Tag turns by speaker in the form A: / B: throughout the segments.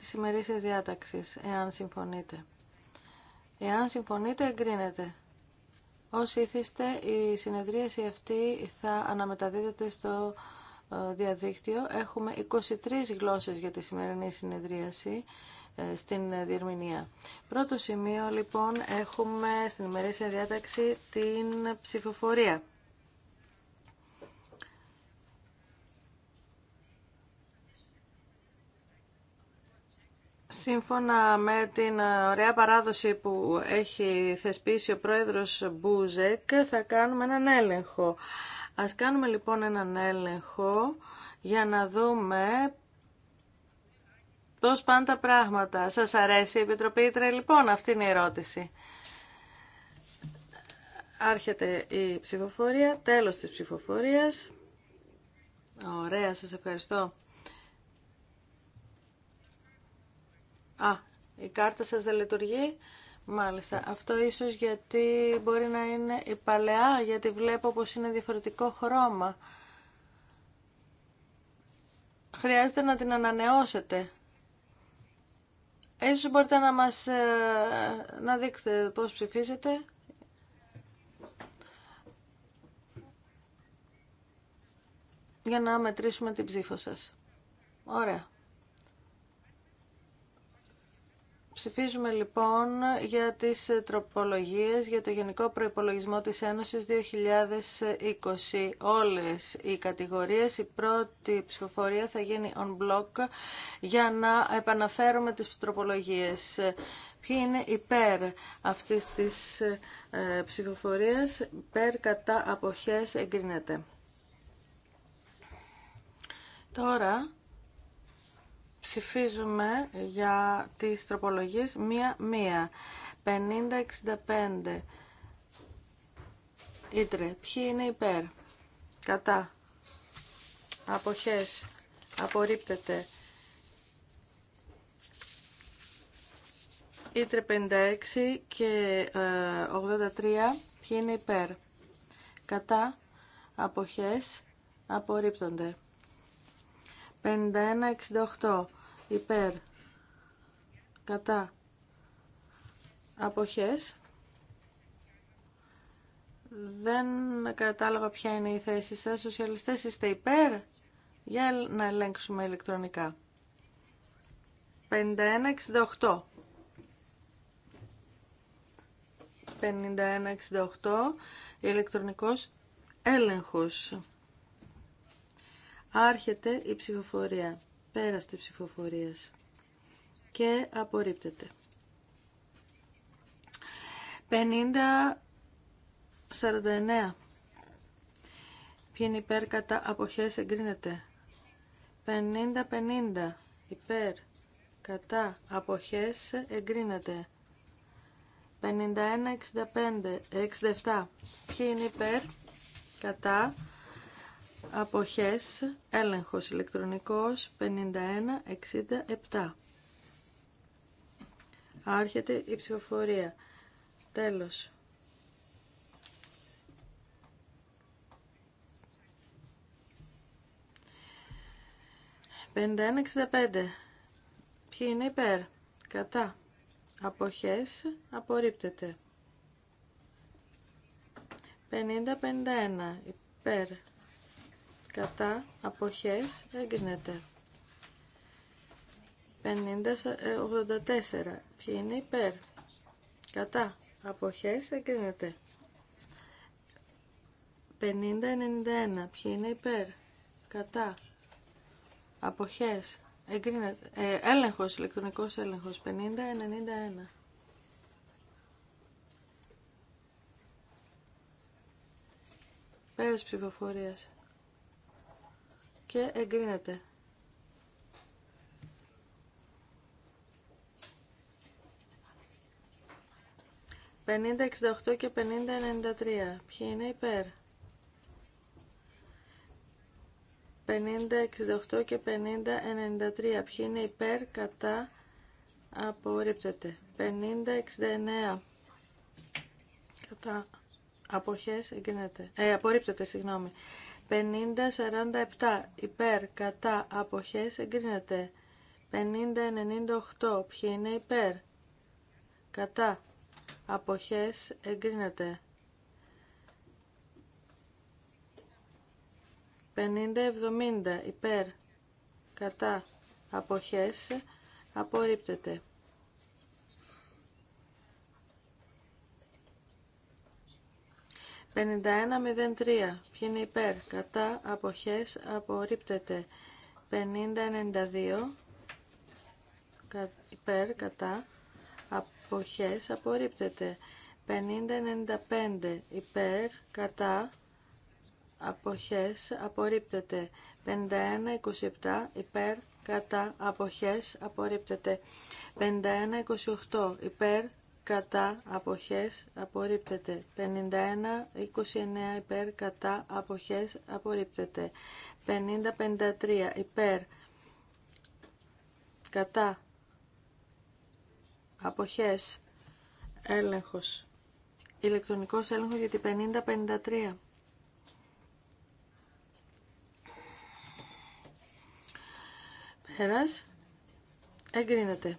A: της ημερήσιας διάταξης, εάν συμφωνείτε. Εάν συμφωνείτε, εγκρίνετε. Όσοι ήθιστε, η συνεδρίαση αυτή θα αναμεταδίδεται στο ε, διαδίκτυο. Έχουμε 23 γλώσσες για τη σημερινή συνεδρίαση ε, στην ε, διερμηνία. Πρώτο σημείο, λοιπόν, έχουμε στην ημερήσια διάταξη την ψηφοφορία. Σύμφωνα με την ε, ωραία παράδοση που έχει θεσπίσει ο πρόεδρος Μπούζεκ, θα κάνουμε έναν έλεγχο. Ας κάνουμε λοιπόν έναν έλεγχο για να δούμε πώς πάνε τα πράγματα. Σας αρέσει η Επιτροπή Ήτρε, λοιπόν, αυτή είναι η ερώτηση. Άρχεται η ψηφοφορία, τέλος της ψηφοφορίας. Ωραία, σας ευχαριστώ. Α, η κάρτα σας δεν λειτουργεί. Μάλιστα. Αυτό ίσως γιατί μπορεί να είναι η παλαιά, γιατί βλέπω πως είναι διαφορετικό χρώμα. Χρειάζεται να την ανανεώσετε. Ίσως μπορείτε να μας ε, να δείξετε πώς ψηφίζετε. Για να μετρήσουμε την ψήφο σας. Ωραία. Ψηφίζουμε λοιπόν για τις ε, τροπολογίες για το Γενικό Προϋπολογισμό της Ένωσης 2020. Όλες οι κατηγορίες, η πρώτη ψηφοφορία θα γίνει on block για να επαναφέρουμε τις τροπολογίες. Ποιοι είναι υπέρ αυτής της ε, ψηφοφορίας, υπέρ κατά αποχές εγκρίνεται. Τώρα Ψηφίζουμε για τις τροπολογίες μία-μία. 50-65. Ήτρε. Ποιοι είναι υπέρ. Κατά. Αποχές. Απορρίπτεται. Ήτρε 56 και 83. Ε, ποιοι είναι υπέρ. Κατά. Αποχές. Απορρίπτονται. 51-68 υπέρ κατά αποχές δεν κατάλαβα ποια είναι η θέση σας σοσιαλιστές είστε υπέρ για να ελέγξουμε ηλεκτρονικά 51-68 51-68 ηλεκτρονικός έλεγχος Άρχεται η ψηφοφορία. Πέραστη ψηφοφορία. Και απορρίπτεται. 50-49. Ποιοι είναι υπέρ κατά αποχές εγκρίνεται. 50-50. Υπέρ κατά αποχές εγκρίνεται. 51-65. 67. Ποιοι είναι υπέρ κατά Αποχές, έλεγχος 5167. 51-67. Άρχεται η ψηφοφορία. Τέλος. 51-65. Ποιοι είναι υπέρ, κατά, αποχές, απορρίπτεται. 50-51, υπέρ, κατά αποχές 5084. 50-84 ε, ποιοι είναι υπέρ κατά αποχές εγκρίνεται. 50-91 ποιοι είναι υπέρ κατά αποχές εγκρίνεται. Ε, έλεγχος, ηλεκτρονικός έλεγχος 50-91. Πέρας ψηφοφορίας και εγκρίνεται. Πενήντα εξήντα και πενήντα ενενήντα τρία. Ποιοι είναι υπέρ. Πενήντα και πενήντα ενενήντα τρία. Ποιοι είναι υπέρ κατά απορρίπτεται. Πενήντα Κατά αποχές εγκρίνεται. Ε, απορρίπτεται, συγγνώμη. 50-47 υπέρ κατά αποχές εγκρίνεται. 50-98 ποιοι είναι υπέρ κατά αποχές εγκρίνεται. 50-70 υπέρ κατά αποχές απορρίπτεται. 5103. Ποιοι είναι υπέρ. Κατά αποχές απορρίπτεται. 5092. Υπέρ. Κατά αποχές απορρίπτεται. 5095. Υπέρ. Κατά αποχές απορρίπτεται. 5127. Υπέρ. Κατά αποχές απορρίπτεται. 5128. Υπέρ κατά αποχές απορρίπτεται 51 29 υπέρ κατά αποχές απορρίπτεται 50 53 υπέρ κατά αποχές έλεγχος ηλεκτρονικός έλεγχος για την 50 53 Πέρας, εγκρίνεται.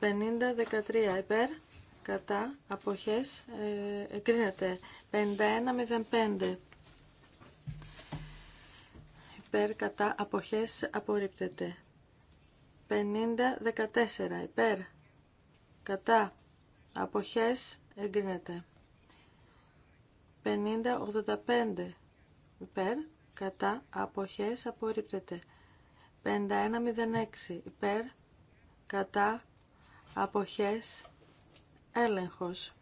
A: 50-13 υπέρ, κατά, αποχές, ε, εγκρίνεται. 51-05 υπέρ, κατά, αποχές, απορρίπτεται. 50-14 υπέρ, κατά, αποχές, εγκρίνεται. 50-85 υπέρ, κατά, αποχές, απορρίπτεται. 51-06 υπέρ, κατά, αποχές έλεγχος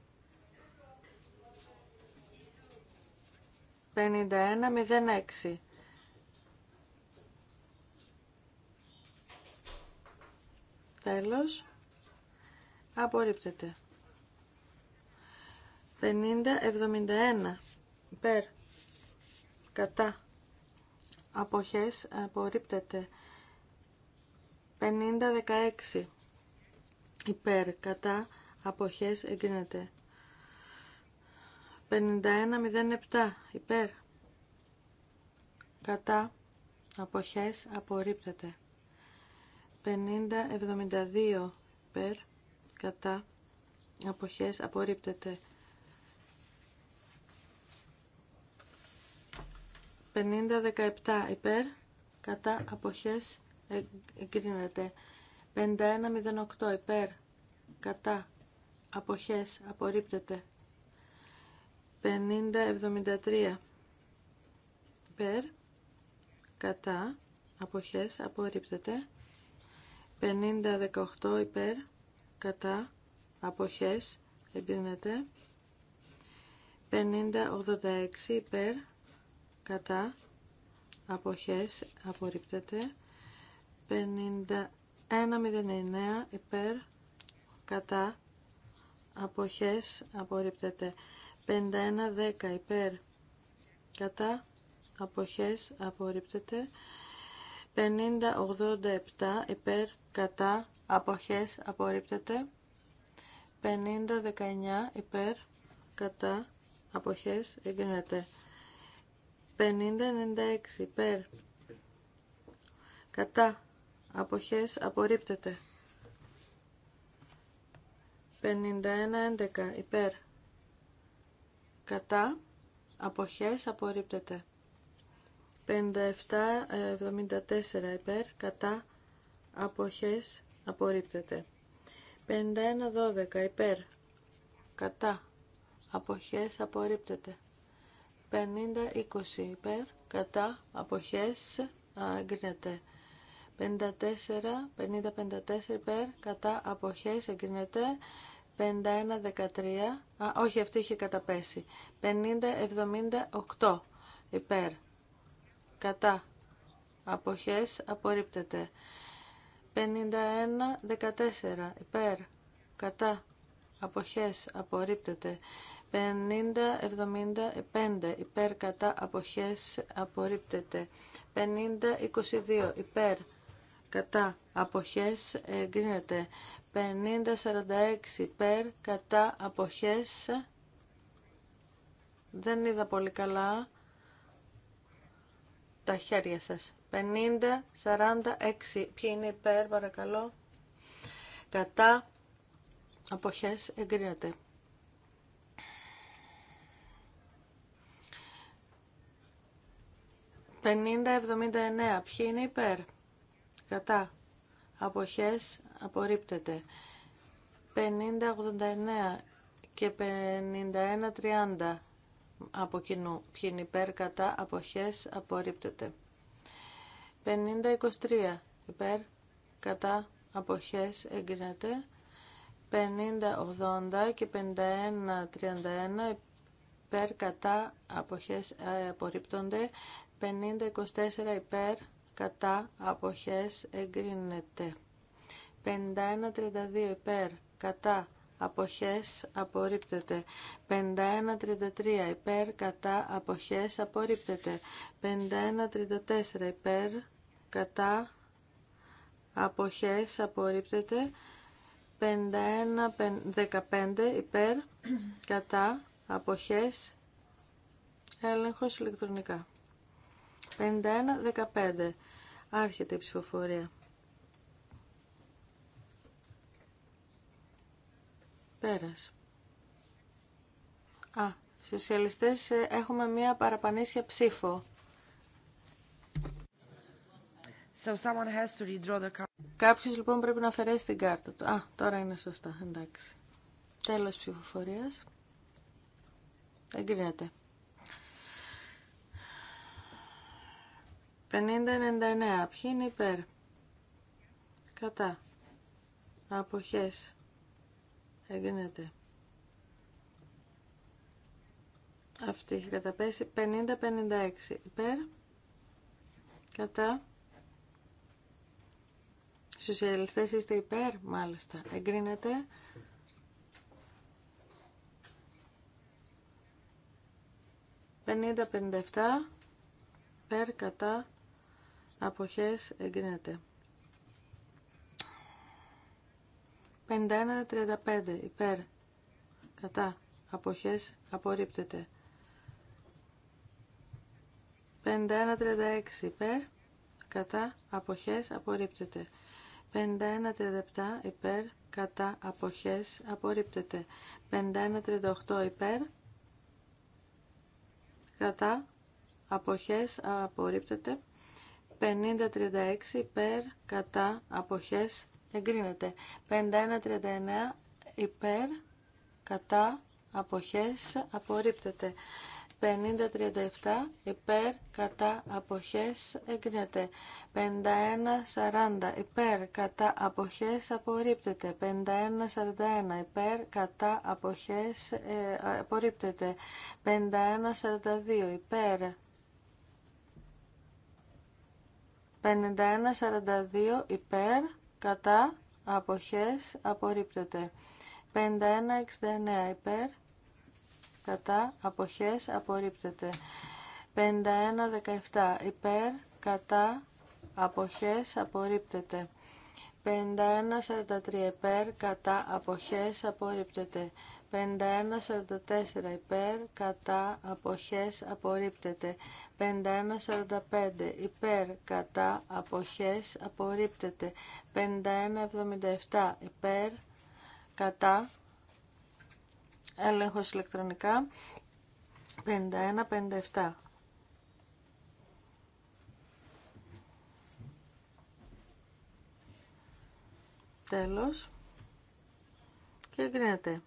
A: 5106 τέλος απορρίπτεται 5071 υπέρ κατά αποχές απορρίπτεται 5016 υπέρ κατά αποχές εγκρίνεται 5107 υπέρ κατά αποχές απορρίπτεται 5072 υπέρ κατά αποχές απορρίπτεται 5017 υπέρ κατά αποχές εγκρίνεται 5108 υπέρ κατά αποχές απορρίπτεται 5073 υπέρ κατά αποχές απορρίπτεται 5018 υπέρ κατά αποχές εγκρίνεται 5086 υπέρ κατά αποχές απορρίπτεται 50 109 υπέρ κατά αποχές απορρίπτεται 5110 υπέρ κατά αποχές απορρίπτεται 5087 υπέρ κατά αποχές απορρίπτεται 5019 υπέρ κατά αποχές εγκρίνεται 5096 υπέρ κατά αποχές απορρίπτεται 51-11 υπέρ κατά αποχές απορρίπτεται 57-74 υπέρ κατά αποχές απορρίπτεται 51-12 υπέρ κατά αποχές απορρίπτεται 50-20 υπέρ κατά αποχές εγκρίνεται 54, 50-54 υπέρ, κατά απόχέ εγκρινεται εγκρίνεται. 51-13, α, όχι αυτή είχε καταπέσει. 50-78 υπέρ, κατά αποχές απορρίπτεται. 51-14 υπέρ, απόχέ. αποχές απορρίπτεται. 50-75 υπέρ κατά αποχές απορρίπτεται. 50-22 υπέρ κατά αποχές εγκρίνεται 50-46 υπέρ κατά αποχές δεν είδα πολύ καλά τα χέρια σας 50-46 ποιοι είναι υπέρ παρακαλώ κατά αποχές εγκρίνεται Πενήντα εβδομήντα εννέα. Ποιοι είναι υπέρ κατά αποχές απορρίπτεται 50-89 και 51-30 από κοινού ποιοι υπερ υπέρ κατά αποχές απορρίπτεται 50-23 υπέρ κατά αποχές εγκρίνεται 50-80 και 51-31 υπέρ κατά αποχές ε, απορρίπτονται 50-24 υπέρ κατά αποχές εγκρίνεται. 51-32 υπέρ κατά αποχές απορρίπτεται. 51-33 υπέρ κατά αποχές απορρίπτεται. 51-34 υπέρ κατά αποχές απορρίπτεται. 51-15 υπέρ κατά αποχές έλεγχος ηλεκτρονικά. 51-15 Άρχεται η ψηφοφορία. Πέρας. Α, σοσιαλιστές ε, έχουμε μία παραπανήσια ψήφο. So someone has to redraw the card. Κάποιος λοιπόν πρέπει να αφαιρέσει την κάρτα του. Α, τώρα είναι σωστά, εντάξει. Τέλος ψηφοφορίας. Εγκρίνεται. 50-99. Ποιοι είναι υπέρ. Κατά. Αποχές. Εγκρίνεται. Αυτή έχει καταπέσει. 50-56. Υπέρ. Κατά. Σοσιαλιστές είστε υπέρ. Μάλιστα. Εγκρίνεται. 50-57. Υπέρ. Κατά αποχές εγκρίνεται. 51-35 υπέρ κατά αποχές απορρίπτεται. 51-36 υπέρ κατά αποχές απορρίπτεται. 51-37 υπέρ κατά αποχές απορρίπτεται. 51-38 υπέρ κατά αποχές απορρίπτεται. 5036 36 υπέρ κατά αποχές εγκρίνεται. 51-39 υπέρ κατά αποχές απορρίπτεται. 50-37 υπέρ κατά αποχές εγκρίνεται. 51-40 υπέρ κατά αποχές απορρίπτεται. 51-41 υπέρ κατά αποχές ε, απορρίπτεται. 51-42 υπέρ 51-42 υπέρ, κατά, αποχές, απορρίπτεται. 51-69 υπέρ, κατά, αποχές, απορρίπτεται. 51-17 υπέρ, κατά, αποχές, απορρίπτεται. 51-43 υπέρ, κατά, αποχές, απορρίπτεται. 51-44 υπέρ, κατά, αποχές, απορρίπτεται. 51-45 υπέρ, κατά, αποχές, απορρίπτεται. 51-77 υπέρ, κατά, έλεγχος ηλεκτρονικά. 51-57. Τέλος και γκρίνεται.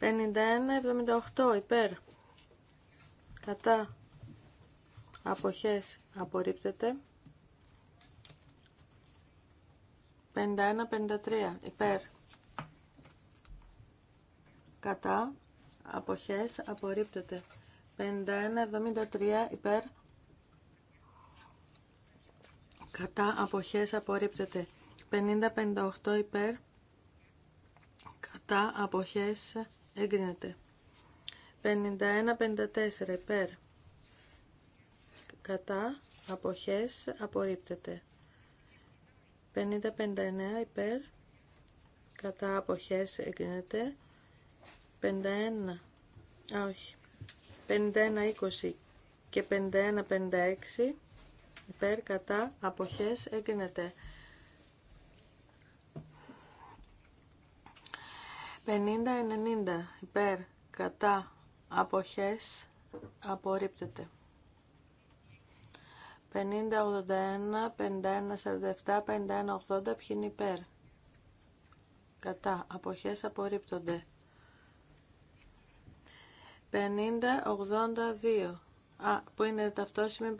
A: 51-78 υπέρ κατά αποχές απορρίπτεται 51-53 υπέρ κατά αποχές απορρίπτεται 51-73 υπέρ κατά αποχές απορρίπτεται 50-58 υπέρ κατά αποχές εγκρίνεται. 51-54 υπέρ κατά αποχές απορρίπτεται. 50-59 υπέρ κατά αποχές εγκρίνεται. 51 α, όχι 51-20 και 51-56 υπέρ κατά αποχές εγκρίνεται. 50-90 υπέρ κατά αποχές απορρίπτεται. 50-81, 51-47, 51-80 ποιοι είναι υπέρ. Κατά αποχές απορρίπτονται. 50-82 Α, που είναι ταυτόσημη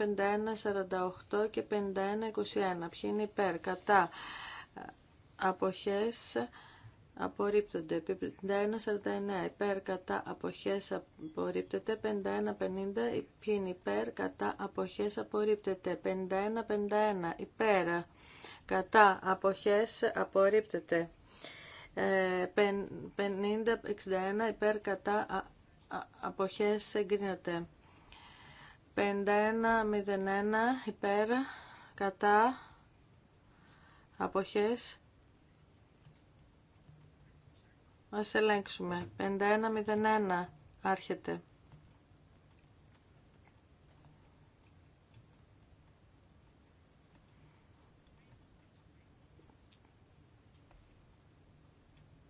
A: 51-48 και 51-21. Ποιοι είναι υπέρ, κατά, αποχές, απορρίπτονται. 51-49 υπέρ κατά αποχές απορρίπτεται. 51-50 υπερ υπέρ κατά αποχές απορρίπτεται. 51-51 υπέρ κατά αποχές απορρίπτεται. 50-61 ε, υπέρ κατά αποχές εγκρίνεται. 51-01 υπέρ κατά αποχές Ας ελέγξουμε. 5101 άρχεται.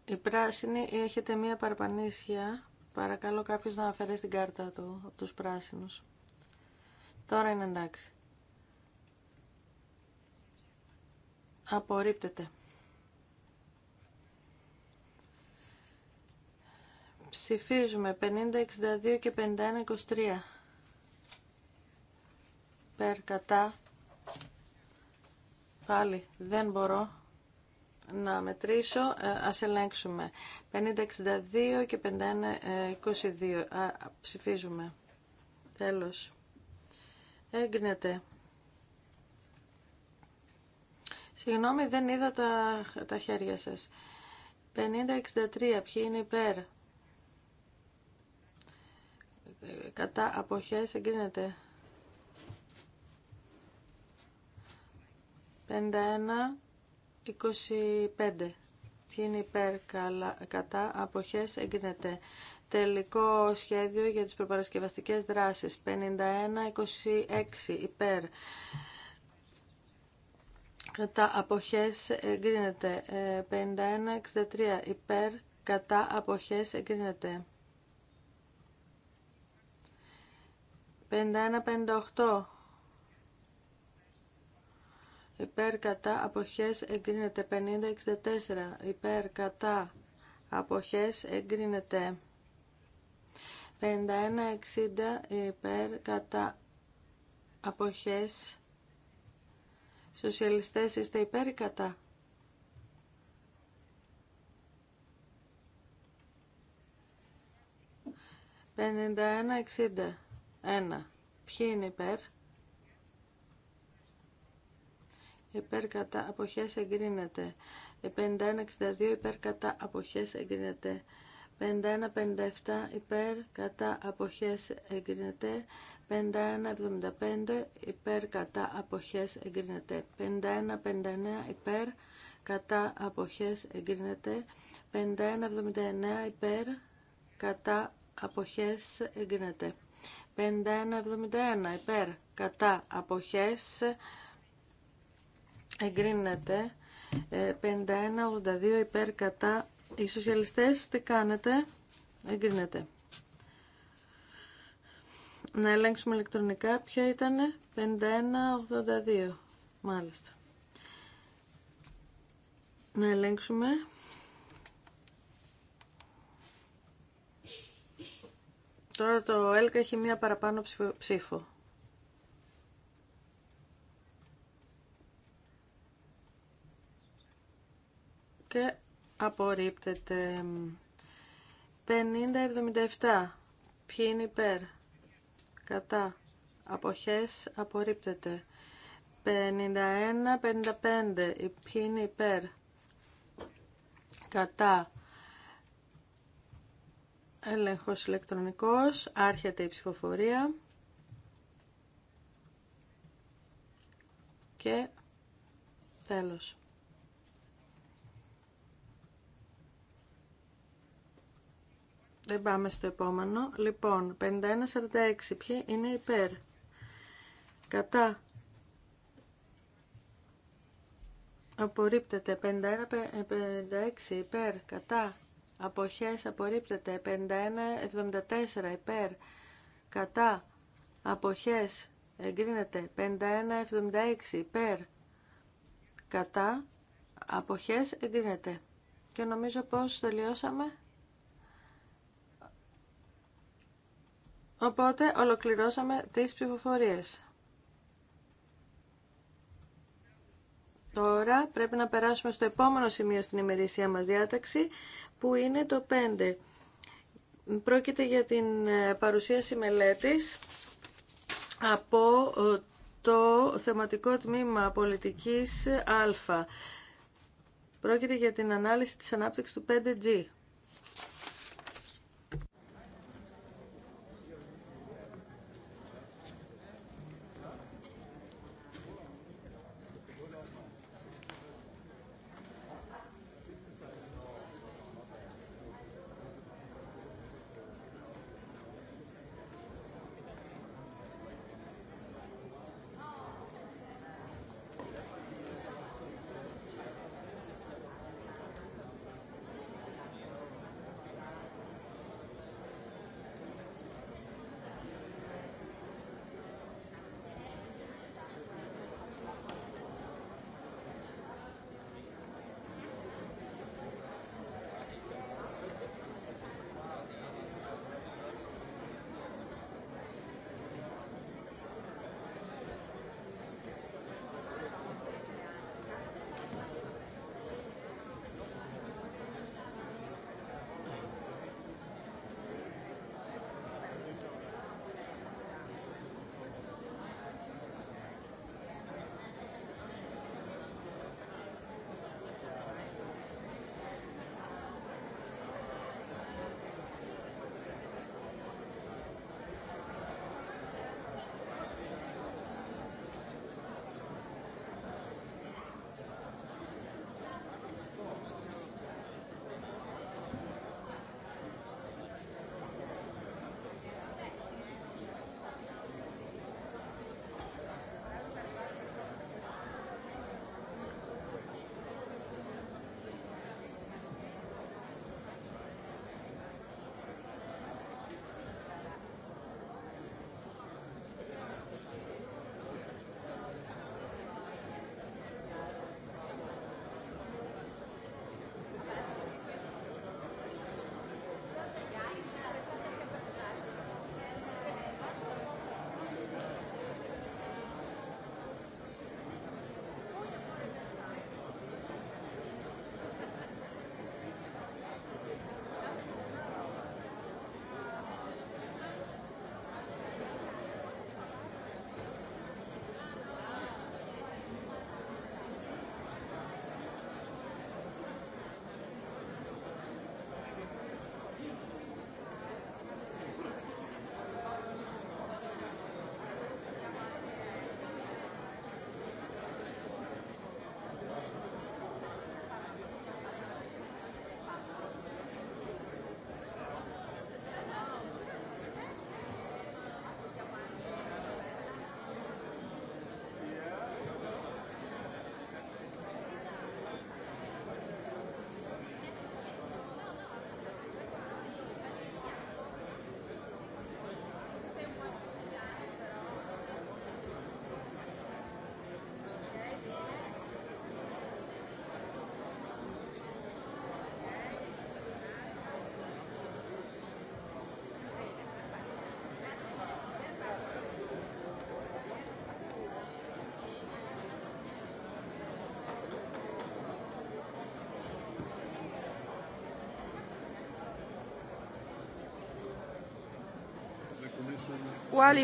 A: Η πράσινη έχετε μία παραπανήσια. Παρακαλώ κάποιος να αφαιρέσει την κάρτα του από τους πράσινους. Τώρα είναι εντάξει. Απορρίπτεται. Ψηφίζουμε 50, 62 και 51, 23. Περ, Πάλι δεν μπορώ να μετρήσω. Ε, ας ελέγξουμε. 50, 62 και 51, 22. ψηφίζουμε. Τέλος. Έγκρινεται. Συγγνώμη, δεν είδα τα, τα χέρια σας. 50-63, ποιοι είναι υπέρ κατά αποχές εγκρίνεται. 51-25. Τι είναι υπέρ κατά αποχές εγκρίνεται. Τελικό σχέδιο για τις προπαρασκευαστικές δράσεις. 51-26 υπέρ. Κατά αποχές εγκρίνεται. 51-63 ε, υπέρ. Κατά αποχές εγκρίνεται. 51-58 υπέρ κατά αποχές εγκρίνεται 50-64 υπέρ κατά αποχές εγκρίνεται 51-60 υπέρ κατά αποχές σοσιαλιστές είστε υπέρ ή κατά Πενήντα ένα. Ποιοι είναι υπέρ. Υπέρ κατά αποχές εγκρίνεται. 51-62 υπέρ κατά αποχές εγκρίνεται. 51-57 υπέρ κατά αποχές εγκρίνεται. 51-75 υπέρ κατά αποχές εγκρίνεται. 51-59 υπέρ κατά αποχές εγκρίνεται. 51-79 υπέρ κατά αποχές εγκρίνεται. 5171 υπέρ κατά αποχές εγκρίνεται 51-82 ε, υπέρ κατά οι σοσιαλιστές τι κάνετε εγκρίνεται να ελέγξουμε ηλεκτρονικά ποια ήταν μάλιστα να ελέγξουμε Τώρα το ΕΛΚΑ έχει μία παραπάνω ψήφο. Και απορρίπτεται. 50-77. Ποιοι είναι υπέρ. Κατά. Αποχές απορρίπτεται. 51-55. Ποιοι είναι υπέρ. Κατά. Έλεγχος ηλεκτρονικός. Άρχεται η ψηφοφορία. Και τέλος. Δεν πάμε στο επόμενο. 5146 λοιπόν, 51-46. Ποιοι είναι υπέρ. Κατά. Απορρίπτεται. 51-56 υπέρ. Κατά αποχές απορρίπτεται 51-74 υπέρ κατά αποχές εγκρίνεται 51-76 υπέρ κατά αποχές εγκρίνεται και νομίζω πως τελειώσαμε οπότε ολοκληρώσαμε τις ψηφοφορίες Τώρα πρέπει να περάσουμε στο επόμενο σημείο στην ημερήσια μας διάταξη που είναι το 5. Πρόκειται για την ε, παρουσίαση μελέτης από ε, το θεματικό τμήμα πολιτικής Α. Πρόκειται για την ανάλυση της ανάπτυξης του 5G.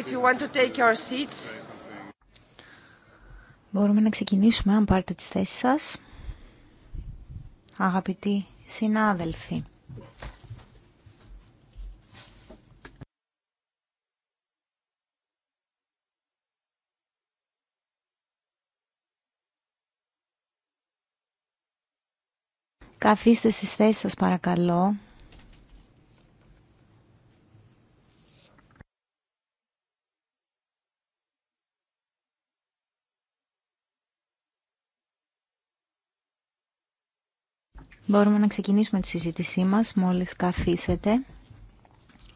B: you want to take your seats.
C: Μπορούμε να ξεκινήσουμε αν πάρετε τις θέσεις σας. Αγαπητοί συνάδελφοι. Καθίστε στις θέσεις σας παρακαλώ. Μπορούμε να ξεκινήσουμε τη συζήτησή μας μόλις καθίσετε.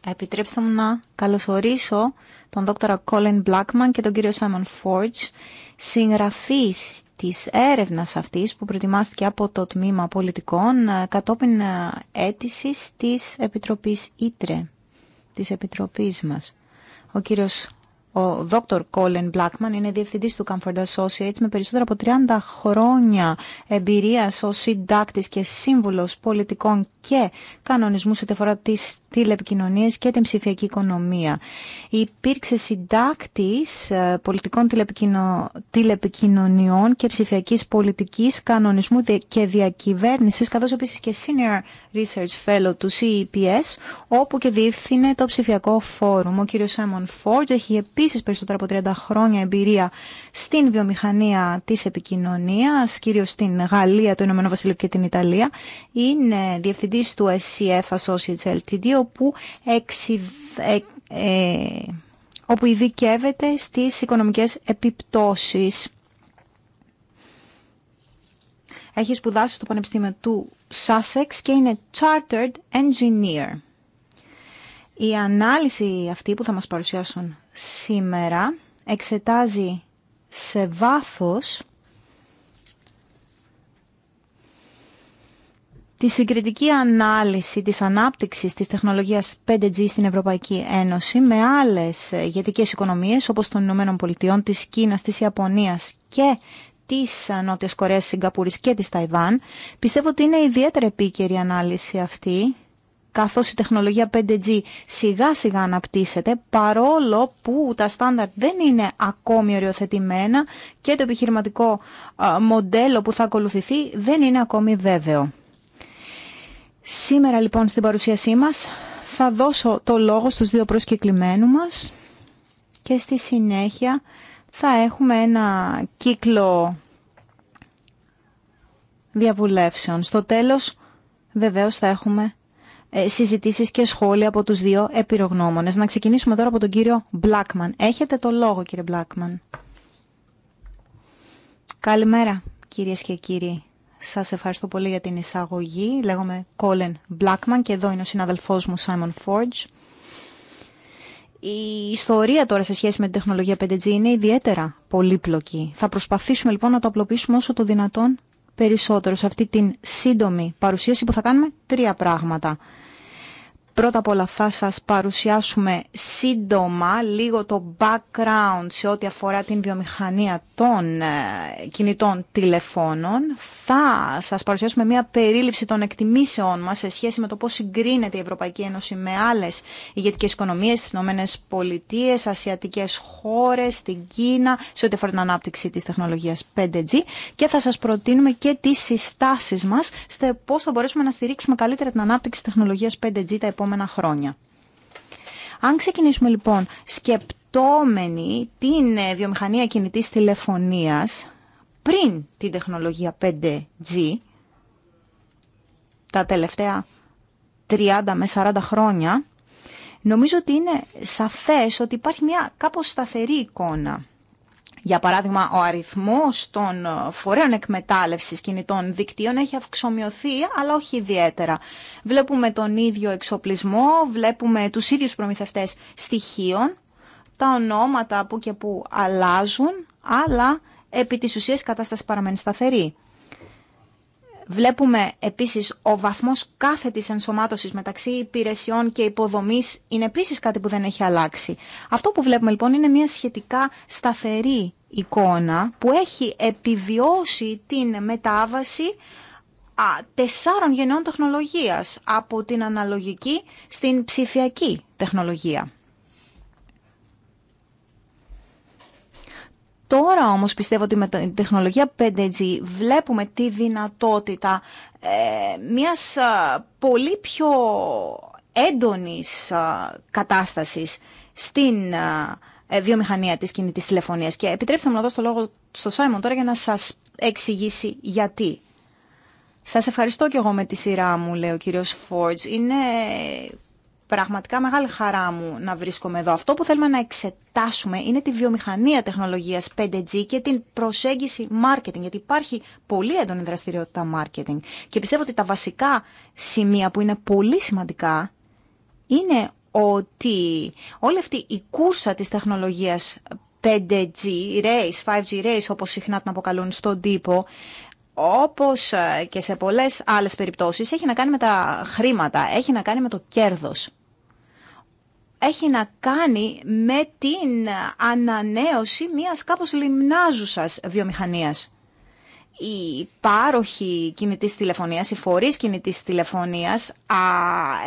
C: Επιτρέψτε μου να καλωσορίσω τον δόκτωρα Colin Blackman και τον κύριο Simon Forge, συγγραφείς της έρευνας αυτής που προετοιμάστηκε από το Τμήμα Πολιτικών ε, κατόπιν ε, αίτησης της Επιτροπής Ήτρε, της Επιτροπής μας. Ο κύριος ο Dr. Colin Blackman είναι διευθυντής του Comfort Associates με περισσότερα από 30 χρόνια εμπειρίας ως συντάκτης και σύμβουλος πολιτικών και κανονισμού σε αφορά τις τηλεπικοινωνίες και την ψηφιακή οικονομία. Υπήρξε συντάκτης ε, πολιτικών τηλεπικοινωνιών και ψηφιακής πολιτικής κανονισμού και διακυβέρνησης, καθώς επίσης και Senior Research Fellow του CEPS, όπου και διεύθυνε το ψηφιακό φόρουμ. Ο κ. Simon Forge έχει επίσης περισσότερα από 30 χρόνια εμπειρία στην βιομηχανία της επικοινωνίας, κυρίως στην Γαλλία, το Ηνωμένο Βασίλειο και την Ιταλία. Είναι διευθυντής του SCF Associates Ltd, όπου ε, ε... όπου ειδικεύεται στις οικονομικές επιπτώσεις. Έχει σπουδάσει στο Πανεπιστήμιο του Sussex και είναι Chartered Engineer. Η ανάλυση αυτή που θα μας παρουσιάσουν σήμερα εξετάζει σε βάθος τη συγκριτική ανάλυση της ανάπτυξης της τεχνολογίας 5G στην Ευρωπαϊκή Ένωση με άλλες ηγετικές οικονομίες όπως των Ηνωμένων Πολιτειών, της Κίνας, της Ιαπωνίας και της Νότιας Κορέας, Σιγκαπούρης και της Ταϊβάν. Πιστεύω ότι είναι ιδιαίτερα επίκαιρη η ανάλυση αυτή καθώς η τεχνολογία 5G σιγά σιγά αναπτύσσεται, παρόλο που τα στάνταρτ δεν είναι ακόμη οριοθετημένα και το επιχειρηματικό μοντέλο που θα ακολουθηθεί δεν είναι ακόμη βέβαιο. Σήμερα λοιπόν στην παρουσίασή μας θα δώσω το λόγο στους δύο προσκεκλημένου μας και στη συνέχεια θα έχουμε ένα κύκλο διαβουλεύσεων. Στο τέλος βεβαίως θα έχουμε ε, Συζητήσει και σχόλια από τους δύο επιρογνώμονες. Να ξεκινήσουμε τώρα από τον κύριο Μπλάκμαν. Έχετε το λόγο κύριε Μπλάκμαν. Καλημέρα κυρίες και κύριοι. Σας ευχαριστώ πολύ για την εισαγωγή. Λέγομαι Κόλεν Μπλάκμαν και εδώ είναι ο συναδελφό μου Σάιμον Φόρτζ. Η ιστορία τώρα σε σχέση με την τεχνολογία 5G είναι ιδιαίτερα πολύπλοκη. Θα προσπαθήσουμε λοιπόν να το απλοποιήσουμε όσο το δυνατόν περισσότερο σε αυτή την σύντομη παρουσίαση που θα κάνουμε τρία πράγματα. Πρώτα απ' όλα θα σας παρουσιάσουμε σύντομα λίγο το background σε ό,τι αφορά την βιομηχανία των ε, κινητών τηλεφώνων. Θα σας παρουσιάσουμε μια περίληψη των εκτιμήσεών μας σε σχέση με το πώς συγκρίνεται η Ευρωπαϊκή Ένωση με άλλες ηγετικές οικονομίες στις Ηνωμένες Πολιτείες, ασιατικές χώρες, στην Κίνα, σε ό,τι αφορά την ανάπτυξη της τεχνολογίας 5G και θα σας προτείνουμε και τις συστάσεις μας σε πώς θα μπορέσουμε να στηρίξουμε καλύτερα την ανάπτυξη της τεχνολογίας 5G τα επόμενα επόμενα χρόνια. Αν ξεκινήσουμε λοιπόν σκεπτόμενοι την ε, βιομηχανία κινητής τηλεφωνίας πριν την τεχνολογία 5G, τα τελευταία 30 με 40 χρόνια, νομίζω ότι είναι σαφές ότι υπάρχει μια κάπως σταθερή εικόνα για παράδειγμα, ο αριθμός των ε, φορέων εκμετάλλευσης κινητών δικτύων έχει αυξομοιωθεί, αλλά όχι ιδιαίτερα. Βλέπουμε τον ίδιο εξοπλισμό, βλέπουμε τους ίδιους προμηθευτές στοιχείων, τα ονόματα που και που αλλάζουν, αλλά επί της ουσίας η κατάσταση παραμένει σταθερή. Βλέπουμε επίσης ο βαθμός κάθε της ενσωμάτωσης μεταξύ υπηρεσιών και υποδομής είναι επίσης κάτι που δεν έχει αλλάξει. Αυτό που βλέπουμε λοιπόν είναι μια σχετικά σταθερή εικόνα που έχει επιβιώσει την μετάβαση τεσσάρων γενεών τεχνολογίας από την αναλογική στην ψηφιακή τεχνολογία. Τώρα όμως πιστεύω ότι με την τεχνολογία 5G βλέπουμε τη δυνατότητα ε, μιας πολύ πιο έντονης κατάστασης στην ε, βιομηχανία της κινητής τηλεφωνίας. Και επιτρέψτε μου να δώσω το λόγο στο Σάιμον τώρα για να σας εξηγήσει γιατί. Σας ευχαριστώ και εγώ με τη σειρά μου, λέει ο κύριος Φόρτς. Είναι πραγματικά μεγάλη χαρά μου να βρίσκομαι εδώ. Αυτό που θέλουμε να εξετάσουμε είναι τη βιομηχανία τεχνολογίας 5G και την προσέγγιση marketing, γιατί υπάρχει πολύ έντονη δραστηριότητα marketing. Και πιστεύω ότι τα βασικά σημεία που είναι πολύ σημαντικά είναι ότι όλη αυτή η κούρσα της τεχνολογίας 5G race, 5G race όπως συχνά την αποκαλούν στον τύπο, όπως και σε πολλές άλλες περιπτώσεις, έχει να κάνει με τα χρήματα, έχει να κάνει με το κέρδος έχει να κάνει με την ανανέωση μιας κάπως λιμνάζουσας βιομηχανίας. Οι πάροχοι κινητής τηλεφωνίας, οι φορείς κινητής τηλεφωνίας, α,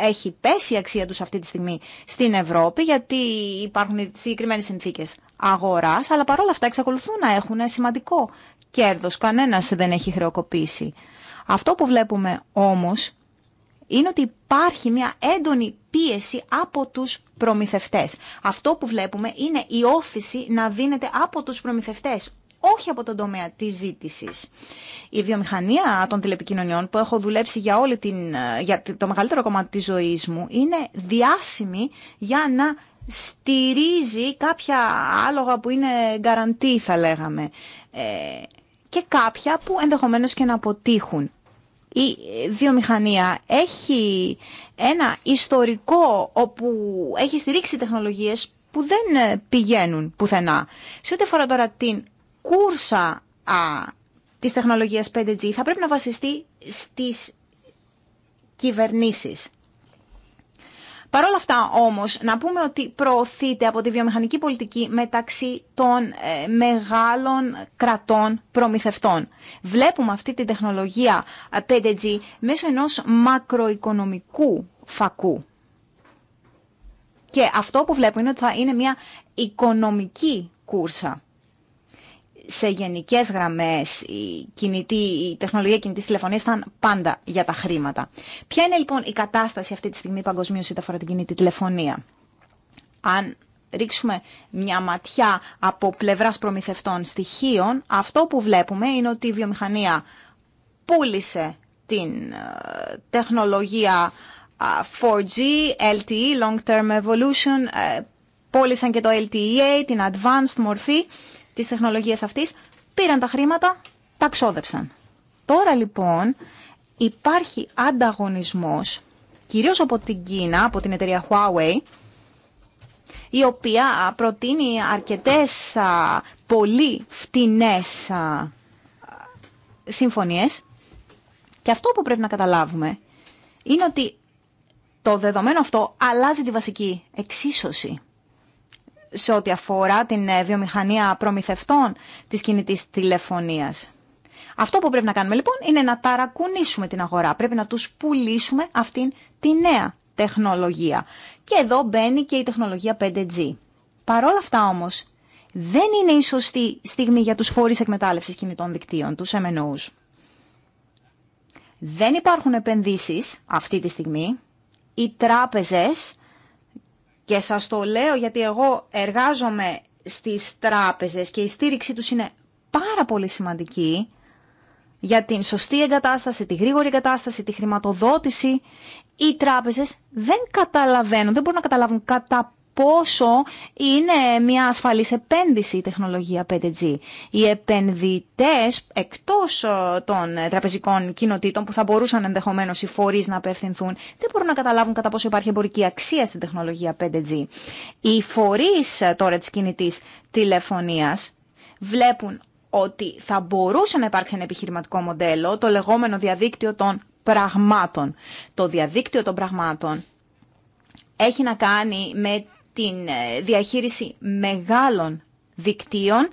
C: έχει πέσει η αξία τους αυτή τη στιγμή στην Ευρώπη, γιατί υπάρχουν συγκεκριμένες συνθήκες αγοράς, αλλά παρόλα αυτά εξακολουθούν να έχουν σημαντικό κέρδος. Κανένας δεν έχει χρεοκοπήσει. Αυτό που βλέπουμε όμως είναι ότι υπάρχει μια έντονη πίεση από τους προμηθευτές. Αυτό που βλέπουμε είναι η όφηση να δίνεται από τους προμηθευτές, όχι από τον τομέα της ζήτησης. Η βιομηχανία των τηλεπικοινωνιών που έχω δουλέψει για, όλη την, για το μεγαλύτερο κομμάτι της ζωής μου είναι διάσημη για να στηρίζει κάποια άλογα που είναι γκαραντή θα λέγαμε ε, και κάποια που ενδεχομένως και να αποτύχουν η ε, βιομηχανία έχει ένα ιστορικό όπου έχει στηρίξει τεχνολογίες που δεν ε, πηγαίνουν πουθενά. Σε ό,τι αφορά τώρα την κούρσα α, της τεχνολογίας 5G θα πρέπει να βασιστεί στις κυβερνήσεις. Παρ' όλα αυτά όμως να πούμε ότι προωθείται από τη βιομηχανική πολιτική μεταξύ των ε, μεγάλων κρατών προμηθευτών. Βλέπουμε αυτή την τεχνολογία 5G ε, μέσω ενός μακροοικονομικού φακού. Και αυτό που βλέπουμε είναι ότι θα είναι μια οικονομική κούρσα σε γενικές γραμμές η, κινητή, η τεχνολογία κινητής τηλεφωνία ήταν πάντα για τα χρήματα. Ποια είναι λοιπόν η κατάσταση αυτή τη στιγμή παγκοσμίω σε αφορά την κινητή τηλεφωνία. Αν ρίξουμε μια ματιά από πλευράς προμηθευτών στοιχείων, αυτό που βλέπουμε είναι ότι η βιομηχανία πούλησε την ε, τεχνολογία 4G, LTE, Long Term Evolution, ε, πούλησαν και το LTEA, την Advanced μορφή της τεχνολογίας αυτής, πήραν τα χρήματα, τα ξόδεψαν. Τώρα λοιπόν υπάρχει ανταγωνισμός, κυρίως από την Κίνα, από την εταιρεία Huawei, η οποία προτείνει αρκετές πολύ φτηνές συμφωνίες. Και αυτό που πρέπει να καταλάβουμε είναι ότι το δεδομένο αυτό αλλάζει τη βασική εξίσωση σε ό,τι αφορά την ε, βιομηχανία προμηθευτών της κινητής τηλεφωνίας. Αυτό που πρέπει να κάνουμε λοιπόν είναι να ταρακουνήσουμε την αγορά. Πρέπει να τους πουλήσουμε αυτήν τη νέα τεχνολογία. Και εδώ μπαίνει και η τεχνολογία 5G. Παρόλα αυτά όμως δεν είναι η σωστή στιγμή για τους φορείς εκμετάλλευσης κινητών δικτύων, τους MNOs. Δεν υπάρχουν επενδύσεις αυτή τη στιγμή. Οι τράπεζες και σας το λέω γιατί εγώ εργάζομαι στις τράπεζες και η στήριξή τους είναι πάρα πολύ σημαντική για την σωστή εγκατάσταση, τη γρήγορη εγκατάσταση, τη χρηματοδότηση. Οι τράπεζες δεν καταλαβαίνουν, δεν μπορούν να καταλάβουν κατά πόσο είναι μια ασφαλής επένδυση η τεχνολογία 5G. Οι επενδυτές, εκτός ε, των ε, τραπεζικών κοινοτήτων που θα μπορούσαν ενδεχομένως οι φορείς να απευθυνθούν, δεν μπορούν να καταλάβουν κατά πόσο υπάρχει εμπορική αξία στην τεχνολογία 5G. Οι φορείς ε, τώρα της κινητής τηλεφωνίας βλέπουν ότι θα μπορούσε να υπάρξει ένα επιχειρηματικό μοντέλο, το λεγόμενο διαδίκτυο των πραγμάτων. Το διαδίκτυο των πραγμάτων έχει να κάνει με την ε, διαχείριση μεγάλων δικτύων,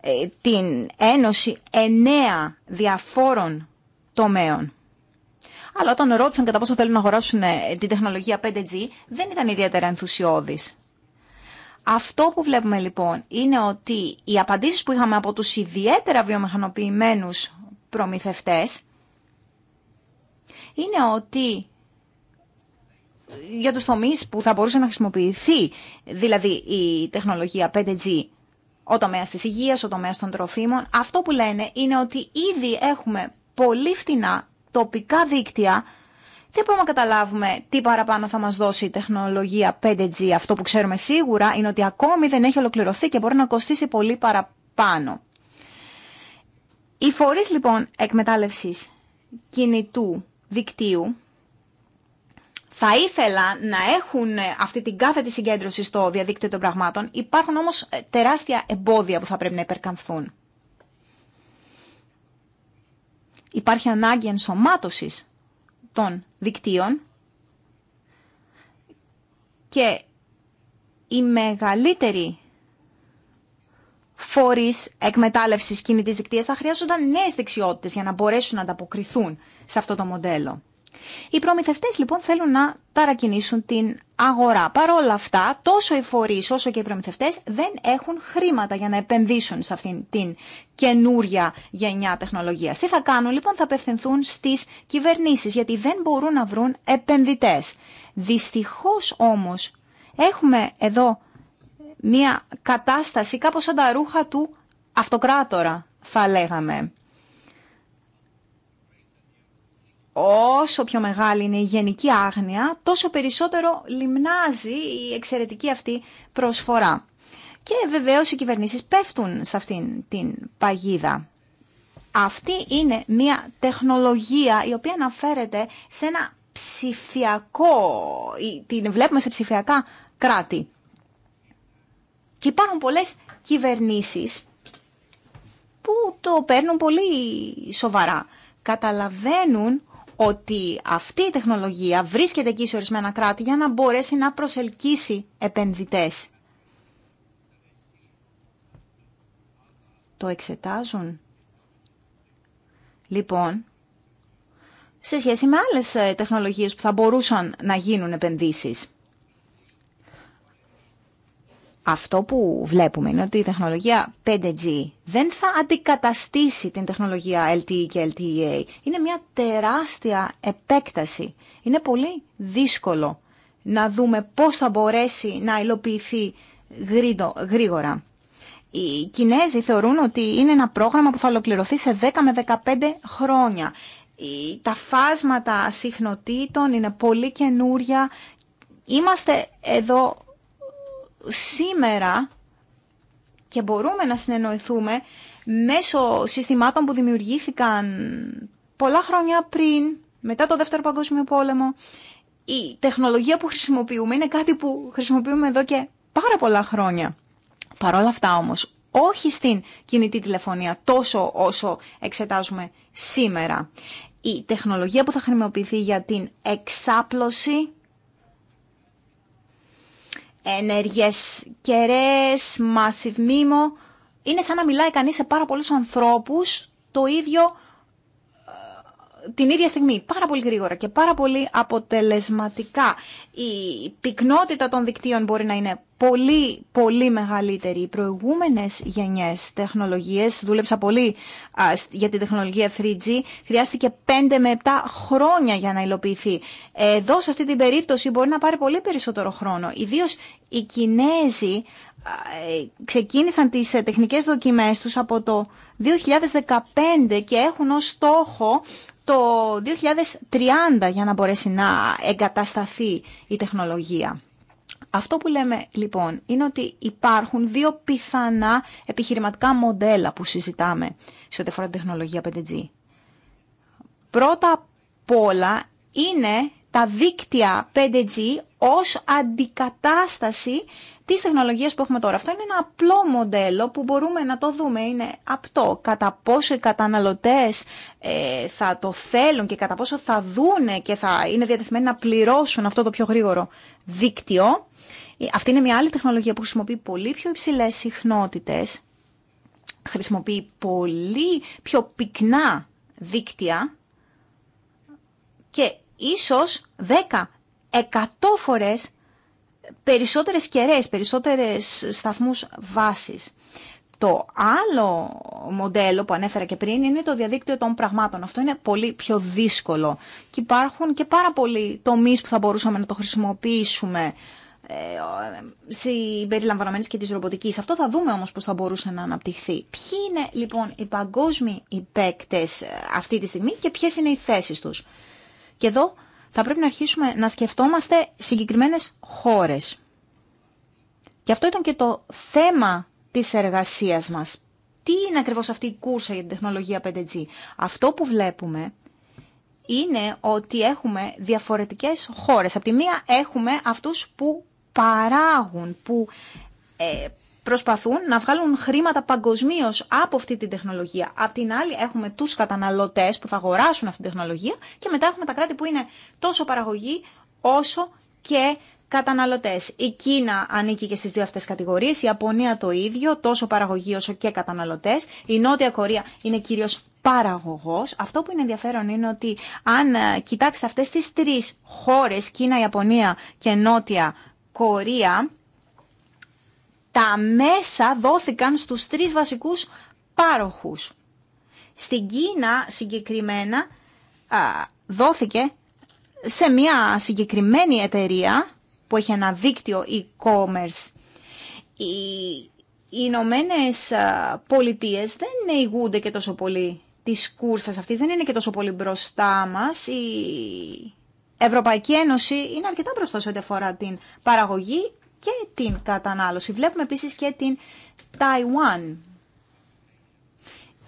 C: ε, την ένωση εννέα διαφόρων τομέων. Αλλά όταν ρώτησαν κατά πόσο θέλουν να αγοράσουν ε, την τεχνολογία 5G, δεν ήταν ιδιαίτερα ενθουσιώδης. Αυτό που βλέπουμε λοιπόν είναι ότι οι απαντήσεις που είχαμε από τους ιδιαίτερα βιομηχανοποιημένους προμηθευτές είναι ότι για τους τομείς που θα μπορούσε να χρησιμοποιηθεί, δηλαδή η τεχνολογία 5G, ο τομέας της υγείας, ο τομέας των τροφίμων. Αυτό που λένε είναι ότι ήδη έχουμε πολύ φτηνά τοπικά δίκτυα, δεν μπορούμε να καταλάβουμε τι παραπάνω θα μας δώσει η τεχνολογία 5G. Αυτό που ξέρουμε σίγουρα είναι ότι ακόμη δεν έχει ολοκληρωθεί και μπορεί να κοστίσει πολύ παραπάνω. Οι φορείς λοιπόν εκμετάλλευσης κινητού δικτύου θα ήθελα να έχουν αυτή την κάθετη συγκέντρωση στο διαδίκτυο των πραγμάτων. Υπάρχουν όμως ε, τεράστια εμπόδια που θα πρέπει να υπερκαμφθούν. Υπάρχει ανάγκη ενσωμάτωσης των δικτύων και η μεγαλύτερη φορεί εκμετάλλευση κινητής δικτύας θα χρειάζονταν νέες δεξιότητε για να μπορέσουν να ανταποκριθούν σε αυτό το μοντέλο. Οι προμηθευτές λοιπόν θέλουν να ταρακινήσουν την αγορά. Παρ' όλα αυτά, τόσο οι φορείς όσο και οι προμηθευτές δεν έχουν χρήματα για να επενδύσουν σε αυτήν την καινούρια γενιά τεχνολογίας. Τι θα κάνουν λοιπόν, θα απευθυνθούν στις κυβερνήσεις γιατί δεν μπορούν να βρουν επενδυτές. Δυστυχώς όμως έχουμε εδώ μια κατάσταση κάπως σαν τα ρούχα του αυτοκράτορα θα λέγαμε. όσο πιο μεγάλη είναι η γενική άγνοια, τόσο περισσότερο λιμνάζει η εξαιρετική αυτή προσφορά. Και βεβαίως οι κυβερνήσεις πέφτουν σε αυτήν την παγίδα. Αυτή είναι μια τεχνολογία η οποία αναφέρεται σε ένα ψηφιακό, την βλέπουμε σε ψηφιακά κράτη. Και υπάρχουν πολλές κυβερνήσεις που το παίρνουν πολύ σοβαρά. Καταλαβαίνουν ότι αυτή η τεχνολογία βρίσκεται εκεί σε ορισμένα κράτη για να μπορέσει να προσελκύσει επενδυτές. Το εξετάζουν. Λοιπόν, σε σχέση με άλλες ε, τεχνολογίες που θα μπορούσαν να γίνουν επενδύσεις αυτό που βλέπουμε είναι ότι η τεχνολογία 5G δεν θα αντικαταστήσει την τεχνολογία LTE και LTEA. Είναι μια τεράστια επέκταση. Είναι πολύ δύσκολο να δούμε πώς θα μπορέσει να υλοποιηθεί γρήγορα. Οι Κινέζοι θεωρούν ότι είναι ένα πρόγραμμα που θα ολοκληρωθεί σε 10 με 15 χρόνια. Τα φάσματα συχνοτήτων είναι πολύ καινούρια. Είμαστε εδώ σήμερα και μπορούμε να συνεννοηθούμε μέσω συστημάτων που δημιουργήθηκαν πολλά χρόνια πριν, μετά το Δεύτερο Παγκόσμιο Πόλεμο. Η τεχνολογία που χρησιμοποιούμε είναι κάτι που χρησιμοποιούμε εδώ και πάρα πολλά χρόνια. Παρ' όλα αυτά όμως, όχι στην κινητή τηλεφωνία τόσο όσο εξετάζουμε σήμερα. Η τεχνολογία που θα χρησιμοποιηθεί για την εξάπλωση Ενέργε κεραίες, massive μήμο. Είναι σαν να μιλάει κανείς σε πάρα πολλού ανθρώπου το ίδιο ε, την ίδια στιγμή, πάρα πολύ γρήγορα και πάρα πολύ αποτελεσματικά. Η πυκνότητα των δικτύων μπορεί να είναι πολύ, πολύ μεγαλύτερη. Οι προηγούμενες γενιές τεχνολογίες, δούλεψα πολύ για την τεχνολογία 3G, χρειάστηκε 5 με 7 χρόνια για να υλοποιηθεί. Εδώ, σε αυτή την περίπτωση, μπορεί να πάρει πολύ περισσότερο χρόνο. Ιδίω οι Κινέζοι ε, ξεκίνησαν τις ε, τεχνικές δοκιμές τους από το 2015 και έχουν ως στόχο το 2030 για να μπορέσει να εγκατασταθεί η τεχνολογία. Αυτό που λέμε λοιπόν είναι ότι υπάρχουν δύο πιθανά επιχειρηματικά μοντέλα που συζητάμε σε ό,τι αφορά την τεχνολογία 5G. Πρώτα απ' όλα είναι τα δίκτυα 5G ως αντικατάσταση της τεχνολογίας που έχουμε τώρα. Αυτό είναι ένα απλό μοντέλο που μπορούμε να το δούμε, είναι απτό. Κατά πόσο οι καταναλωτές ε, θα το θέλουν και κατά πόσο θα δούνε και θα είναι διατεθειμένοι να πληρώσουν αυτό το πιο γρήγορο δίκτυο ε, αυτή είναι μια άλλη τεχνολογία που χρησιμοποιεί πολύ πιο υψηλές συχνότητε. χρησιμοποιεί πολύ πιο πυκνά δίκτυα και ίσως εκατό φορές περισσότερες κεραίες, περισσότερες σταθμούς βάσης. Το άλλο μοντέλο που ανέφερα και πριν είναι το διαδίκτυο των πραγμάτων. Αυτό είναι πολύ πιο δύσκολο και υπάρχουν και πάρα πολλοί τομείς που θα μπορούσαμε να το χρησιμοποιήσουμε ε, συμπεριλαμβανομένης και της ρομποτικής. Αυτό θα δούμε όμως πώς θα μπορούσε να αναπτυχθεί. Ποιοι είναι λοιπόν οι παγκόσμιοι υπέκτες ε, αυτή τη στιγμή και ποιες είναι οι θέσεις τους. Και εδώ θα πρέπει να αρχίσουμε να σκεφτόμαστε συγκεκριμένες χώρες. Και αυτό ήταν και το θέμα της εργασίας μας. Τι είναι ακριβώς αυτή η κούρσα για την τεχνολογία 5G. Αυτό που βλέπουμε είναι ότι έχουμε διαφορετικές χώρες. Από τη μία έχουμε αυτούς που παράγουν, που ε, προσπαθούν να βγάλουν χρήματα παγκοσμίω από αυτή την τεχνολογία. Απ' την άλλη, έχουμε του καταναλωτέ που θα αγοράσουν αυτή την τεχνολογία και μετά έχουμε τα κράτη που είναι τόσο παραγωγή όσο και καταναλωτέ. Η Κίνα ανήκει και στι δύο αυτέ κατηγορίε, η Ιαπωνία το ίδιο, τόσο παραγωγή όσο και καταναλωτέ. Η Νότια Κορία είναι κυρίω παραγωγό. Αυτό που είναι ενδιαφέρον είναι ότι αν ε, κοιτάξετε αυτέ τι τρει χώρε, Κίνα, Ιαπωνία και Νότια Κορία τα μέσα δόθηκαν στους τρεις βασικούς πάροχους. Στην Κίνα συγκεκριμένα δόθηκε σε μια συγκεκριμένη εταιρεία που έχει ένα δίκτυο e-commerce. Οι Ηνωμένε Πολιτείε δεν ηγούνται και τόσο πολύ τη κούρσα αυτή, δεν είναι και τόσο πολύ μπροστά μα. Ευρωπαϊκή Ένωση είναι αρκετά μπροστά σε ό,τι αφορά την παραγωγή και την κατανάλωση. Βλέπουμε επίσης και την Ταϊουάν.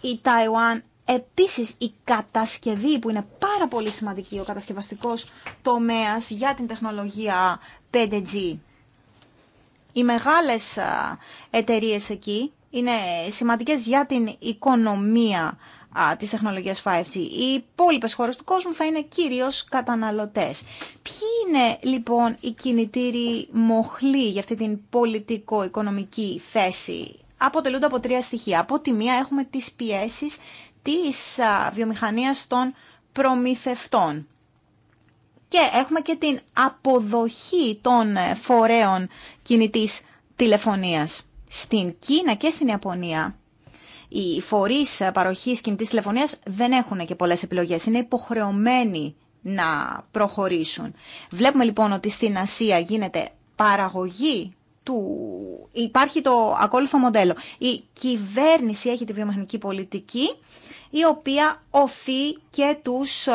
C: Η Ταϊουάν επίσης η κατασκευή που είναι πάρα πολύ σημαντική, ο κατασκευαστικός τομέας για την τεχνολογία 5G. Οι μεγάλες ε, εταιρείες εκεί είναι σημαντικές για την οικονομία α, της τεχνολογίας 5G. Οι υπόλοιπε χώρες του κόσμου θα είναι κυρίως καταναλωτές. Ποιοι είναι λοιπόν οι κινητήριοι μοχλοί για αυτή την πολιτικο-οικονομική θέση. Αποτελούνται από τρία στοιχεία. Από τη μία έχουμε τις πιέσεις της βιομηχανίας των προμηθευτών. Και έχουμε και την αποδοχή των ε, φορέων κινητής τηλεφωνίας. Στην Κίνα και στην Ιαπωνία οι φορεί παροχής κινητής τηλεφωνίας δεν έχουν και πολλές επιλογές. Είναι υποχρεωμένοι να προχωρήσουν. Βλέπουμε λοιπόν ότι στην Ασία γίνεται παραγωγή του... Υπάρχει το ακόλουθο μοντέλο. Η κυβέρνηση έχει τη βιομηχανική πολιτική η οποία οθεί και τους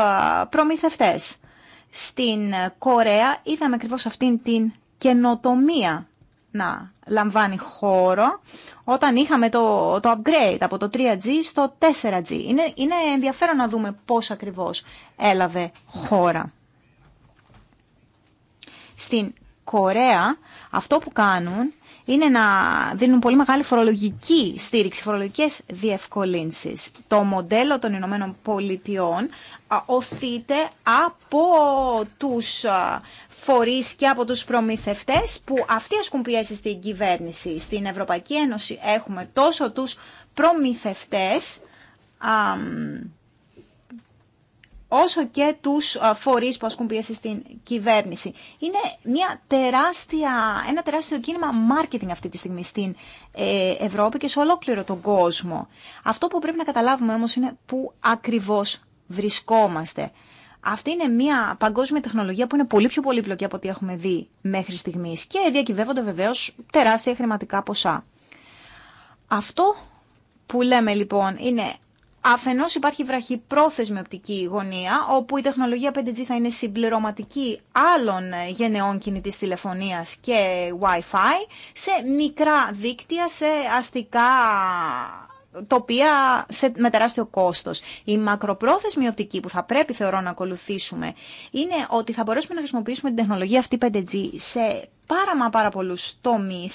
C: προμηθευτές. Στην Κορέα είδαμε ακριβώς αυτήν την καινοτομία να λαμβάνει χώρο όταν είχαμε το, το upgrade από το 3G στο 4G. Είναι, είναι ενδιαφέρον να δούμε πώς ακριβώς έλαβε χώρα. Στην Κορέα αυτό που κάνουν είναι να δίνουν πολύ μεγάλη φορολογική στήριξη, φορολογικές διευκολύνσεις. Το μοντέλο των Ηνωμένων Πολιτειών οθείται από τους φορείς και από τους προμηθευτές που αυτοί ασκούν πιέσει στην κυβέρνηση. Στην Ευρωπαϊκή Ένωση έχουμε τόσο τους προμηθευτές όσο και τους φορείς που ασκούν πίεση στην κυβέρνηση. Είναι μια τεράστια, ένα τεράστιο κίνημα marketing αυτή τη στιγμή στην ε, Ευρώπη και σε ολόκληρο τον κόσμο. Αυτό που πρέπει να καταλάβουμε όμως είναι πού ακριβώς βρισκόμαστε. Αυτή είναι μια παγκόσμια τεχνολογία που είναι πολύ πιο πολύπλοκη από ό,τι έχουμε δει μέχρι στιγμής και διακυβεύονται βεβαίως τεράστια χρηματικά ποσά. Αυτό που λέμε δει μεχρι στιγμης και διακυβευονται βεβαίω τεραστια είναι Αφενός υπάρχει βραχυπρόθεσμη οπτική γωνία, όπου η τεχνολογία 5G θα είναι συμπληρωματική άλλων γενεών κινητής τηλεφωνίας και Wi-Fi, σε μικρά δίκτυα, σε αστικά τοπία σε, με τεράστιο κόστος. Η μακροπρόθεσμη οπτική που θα πρέπει θεωρώ να ακολουθήσουμε είναι ότι θα μπορέσουμε να χρησιμοποιήσουμε την τεχνολογία αυτή 5G σε πάρα μα πάρα πολλού τομεί.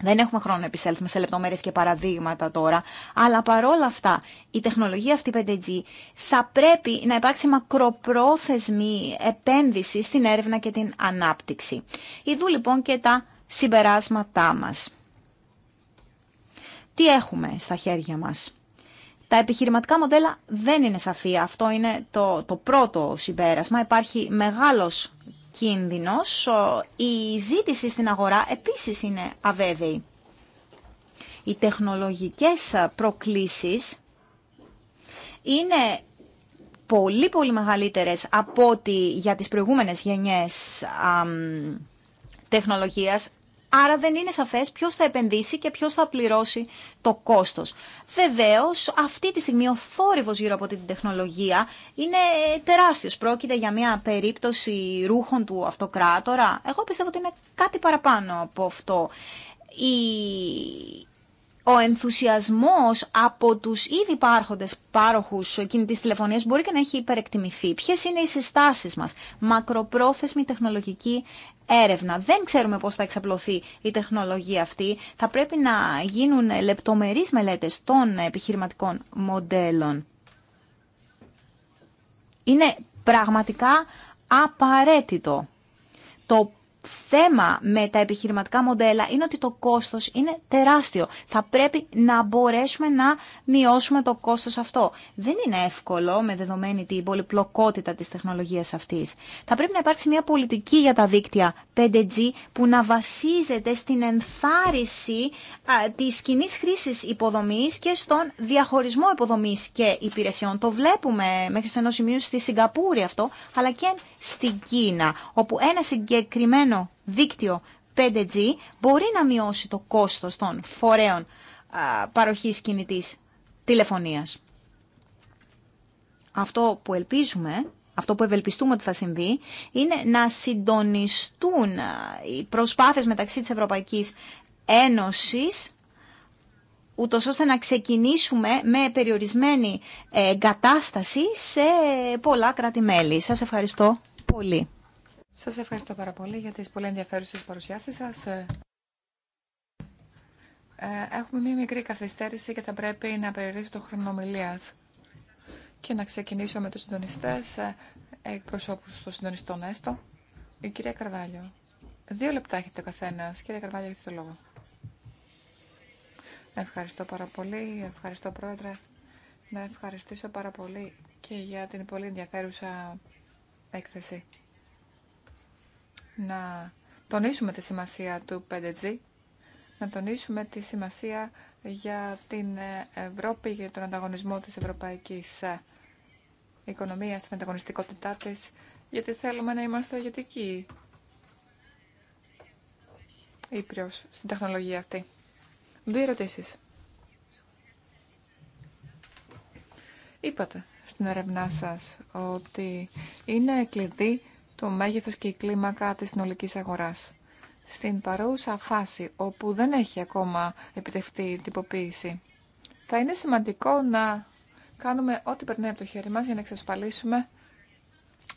C: Δεν έχουμε χρόνο να επισέλθουμε σε λεπτομέρειες και παραδείγματα τώρα, αλλά παρόλα αυτά η τεχνολογία αυτή 5G θα πρέπει να υπάρξει μακροπρόθεσμη επένδυση στην έρευνα και την ανάπτυξη. Ιδού λοιπόν και τα συμπεράσματά μας. Τι έχουμε στα χέρια μας. Τα επιχειρηματικά μοντέλα δεν είναι σαφή. Αυτό είναι το, το πρώτο συμπέρασμα. Υπάρχει μεγάλος κίνδυνος, η ζήτηση στην αγορά επίσης είναι αβέβαιη. Οι τεχνολογικές προκλήσεις είναι πολύ πολύ μεγαλύτερες από ό,τι για τις προηγούμενες γενιές α, τεχνολογίας Άρα δεν είναι σαφές ποιος θα επενδύσει και ποιος θα πληρώσει το κόστος. Βεβαίως, αυτή τη στιγμή ο θόρυβος γύρω από την τεχνολογία είναι τεράστιος. Πρόκειται για μια περίπτωση ρούχων του αυτοκράτορα. Εγώ πιστεύω ότι είναι κάτι παραπάνω από αυτό. Η ο ενθουσιασμός από τους ήδη υπάρχοντες πάροχους κινητή τηλεφωνίας μπορεί και να έχει υπερεκτιμηθεί. Ποιες είναι οι συστάσεις μας. Μακροπρόθεσμη τεχνολογική έρευνα. Δεν ξέρουμε πώς θα εξαπλωθεί η τεχνολογία αυτή. Θα πρέπει να γίνουν λεπτομερείς μελέτες των επιχειρηματικών μοντέλων. Είναι πραγματικά απαραίτητο. Το θέμα με τα επιχειρηματικά μοντέλα είναι ότι το κόστος είναι τεράστιο. Θα πρέπει να μπορέσουμε να μειώσουμε το κόστος αυτό. Δεν είναι εύκολο με δεδομένη την πολυπλοκότητα της τεχνολογίας αυτής. Θα πρέπει να υπάρξει μια πολιτική για τα δίκτυα 5G που να βασίζεται στην ενθάρρυνση της κοινή χρήση υποδομής και στον διαχωρισμό υποδομής και υπηρεσιών. Το βλέπουμε μέχρι σε ενό σημείου στη Σιγκαπούρη αυτό, αλλά και στην Κίνα, όπου ένα συγκεκριμένο δικτυο δίκτυο 5G μπορεί να μειώσει το κόστος των φορέων παροχής κινητής τηλεφωνίας. Αυτό που ελπίζουμε, αυτό που ευελπιστούμε ότι θα συμβεί, είναι να συντονιστούν οι προσπάθειες μεταξύ της Ευρωπαϊκής Ένωσης ούτως ώστε να ξεκινήσουμε με περιορισμένη ε, κατάσταση σε πολλά κράτη-μέλη. Σας ευχαριστώ πολύ.
B: Σας ευχαριστώ πάρα πολύ για τις πολύ ενδιαφέρουσες παρουσιάσεις σας. Ε, έχουμε μία μικρή καθυστέρηση και θα πρέπει να περιορίσω το χρόνο Και να ξεκινήσω με τους συντονιστές, ε, εκπροσώπους των συντονιστών έστω. Η κυρία Καρβάλιο. Δύο λεπτά έχετε ο καθένας. Κυρία Καρβάλιο, έχετε το λόγο. Ευχαριστώ πάρα πολύ. Ευχαριστώ, Πρόεδρε. Να ευχαριστήσω πάρα πολύ και για την πολύ ενδιαφέρουσα έκθεση να τονίσουμε τη σημασία του 5G, να τονίσουμε τη σημασία για την Ευρώπη, για τον ανταγωνισμό της ευρωπαϊκής οικονομίας, την ανταγωνιστικότητά της, γιατί θέλουμε να είμαστε ηγετικοί Ήπριος στην τεχνολογία αυτή. Δύο ερωτήσει. Είπατε στην ερευνά σας ότι είναι κλειδί το μέγεθος και η κλίμακα της συνολικής αγοράς. Στην παρούσα φάση, όπου δεν έχει ακόμα επιτευχθεί η τυποποίηση, θα είναι σημαντικό να κάνουμε ό,τι περνάει από το χέρι μας για να εξασφαλίσουμε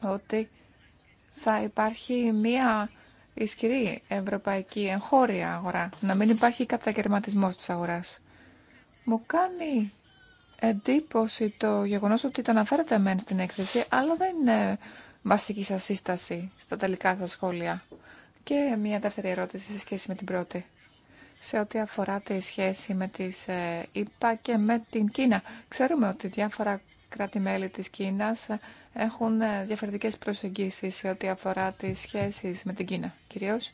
B: ότι θα υπάρχει μία ισχυρή ευρωπαϊκή εγχώρια αγορά, να μην υπάρχει κατακαιρματισμός της αγοράς. Μου κάνει εντύπωση το γεγονός ότι το αναφέρεται μεν στην έκθεση, αλλά δεν βασική σας σύσταση στα τελικά σας σχόλια. Και μια δεύτερη ερώτηση σε σχέση με την πρώτη. Σε ό,τι αφορά τη σχέση με τις ε, ΗΠΑ και με την Κίνα. Ξέρουμε ότι διάφορα κράτη-μέλη της Κίνας ε, έχουν ε, διαφορετικές προσεγγίσεις σε ό,τι αφορά τις σχέσεις με την Κίνα, κυρίως.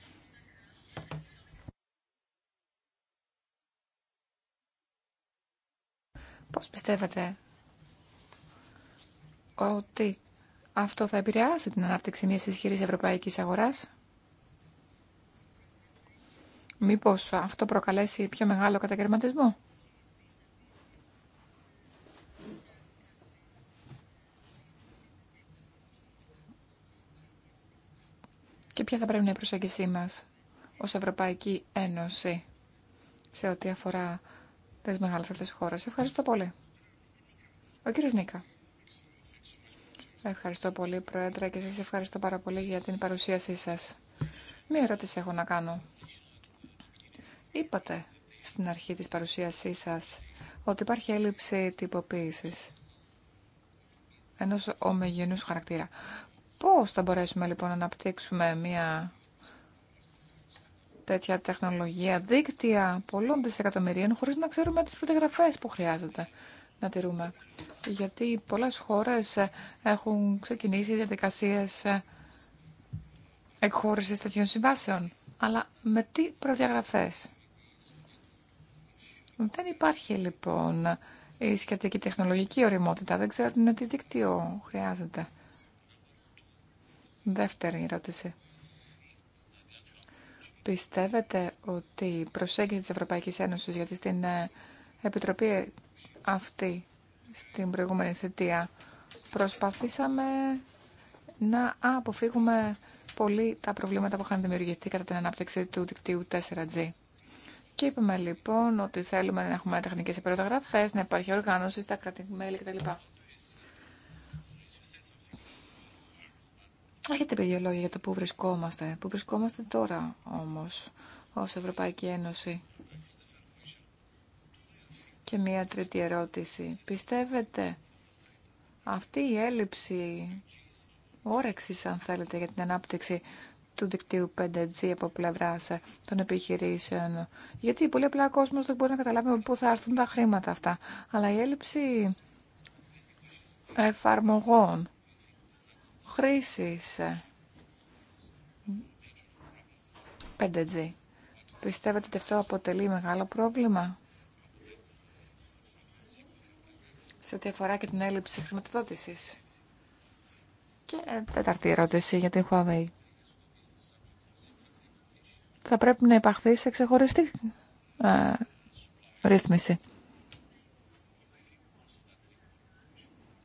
B: Πώς πιστεύετε ότι αυτό θα επηρεάσει την ανάπτυξη μιας ισχυρής ευρωπαϊκής αγοράς. Μήπως αυτό προκαλέσει πιο μεγάλο κατακαιρματισμό. Και ποια θα πρέπει να είναι η προσέγγισή μας ως Ευρωπαϊκή Ένωση σε ό,τι αφορά τις μεγάλες αυτές χώρες. Ευχαριστώ πολύ. Ο κύριος Νίκα. Ευχαριστώ πολύ, Πρόεδρε, και σας ευχαριστώ πάρα πολύ για την παρουσίασή σας. Μία ερώτηση έχω να κάνω. Είπατε στην αρχή της παρουσίασής σας ότι υπάρχει έλλειψη τυποποίησης ενός ομογενούς χαρακτήρα. Πώς θα μπορέσουμε λοιπόν να αναπτύξουμε μία τέτοια τεχνολογία, δίκτυα πολλών δισεκατομμυρίων, χωρίς να ξέρουμε τις προτεγραφές που χρειάζεται να τηρούμε. Γιατί πολλές χώρες έχουν ξεκινήσει διαδικασίες εκχώρησης τέτοιων συμβάσεων. Αλλά με τι προδιαγραφές. Δεν υπάρχει λοιπόν η σχετική τεχνολογική οριμότητα. Δεν ξέρουν τι δίκτυο χρειάζεται. Δεύτερη ερώτηση. Πιστεύετε ότι η προσέγγιση της Ευρωπαϊκής Ένωσης, γιατί στην ε, Επιτροπή αυτή στην προηγούμενη θητεία προσπαθήσαμε να αποφύγουμε πολύ τα προβλήματα που είχαν δημιουργηθεί κατά την ανάπτυξη του δικτύου 4G. Και είπαμε λοιπόν ότι θέλουμε να έχουμε τεχνικέ υπερογραφέ, να υπάρχει οργάνωση στα κρατημέλη κτλ. Έχετε πει δύο λόγια για το πού βρισκόμαστε. Πού βρισκόμαστε τώρα όμως ως Ευρωπαϊκή Ένωση και μία τρίτη ερώτηση. Πιστεύετε αυτή η έλλειψη όρεξης, αν θέλετε, για την ανάπτυξη του δικτύου 5G από πλευρά των επιχειρήσεων. Γιατί πολύ απλά ο κόσμος δεν μπορεί να καταλάβει πού θα έρθουν τα χρήματα αυτά. Αλλά η έλλειψη εφαρμογών, χρήσης 5G. Πιστεύετε ότι αυτό αποτελεί μεγάλο πρόβλημα. σε ό,τι αφορά και την έλλειψη χρηματοδότησης. Και ε, τέταρτη ερώτηση για την Huawei. Θα πρέπει να υπαχθεί σε ξεχωριστή ε, ρύθμιση.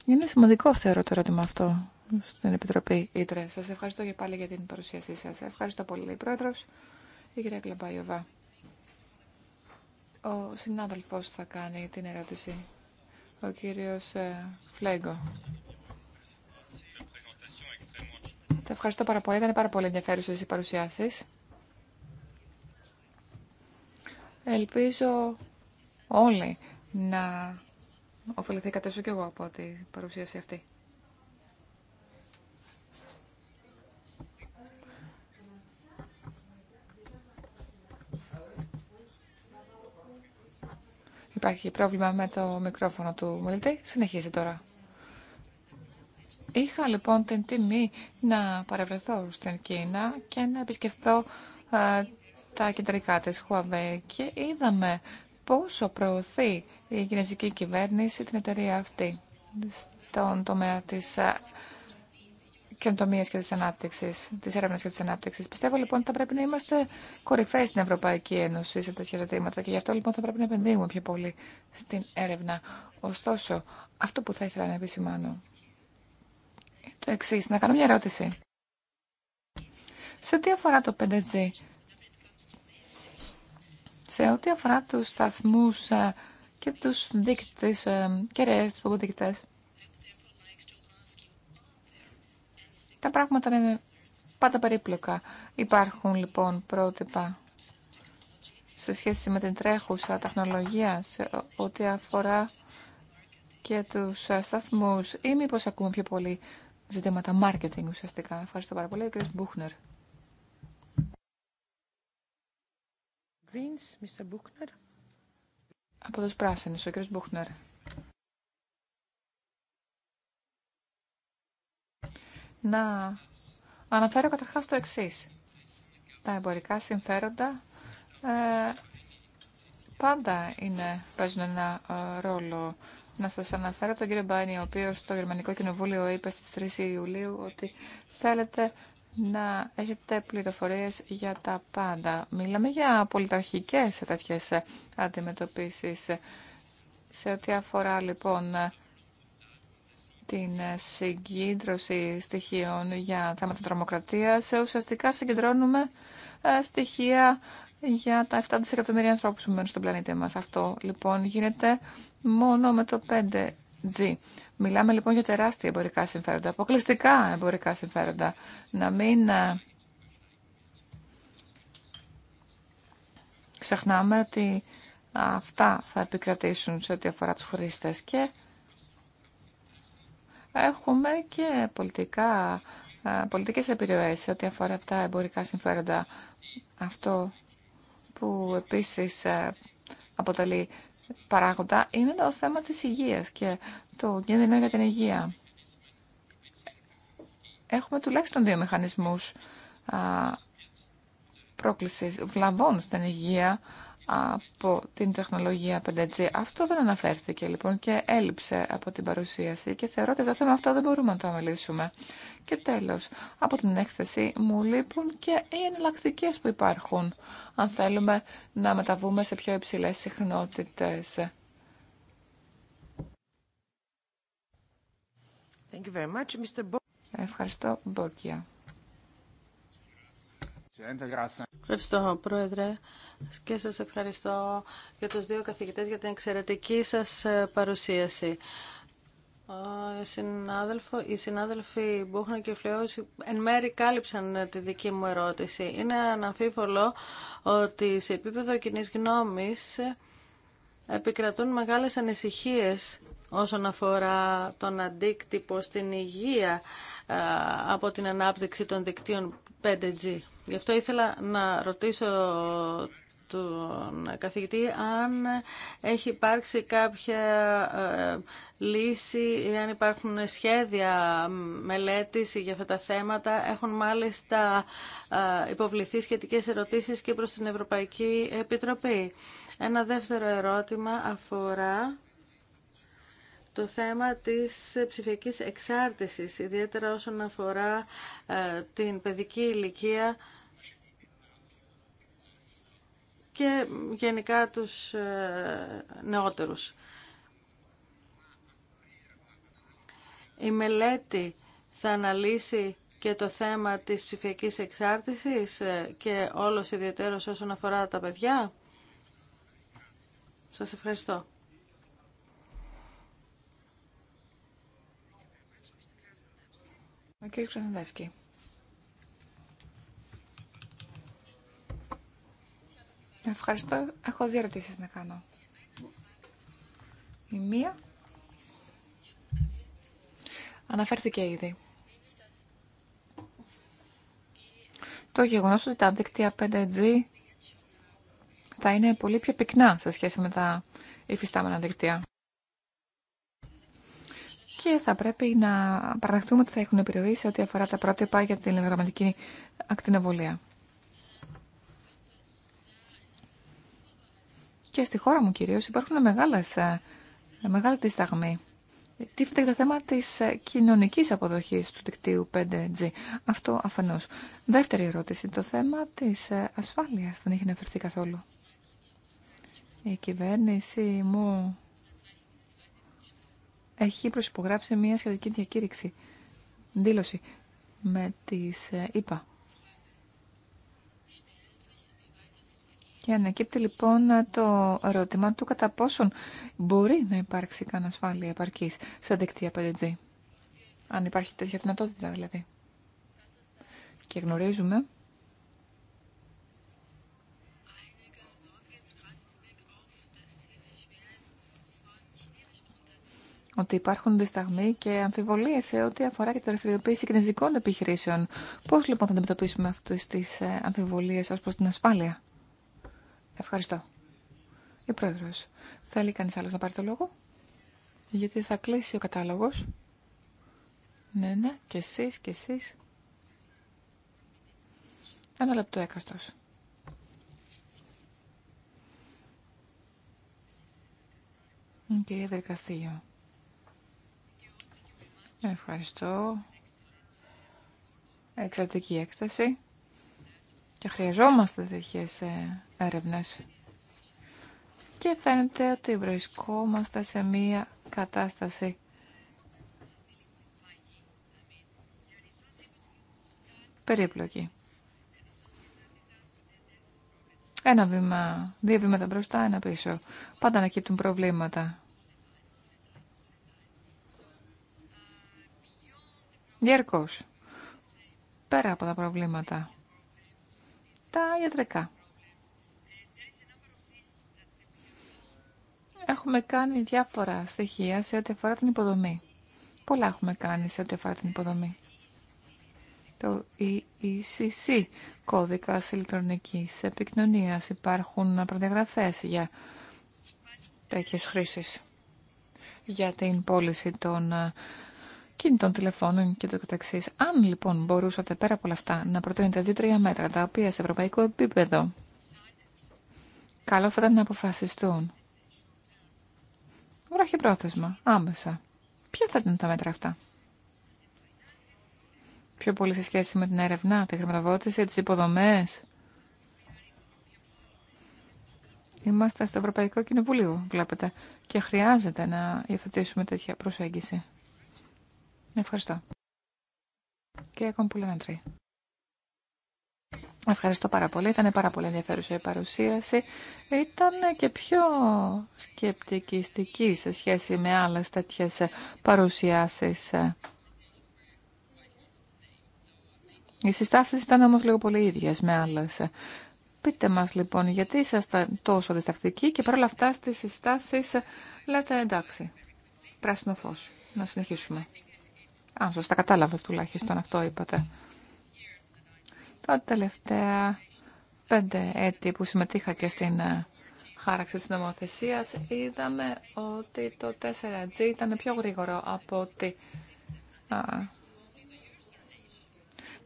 B: Είναι σημαντικό θεωρώ το ερώτημα αυτό στην Επιτροπή Ήτρε. Σας ευχαριστώ και πάλι για την παρουσίασή σας. Ευχαριστώ πολύ, Πρόεδρος, η κυρία Κλαμπάιωβα. Ο συνάδελφος θα κάνει την ερώτηση ο κύριος ε, Φλέγκο. Θα ευχαριστώ πάρα πολύ. Ήταν πάρα πολύ ενδιαφέρουσες οι παρουσιάσεις. Ελπίζω όλοι να ωφεληθήκατε όσο και εγώ από την παρουσίαση αυτή. Υπάρχει πρόβλημα με το μικρόφωνο του μιλητή. Συνεχίζει τώρα. Είχα λοιπόν την τιμή να παρευρεθώ στην Κίνα και να επισκεφθώ ε, τα κεντρικά της Huawei και είδαμε πόσο προωθεί η κινέζικη κυβέρνηση την εταιρεία αυτή στον τομέα της ε, καινοτομία και τη ανάπτυξη, τη έρευνα και τη ανάπτυξη. Πιστεύω λοιπόν ότι θα πρέπει να είμαστε κορυφαίοι στην Ευρωπαϊκή Ένωση σε τέτοια ζητήματα και γι' αυτό λοιπόν θα πρέπει να επενδύουμε πιο πολύ στην έρευνα. Ωστόσο, αυτό που θα ήθελα να επισημάνω το εξή, να κάνω μια ερώτηση. Σε ό,τι αφορά το 5G, σε ό,τι αφορά τους σταθμούς ε, και τους κεραίε, κεραίες, τους Τα πράγματα είναι πάντα περίπλοκα. Υπάρχουν λοιπόν πρότυπα σε σχέση με την τρέχουσα τεχνολογία σε ό,τι αφορά και τους ε, σταθμούς ή μήπω ακούμε πιο πολύ ζητήματα marketing ουσιαστικά. Ευχαριστώ πάρα πολύ. Ο Μπούχνερ. Από τους πράσινους, ο κύριος Μπούχνερ. να αναφέρω καταρχάς το εξής. Τα εμπορικά συμφέροντα ε, πάντα είναι, παίζουν ένα ε, ρόλο. Να σας αναφέρω τον κύριο Μπάνι, ο οποίος στο Γερμανικό Κοινοβούλιο είπε στις 3 Ιουλίου ότι θέλετε να έχετε πληροφορίες για τα πάντα. Μιλάμε για πολιταρχικές τέτοιες ε, αντιμετωπίσεις. Σε ό,τι αφορά λοιπόν την συγκέντρωση στοιχείων για θέματα τρομοκρατία. Ουσιαστικά συγκεντρώνουμε ε, στοιχεία για τα 7 δισεκατομμύρια ανθρώπους που μένουν στον πλανήτη μας. Αυτό λοιπόν γίνεται μόνο με το 5G. Μιλάμε λοιπόν για τεράστια εμπορικά συμφέροντα, αποκλειστικά εμπορικά συμφέροντα. Να μην ε, ξεχνάμε ότι αυτά θα επικρατήσουν σε ό,τι αφορά τους χρήστες και έχουμε και πολιτικά, ε, πολιτικές επιρροές ό,τι αφορά τα εμπορικά συμφέροντα. Αυτό που επίσης ε, αποτελεί παράγοντα είναι το θέμα της υγείας και το κίνδυνο για την υγεία. Έχουμε τουλάχιστον δύο μηχανισμούς πρόκλησης βλαβών στην υγεία από την τεχνολογία 5G. Αυτό δεν αναφέρθηκε λοιπόν και έλειψε από την παρουσίαση και θεωρώ ότι το θέμα αυτό δεν μπορούμε να το αμελήσουμε. Και τέλος, από την έκθεση μου λείπουν και οι εναλλακτικέ που υπάρχουν αν θέλουμε να μεταβούμε σε πιο υψηλές συχνότητες. Thank you Ευχαριστώ, Μπόρκια. Ευχαριστώ,
A: Πρόεδρε, και σας ευχαριστώ για τους δύο καθηγητές για την εξαιρετική σας ε, παρουσίαση. Ο οι συνάδελφοι Μπούχνα και Φλεώση εν μέρη κάλυψαν ε, τη δική μου ερώτηση. Είναι αναμφίβολο ότι σε επίπεδο κοινή γνώμη ε, επικρατούν μεγάλες ανησυχίες όσον αφορά τον αντίκτυπο στην υγεία από την ανάπτυξη των δικτύων Γι' αυτό ήθελα να ρωτήσω τον καθηγητή αν έχει υπάρξει κάποια ε, λύση ή αν υπάρχουν σχέδια μελέτηση για αυτά τα θέματα. Έχουν μάλιστα ε, υποβληθεί σχετικές ερωτήσεις και προς την Ευρωπαϊκή Επιτροπή. Ένα δεύτερο ερώτημα αφορά το θέμα της ψηφιακής εξάρτησης, ιδιαίτερα όσον αφορά ε, την παιδική ηλικία και γενικά τους ε, νεότερους. Η μελέτη θα αναλύσει και το θέμα της ψηφιακής εξάρτησης ε, και όλος ιδιαίτερος όσον αφορά τα παιδιά.
B: Σας ευχαριστώ. Ο κύριος Ξανθαντάσκη. Ευχαριστώ. Έχω δύο ερωτήσεις να κάνω. Η μία αναφέρθηκε ήδη. Το γεγονό ότι τα δίκτυα 5G θα είναι πολύ πιο πυκνά σε σχέση με τα υφιστάμενα δίκτυα και θα πρέπει να παραδεχτούμε ότι θα έχουν επιρροή σε ό,τι αφορά τα πρότυπα για την γραμματική ακτινοβολία. Και στη χώρα μου κυρίως υπάρχουν μεγάλες, ε, μεγάλη δισταγμή. Τι και το θέμα της ε, κοινωνικής αποδοχής του δικτύου 5G. Αυτό αφενός. Δεύτερη ερώτηση, το θέμα της ε, ασφάλειας δεν έχει αναφερθεί καθόλου. Η κυβέρνηση μου έχει προσυπογράψει μια σχετική διακήρυξη, δήλωση με τις ΕΠΑ. Και ανακύπτει λοιπόν το ερώτημα του κατά πόσον μπορεί να υπάρξει καν ασφάλεια επαρκής σε δικτυα 5G. Αν υπάρχει τέτοια δυνατότητα δηλαδή. Και γνωρίζουμε ότι υπάρχουν δισταγμοί και αμφιβολίες σε ό,τι αφορά και τη δραστηριοποίηση κινέζικων επιχειρήσεων. Πώς λοιπόν θα αντιμετωπίσουμε αυτές τις ε, αμφιβολίες ως προς την ασφάλεια. Ευχαριστώ. Η Πρόεδρος. Θέλει κανείς άλλος να πάρει το λόγο. Γιατί θα κλείσει ο κατάλογος. Ναι, ναι, και εσείς, και εσείς. Ένα λεπτό έκαστος. Κυρία Δερκαστήγιο. Ευχαριστώ. Εξαιρετική έκταση. Και χρειαζόμαστε τέτοιες ε, έρευνες. Και φαίνεται ότι βρισκόμαστε σε μία κατάσταση περίπλοκη. Ένα βήμα, δύο βήματα μπροστά, ένα πίσω. Πάντα ανακύπτουν προβλήματα. διαρκώς, πέρα από τα προβλήματα, τα ιατρικά. Έχουμε κάνει διάφορα στοιχεία σε ό,τι αφορά την υποδομή. Πολλά έχουμε κάνει σε ό,τι αφορά την υποδομή. Το ECC, e κώδικα ηλεκτρονικής επικοινωνίας, υπάρχουν προδιαγραφέ για τέτοιες χρήσεις για την πώληση των ε, κινητών τηλεφώνων και το καταξής. Αν λοιπόν μπορούσατε πέρα από όλα αυτά να προτείνετε δύο-τρία μέτρα τα οποία σε ευρωπαϊκό επίπεδο καλό θα ήταν να αποφασιστούν. Βράχει πρόθεσμα, άμεσα. Ποια θα ήταν τα μέτρα αυτά. Πιο πολύ σε σχέση με την έρευνα, τη χρηματοδότηση, τις υποδομές. Είμαστε στο Ευρωπαϊκό Κοινοβούλιο, βλέπετε, και χρειάζεται να υιοθετήσουμε τέτοια προσέγγιση. Ευχαριστώ. Κύριε Κομπουλάντρη. Ευχαριστώ πάρα πολύ. Ήταν πάρα πολύ ενδιαφέρουσα η παρουσίαση. Ήταν και πιο σκεπτικιστική σε σχέση με άλλες τέτοιες παρουσιάσεις. Οι συστάσεις ήταν όμως λίγο πολύ ίδιες με άλλες. Πείτε μας λοιπόν γιατί ήσασταν τόσο διστακτικοί και παρόλα αυτά στις συστάσεις λέτε εντάξει, πράσινο φως. Να συνεχίσουμε. Αν σωστά κατάλαβα τουλάχιστον αυτό είπατε. Τα τελευταία πέντε έτη που συμμετείχα και στην ε, χάραξη της νομοθεσίας είδαμε ότι το 4G ήταν πιο γρήγορο από ότι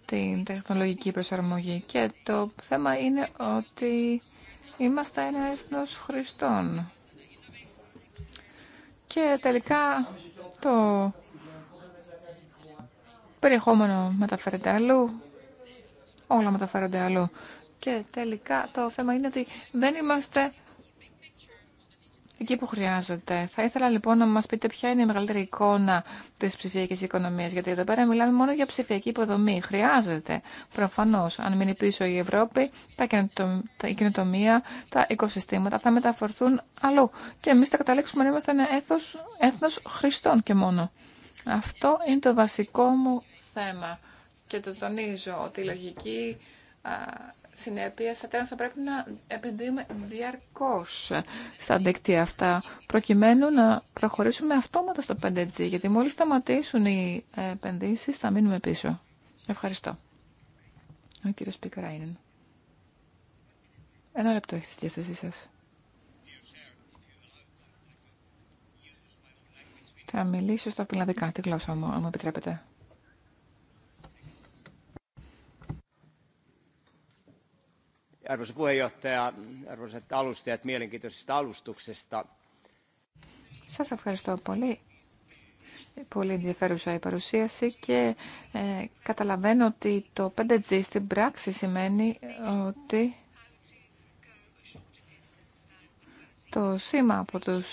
B: την τεχνολογική προσαρμογή και το θέμα είναι ότι είμαστε ένα έθνος χρηστών και τελικά το περιεχόμενο μεταφέρεται αλλού, όλα μεταφέρονται αλλού. Και τελικά το θέμα είναι ότι δεν είμαστε εκεί που χρειάζεται. Θα ήθελα λοιπόν να μας πείτε ποια είναι η μεγαλύτερη εικόνα της ψηφιακής οικονομίας, γιατί εδώ πέρα μιλάμε μόνο για ψηφιακή υποδομή. Χρειάζεται προφανώς, αν μείνει πίσω η Ευρώπη, τα κοινοτομία, τα οικοσυστήματα θα μεταφορθούν αλλού. Και εμείς θα καταλήξουμε να είμαστε ένα έθνος, έθνος χρηστών και μόνο. Αυτό είναι το βασικό μου θέμα και το τονίζω ότι η λογική συνέπεια στα τέρα θα πρέπει να επενδύουμε διαρκώς στα δίκτυα αυτά προκειμένου να προχωρήσουμε αυτόματα στο 5G γιατί μόλις σταματήσουν οι επενδύσεις θα μείνουμε πίσω. Ευχαριστώ. Ο κύριος είναι. Ένα λεπτό έχει στη διάθεσή σας. Θα μιλήσω στα φιλανδικά, τη γλώσσα μου, αν μου επιτρέπετε. Σα Σας ευχαριστώ πολύ. Πολύ ενδιαφέρουσα η παρουσίαση και ε, καταλαβαίνω ότι το 5G στην πράξη σημαίνει ότι το σήμα από τους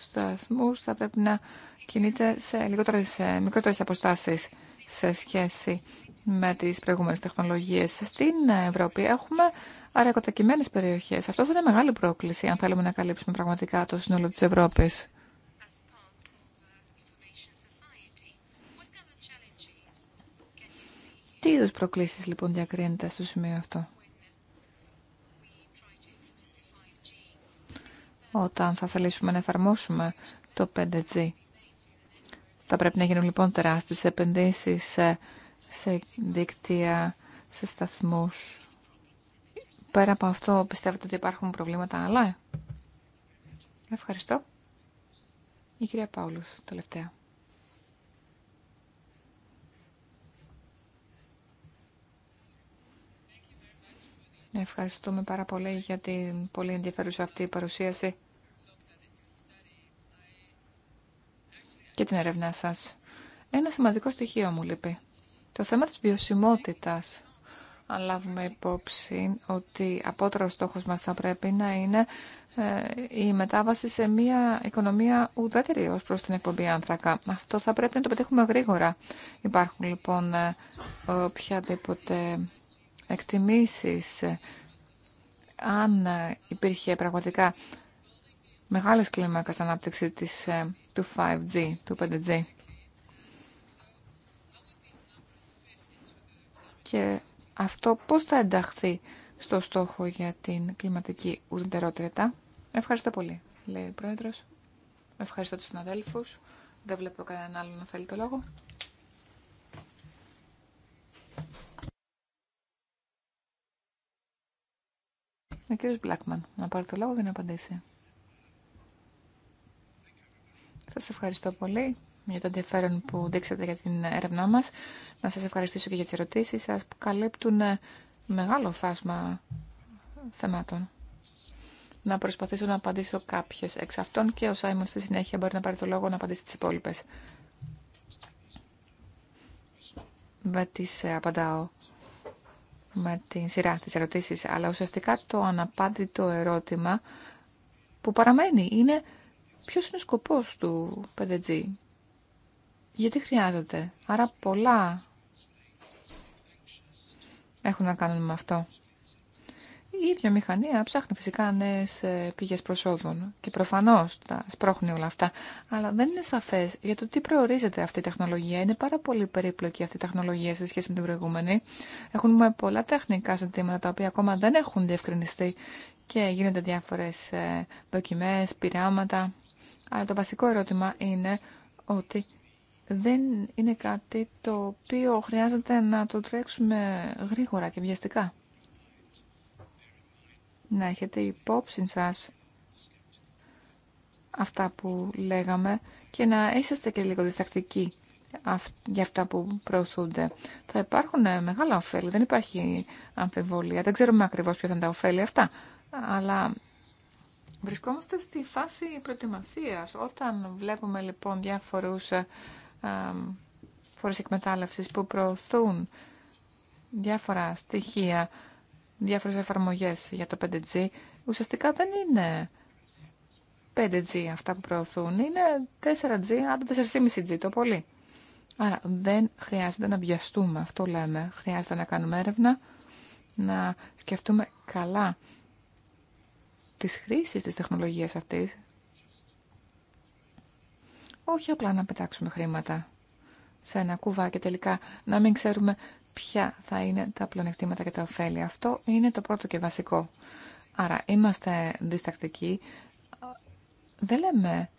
B: σταθμούς θα πρέπει να κινείται σε λιγότερες, μικρότερες αποστάσεις σε σχέση με τις προηγούμενες τεχνολογίες. Στην Ευρώπη έχουμε αρακοτακημένες περιοχές. Αυτό θα είναι μεγάλη πρόκληση αν θέλουμε να καλύψουμε πραγματικά το σύνολο της Ευρώπης. Τι είδους προκλήσεις λοιπόν διακρίνεται στο σημείο αυτό. Όταν θα θελήσουμε να εφαρμόσουμε το 5G θα πρέπει να γίνουν λοιπόν τεράστιες επενδύσεις σε, σε δίκτυα, σε σταθμούς. Πέρα από αυτό πιστεύετε ότι υπάρχουν προβλήματα άλλα. Ευχαριστώ. Η κυρία Παύλους, τελευταία. Ευχαριστούμε πάρα πολύ για την πολύ ενδιαφέρουσα αυτή η παρουσίαση. και την έρευνά σας. Ένα σημαντικό στοιχείο μου λείπει. Το θέμα της βιωσιμότητας. Αν λάβουμε υπόψη ότι απότερο στόχος μας θα πρέπει να είναι ε, η μετάβαση σε μια οικονομία ουδέτερη ως προς την εκπομπή άνθρακα. Αυτό θα πρέπει να το πετύχουμε γρήγορα. Υπάρχουν λοιπόν ε, οποιαδήποτε εκτιμήσεις ε, αν υπήρχε πραγματικά μεγάλες κλίμακες ανάπτυξη της, ε, του 5G, του 5G. Και αυτό πώς θα ενταχθεί στο στόχο για την κλιματική ουδετερότητα. Ευχαριστώ πολύ, λέει ο Πρόεδρος. Ευχαριστώ τους συναδέλφους. Δεν βλέπω κανέναν άλλο να θέλει το λόγο. Ο κύριος Μπλάκμαν, να πάρει το λόγο για να απαντήσει. Σας ευχαριστώ πολύ για το ενδιαφέρον που δείξατε για την έρευνά μας. Να σας ευχαριστήσω και για τις ερωτήσεις σας που καλύπτουν ε, μεγάλο φάσμα θεμάτων. Να προσπαθήσω να απαντήσω κάποιες εξ αυτών και ο Σάιμον στη συνέχεια μπορεί να πάρει το λόγο να απαντήσει τις υπόλοιπε. Δεν τις ε, απαντάω με την σειρά της ερωτήσεις, αλλά ουσιαστικά το αναπάντητο ερώτημα που παραμένει είναι Ποιος είναι ο σκοπός του 5G, γιατί χρειάζεται. Άρα πολλά έχουν να κάνουν με αυτό. Η ίδια μηχανία ψάχνει φυσικά νέες ε, πηγές προσόδων και προφανώς τα σπρώχνει όλα αυτά. Αλλά δεν είναι σαφές για το τι προορίζεται αυτή η τεχνολογία. Είναι πάρα πολύ περίπλοκη αυτή η τεχνολογία σε σχέση με την προηγούμενη. Έχουν πολλά τεχνικά ζητήματα τα οποία ακόμα δεν έχουν διευκρινιστεί και γίνονται διάφορες ε, δοκιμές, πειράματα. Αλλά το βασικό ερώτημα είναι ότι δεν είναι κάτι το οποίο χρειάζεται να το τρέξουμε γρήγορα και βιαστικά. Να έχετε υπόψη σας αυτά που λέγαμε και να είσαστε και λίγο διστακτικοί για αυτά που προωθούνται. Θα υπάρχουν ε, μεγάλα ωφέλη, δεν υπάρχει αμφιβολία. Δεν ξέρουμε ακριβώς ποια θα είναι τα ωφέλη αυτά, αλλά Βρισκόμαστε στη φάση προετοιμασίας. Όταν βλέπουμε λοιπόν διάφορους ε, ε, φορεί εκμετάλλευση εκμετάλλευσης που προωθούν διάφορα στοιχεία, διάφορες εφαρμογές για το 5G, ουσιαστικά δεν είναι 5G αυτά που προωθούν, είναι 4G, άντε 4,5G το πολύ. Άρα δεν χρειάζεται να βιαστούμε, αυτό λέμε. Χρειάζεται να κάνουμε έρευνα, να σκεφτούμε καλά της χρήσης της τεχνολογίας αυτής. Όχι απλά να πετάξουμε χρήματα σε ένα κουβά και τελικά να μην ξέρουμε ποια θα είναι τα πλονεκτήματα και τα ωφέλη. Αυτό είναι το πρώτο και βασικό. Άρα είμαστε διστακτικοί. Δεν λέμε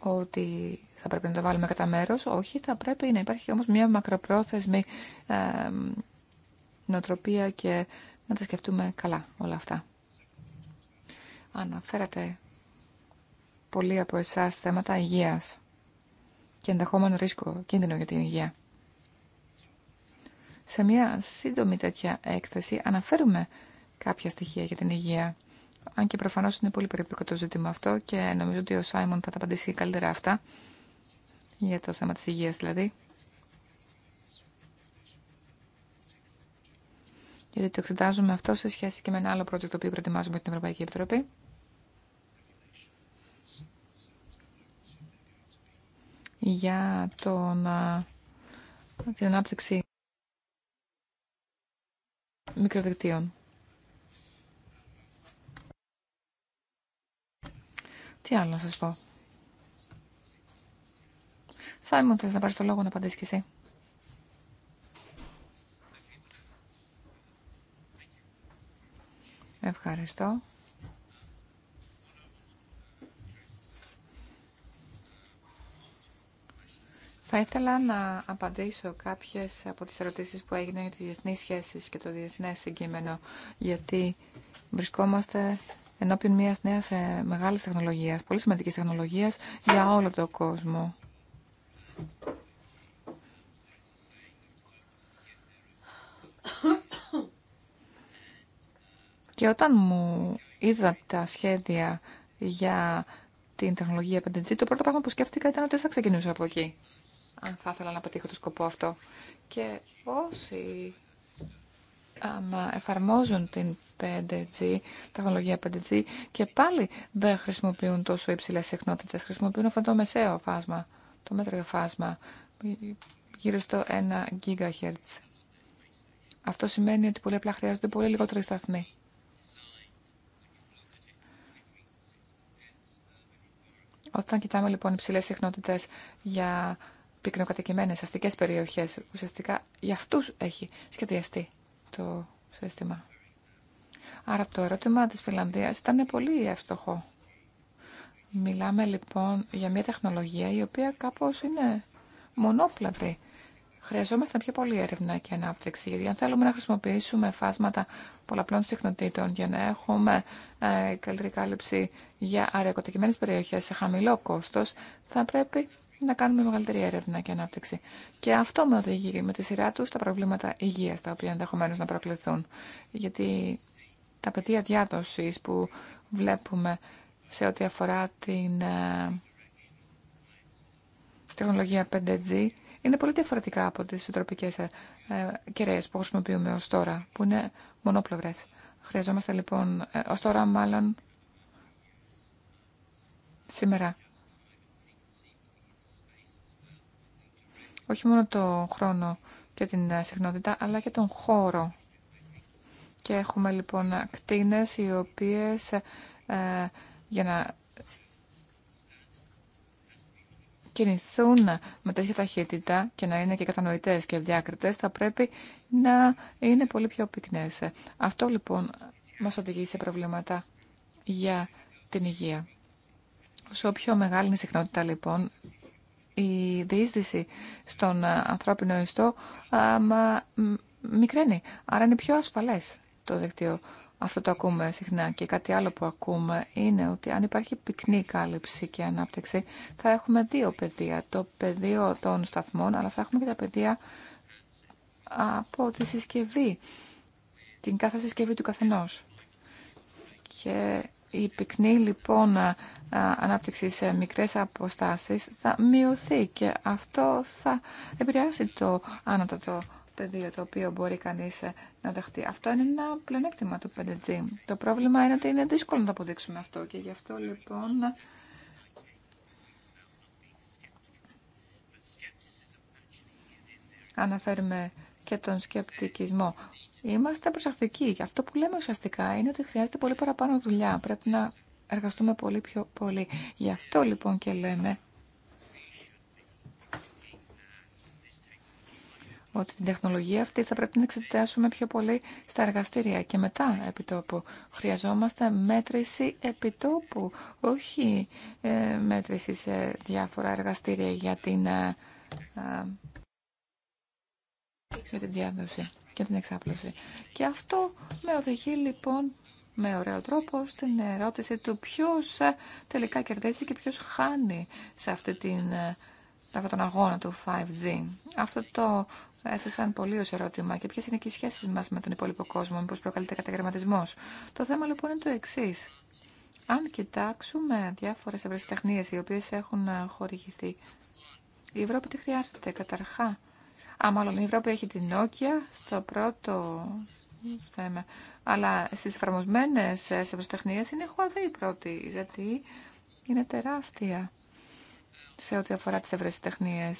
B: ότι θα πρέπει να το βάλουμε κατά μέρο. Όχι, θα πρέπει να υπάρχει όμως μια μακροπρόθεσμη ε, νοοτροπία και να τα σκεφτούμε καλά όλα αυτά. Αναφέρατε πολλοί από εσάς θέματα υγείας και ενδεχόμενο ρίσκο κίνδυνο για την υγεία. Σε μια σύντομη τέτοια έκθεση αναφέρουμε κάποια στοιχεία για την υγεία. Αν και προφανώς είναι πολύ περίπλοκο το ζήτημα αυτό και νομίζω ότι ο Σάιμον θα τα απαντήσει καλύτερα αυτά για το θέμα της υγείας δηλαδή. γιατί το εξετάζουμε αυτό σε σχέση και με ένα άλλο project το οποίο προετοιμάζουμε την Ευρωπαϊκή Επιτροπή. για τον, την ανάπτυξη μικροδικτύων. Τι άλλο να σας πω. Σάιμον, θες να πάρεις το λόγο να απαντήσεις και εσύ. Ευχαριστώ. Θα ήθελα να απαντήσω κάποιες από τις ερωτήσεις που έγιναν για τις διεθνείς σχέσεις και το διεθνές συγκείμενο, γιατί βρισκόμαστε ενώπιον μιας νέας ε, μεγάλης τεχνολογίας, πολύ σημαντικής τεχνολογίας για όλο τον κόσμο. Και όταν μου είδα τα σχέδια για την τεχνολογία 5G, το πρώτο πράγμα που σκέφτηκα ήταν ότι δεν θα ξεκινήσω από εκεί, αν θα ήθελα να πετύχω το σκοπό αυτό. Και όσοι εφαρμόζουν την 5G, τεχνολογία 5G, και πάλι δεν χρησιμοποιούν τόσο υψηλές συχνότητες, χρησιμοποιούν αυτό το μεσαίο φάσμα, το μέτριο φάσμα, γύρω στο 1 GHz. Αυτό σημαίνει ότι πολύ απλά χρειάζονται πολύ λιγότεροι σταθμοί. Όταν κοιτάμε λοιπόν υψηλέ συχνότητε για πυκνοκατοικημένε αστικές περιοχές, ουσιαστικά για αυτούς έχει σχεδιαστεί το σύστημα. Άρα το ερώτημα της Φιλανδίας ήταν πολύ εύστοχο. Μιλάμε λοιπόν για μια τεχνολογία η οποία κάπως είναι μονόπλευρη Χρειαζόμαστε πιο πολύ έρευνα και ανάπτυξη, γιατί αν θέλουμε να χρησιμοποιήσουμε φάσματα πολλαπλών συχνοτήτων για να έχουμε ε, καλύτερη κάλυψη για αριακοτοικημένε περιοχέ σε χαμηλό κόστο, θα πρέπει να κάνουμε μεγαλύτερη έρευνα και ανάπτυξη. Και αυτό με οδηγεί με τη σειρά του στα προβλήματα υγεία, τα οποία ενδεχομένω να προκληθούν. Γιατί τα πεδία διάδοση που βλέπουμε σε ό,τι αφορά την ε, τεχνολογία 5G είναι πολύ διαφορετικά από τις τροπικές ε, κεραίες που χρησιμοποιούμε ως τώρα, που είναι μονοπλευρές. Χρειαζόμαστε λοιπόν, ε, ως τώρα μάλλον σήμερα, όχι μόνο το χρόνο και την ε, συχνότητα, αλλά και τον χώρο. Και έχουμε λοιπόν κτίνες οι οποίες ε, ε, για να κινηθούν με τέτοια ταχύτητα και να είναι και κατανοητές και ευδιάκριτες, θα πρέπει να είναι πολύ πιο πυκνές. Αυτό λοιπόν μας οδηγεί σε προβλήματα για την υγεία. Όσο πιο μεγάλη είναι η συχνότητα λοιπόν, η διείσδυση στον ανθρώπινο ιστό μικραίνει. Άρα είναι πιο ασφαλές το δίκτυο αυτό το ακούμε συχνά και κάτι άλλο που ακούμε είναι ότι αν υπάρχει πυκνή κάλυψη και ανάπτυξη θα έχουμε δύο πεδία, το πεδίο των σταθμών αλλά θα έχουμε και τα πεδία από τη συσκευή, την κάθε συσκευή του καθενός. Και η πυκνή λοιπόν ανάπτυξη σε μικρές αποστάσεις θα μειωθεί και αυτό θα επηρεάσει το άνατο πεδίο το οποίο μπορεί κανείς ε, να δεχτεί. Αυτό είναι ένα πλεονέκτημα του 5G. Το πρόβλημα είναι ότι είναι δύσκολο να το αποδείξουμε αυτό και γι' αυτό λοιπόν αναφέρουμε και τον σκεπτικισμό. Είμαστε προσεκτικοί και αυτό που λέμε ουσιαστικά είναι ότι χρειάζεται πολύ παραπάνω δουλειά. Πρέπει να εργαστούμε πολύ πιο πολύ. Γι' αυτό λοιπόν και λέμε ότι την τεχνολογία αυτή θα πρέπει να εξετάσουμε πιο πολύ στα εργαστήρια και μετά επιτόπου. Χρειαζόμαστε μέτρηση επιτόπου, όχι ε, μέτρηση σε διάφορα εργαστήρια για την, ε, ε διάδοση και την εξάπλωση. Και αυτό με οδηγεί λοιπόν με ωραίο τρόπο στην ερώτηση του ποιος ε, τελικά κερδίζει και ποιος χάνει σε αυτή την, αυτόν τον αγώνα του 5G. Αυτό το έθεσαν πολύ ω ερώτημα και ποιε είναι και οι σχέσει μα με τον υπόλοιπο κόσμο, μήπω προκαλείται καταγραμματισμό. Το θέμα λοιπόν είναι το εξή. Αν κοιτάξουμε διάφορε ευρεσιτεχνίε οι οποίε έχουν ε, χορηγηθεί, η Ευρώπη τι χρειάζεται καταρχά. Α, μάλλον η Ευρώπη έχει την Νόκια στο πρώτο θέμα. Αλλά στι εφαρμοσμένε ε, ευρεσιτεχνίε είναι Huawei πρώτη, γιατί είναι τεράστια σε ό,τι αφορά τι ευρεσιτεχνίε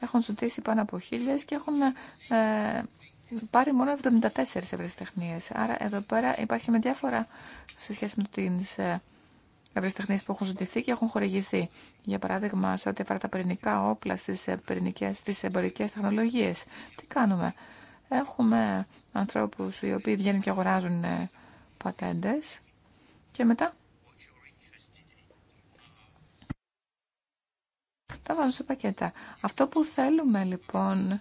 B: έχουν ζητήσει πάνω από χίλιε και έχουν ε, πάρει μόνο 74 ευρεσιτεχνίε. Άρα εδώ πέρα υπάρχει με διάφορα σε σχέση με τις ε, ευρεσιτεχνίε που έχουν ζητηθεί και έχουν χορηγηθεί. Για παράδειγμα, σε ό,τι αφορά τα πυρηνικά όπλα στι εμπορικέ στις εμπορικές τεχνολογίες. Τι κάνουμε. Έχουμε ανθρώπους οι οποίοι βγαίνουν και αγοράζουν ε, πατέντε και μετά τα βάζουν σε πακέτα. Αυτό που θέλουμε λοιπόν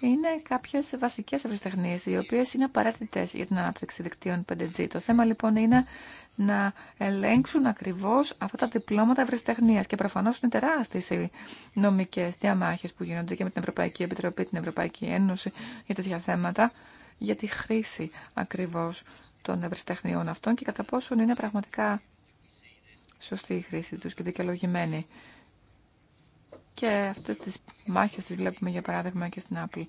B: είναι κάποιε βασικέ ευρεσιτεχνίε, οι οποίε είναι απαραίτητε για την ανάπτυξη δικτύων 5G. Το θέμα λοιπόν είναι να ελέγξουν ακριβώ αυτά τα διπλώματα ευρεσιτεχνία. Και προφανώ είναι τεράστιε οι νομικέ διαμάχε που γίνονται και με την Ευρωπαϊκή Επιτροπή, την Ευρωπαϊκή Ένωση για τέτοια θέματα, για τη χρήση ακριβώ των ευρεσιτεχνιών αυτών και κατά πόσον είναι πραγματικά σωστή η χρήση τους και δικαιολογημένη. Και αυτές τις μάχες τις βλέπουμε για παράδειγμα και στην Apple.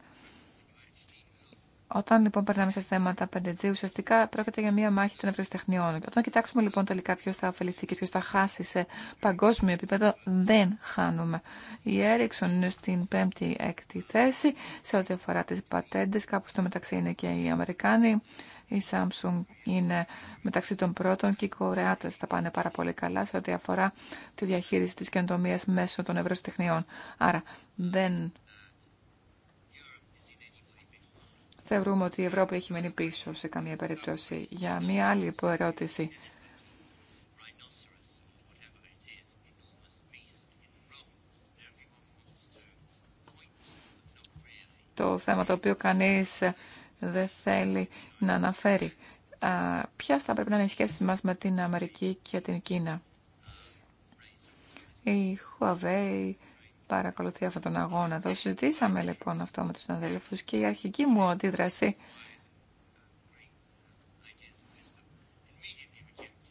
B: Όταν λοιπόν περνάμε σε θέματα 5G, ουσιαστικά πρόκειται για μία μάχη των ευρεσιτεχνιών. Όταν κοιτάξουμε λοιπόν τελικά ποιο θα ωφεληθεί και ποιο θα χάσει σε παγκόσμιο επίπεδο, δεν χάνουμε. Η Ericsson είναι στην πέμπτη έκτη θέση σε ό,τι αφορά τι πατέντε, κάπου στο μεταξύ είναι και οι Αμερικάνοι η Samsung είναι μεταξύ των πρώτων και οι Κορεάτες θα πάνε πάρα πολύ καλά σε ό,τι αφορά τη διαχείριση της καινοτομίας μέσω των ευρωστεχνιών. Άρα δεν θεωρούμε ότι η Ευρώπη έχει μείνει πίσω σε καμία περίπτωση. Για μία άλλη ερώτηση. Το θέμα το οποίο κανείς δεν θέλει να αναφέρει ποια θα πρέπει να είναι οι σχέσεις μας με την Αμερική και την Κίνα. Η Huawei παρακολουθεί αυτόν τον αγώνα. Το συζητήσαμε λοιπόν αυτό με τους συναδέλφους και η αρχική μου αντίδραση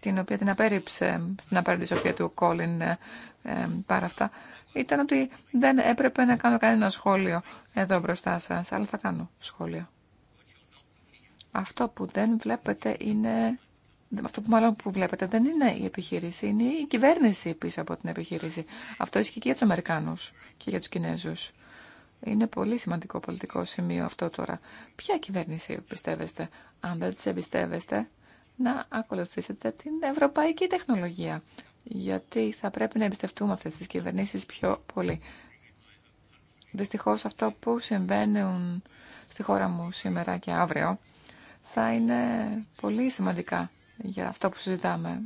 B: την οποία την απέρριψε στην απέραντη σοφία του Κόλλιν ε, ε, πάρα αυτά, ήταν ότι δεν έπρεπε να κάνω κανένα σχόλιο εδώ μπροστά σας, αλλά θα κάνω σχόλιο. Αυτό που δεν βλέπετε είναι... Αυτό που μάλλον που βλέπετε δεν είναι η επιχείρηση, είναι η κυβέρνηση πίσω από την επιχείρηση. Αυτό ισχύει και για τους Αμερικάνους και για τους Κινέζους. Είναι πολύ σημαντικό πολιτικό σημείο αυτό τώρα. Ποια κυβέρνηση πιστεύεστε, αν δεν τις εμπιστεύεστε, να ακολουθήσετε την ευρωπαϊκή τεχνολογία. Γιατί θα πρέπει να εμπιστευτούμε αυτές τις κυβερνήσεις πιο πολύ. Δυστυχώς αυτό που συμβαίνουν στη χώρα μου σήμερα και αύριο θα είναι πολύ σημαντικά για αυτό που συζητάμε.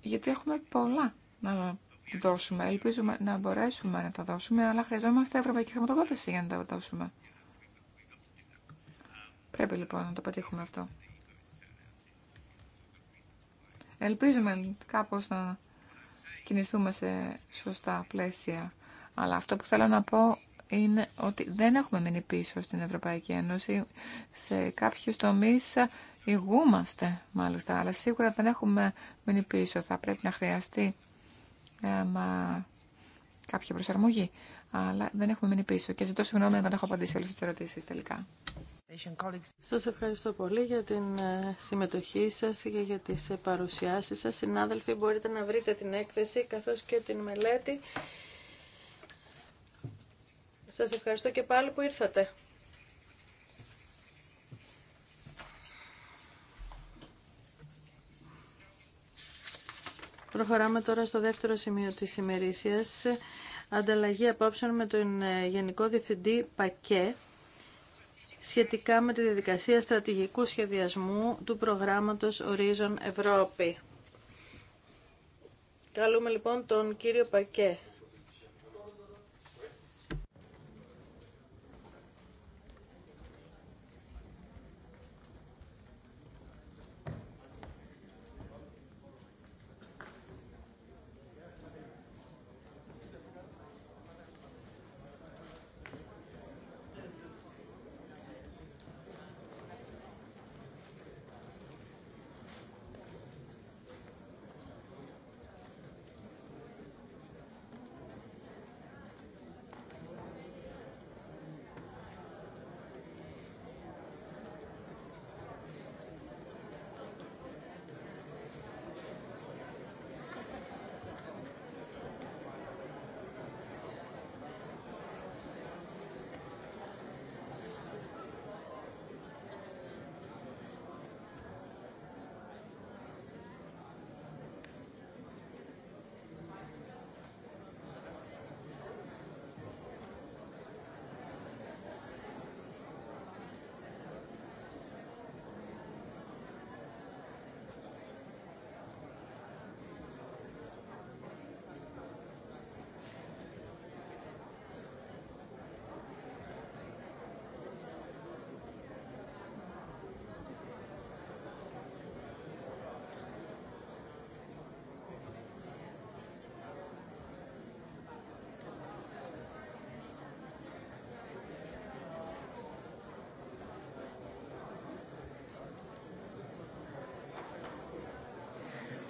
B: Γιατί έχουμε πολλά να δώσουμε. Ελπίζουμε να μπορέσουμε να τα δώσουμε, αλλά χρειαζόμαστε ευρωπαϊκή χρηματοδότηση για να τα δώσουμε. Πρέπει λοιπόν να το πετύχουμε αυτό. Ελπίζουμε κάπως να κινηθούμε σε σωστά πλαίσια. Αλλά αυτό που θέλω να πω είναι ότι δεν έχουμε μείνει πίσω στην Ευρωπαϊκή Ένωση. Σε κάποιους τομείς ηγούμαστε μάλιστα, αλλά σίγουρα δεν έχουμε μείνει πίσω. Θα πρέπει να χρειαστεί ε, μα, κάποια προσαρμογή, αλλά δεν έχουμε μείνει πίσω. Και ζητώ συγγνώμη αν δεν έχω απαντήσει όλες τις ερωτήσεις τελικά.
A: Σας ευχαριστώ πολύ για την ε, συμμετοχή σας και για τις ε, παρουσιάσεις σας. Συνάδελφοι, μπορείτε να βρείτε την έκθεση καθώς και την μελέτη. Σας ευχαριστώ και πάλι που ήρθατε. Προχωράμε τώρα στο δεύτερο σημείο της ημερήσιας. Ανταλλαγή απόψεων με τον ε, Γενικό Διευθυντή Πακέ σχετικά με τη διαδικασία στρατηγικού σχεδιασμού του προγράμματος Horizon Ευρώπη. Καλούμε λοιπόν τον κύριο Πακέ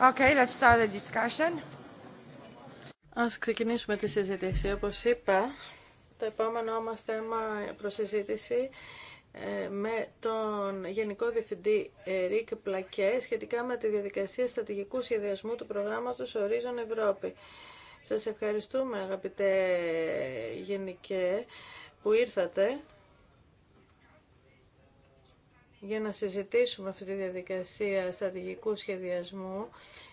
A: Okay, let's start Ας ξεκινήσουμε τη συζήτηση. Όπως είπα, το επόμενό μας θέμα προσυζήτηση ε, με τον Γενικό Διευθυντή ε, Ρίκ Πλακέ σχετικά με τη διαδικασία στρατηγικού σχεδιασμού του προγράμματος Ορίζον Ευρώπη. Σας ευχαριστούμε αγαπητέ Γενικέ που ήρθατε για να συζητήσουμε αυτή τη διαδικασία στρατηγικού σχεδιασμού.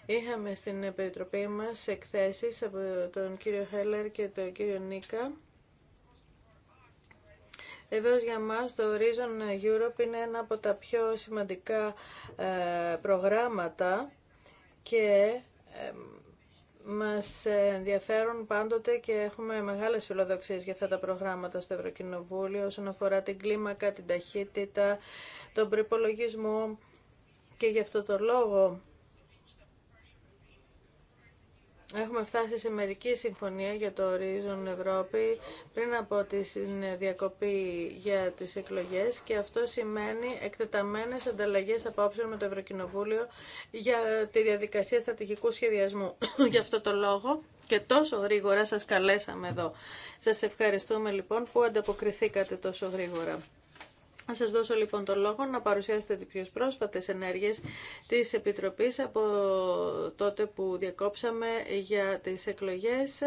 A: Είχαμε στην Επιτροπή μας εκθέσεις από τον κύριο Χέλλερ και τον κύριο Νίκα. Βεβαίω για μας το Horizon Europe είναι ένα από τα πιο σημαντικά ε, προγράμματα και μας ενδιαφέρουν πάντοτε και έχουμε μεγάλες φιλοδοξίες για αυτά τα προγράμματα στο Ευρωκοινοβούλιο όσον αφορά την κλίμακα, την ταχύτητα, τον προπολογισμό και γι' αυτό το λόγο Έχουμε φτάσει σε μερική συμφωνία για το Horizon Ευρώπη πριν από τη διακοπή για τις εκλογές και αυτό σημαίνει εκτεταμένες ανταλλαγές απόψεων με το Ευρωκοινοβούλιο για τη διαδικασία στρατηγικού σχεδιασμού. Γι' αυτό το λόγο και τόσο γρήγορα σας καλέσαμε εδώ. Σας ευχαριστούμε λοιπόν που ανταποκριθήκατε τόσο γρήγορα. Θα σας δώσω λοιπόν τον λόγο να παρουσιάσετε τις πιο πρόσφατες ενέργειες της Επιτροπής από τότε που διακόψαμε για τις εκλογές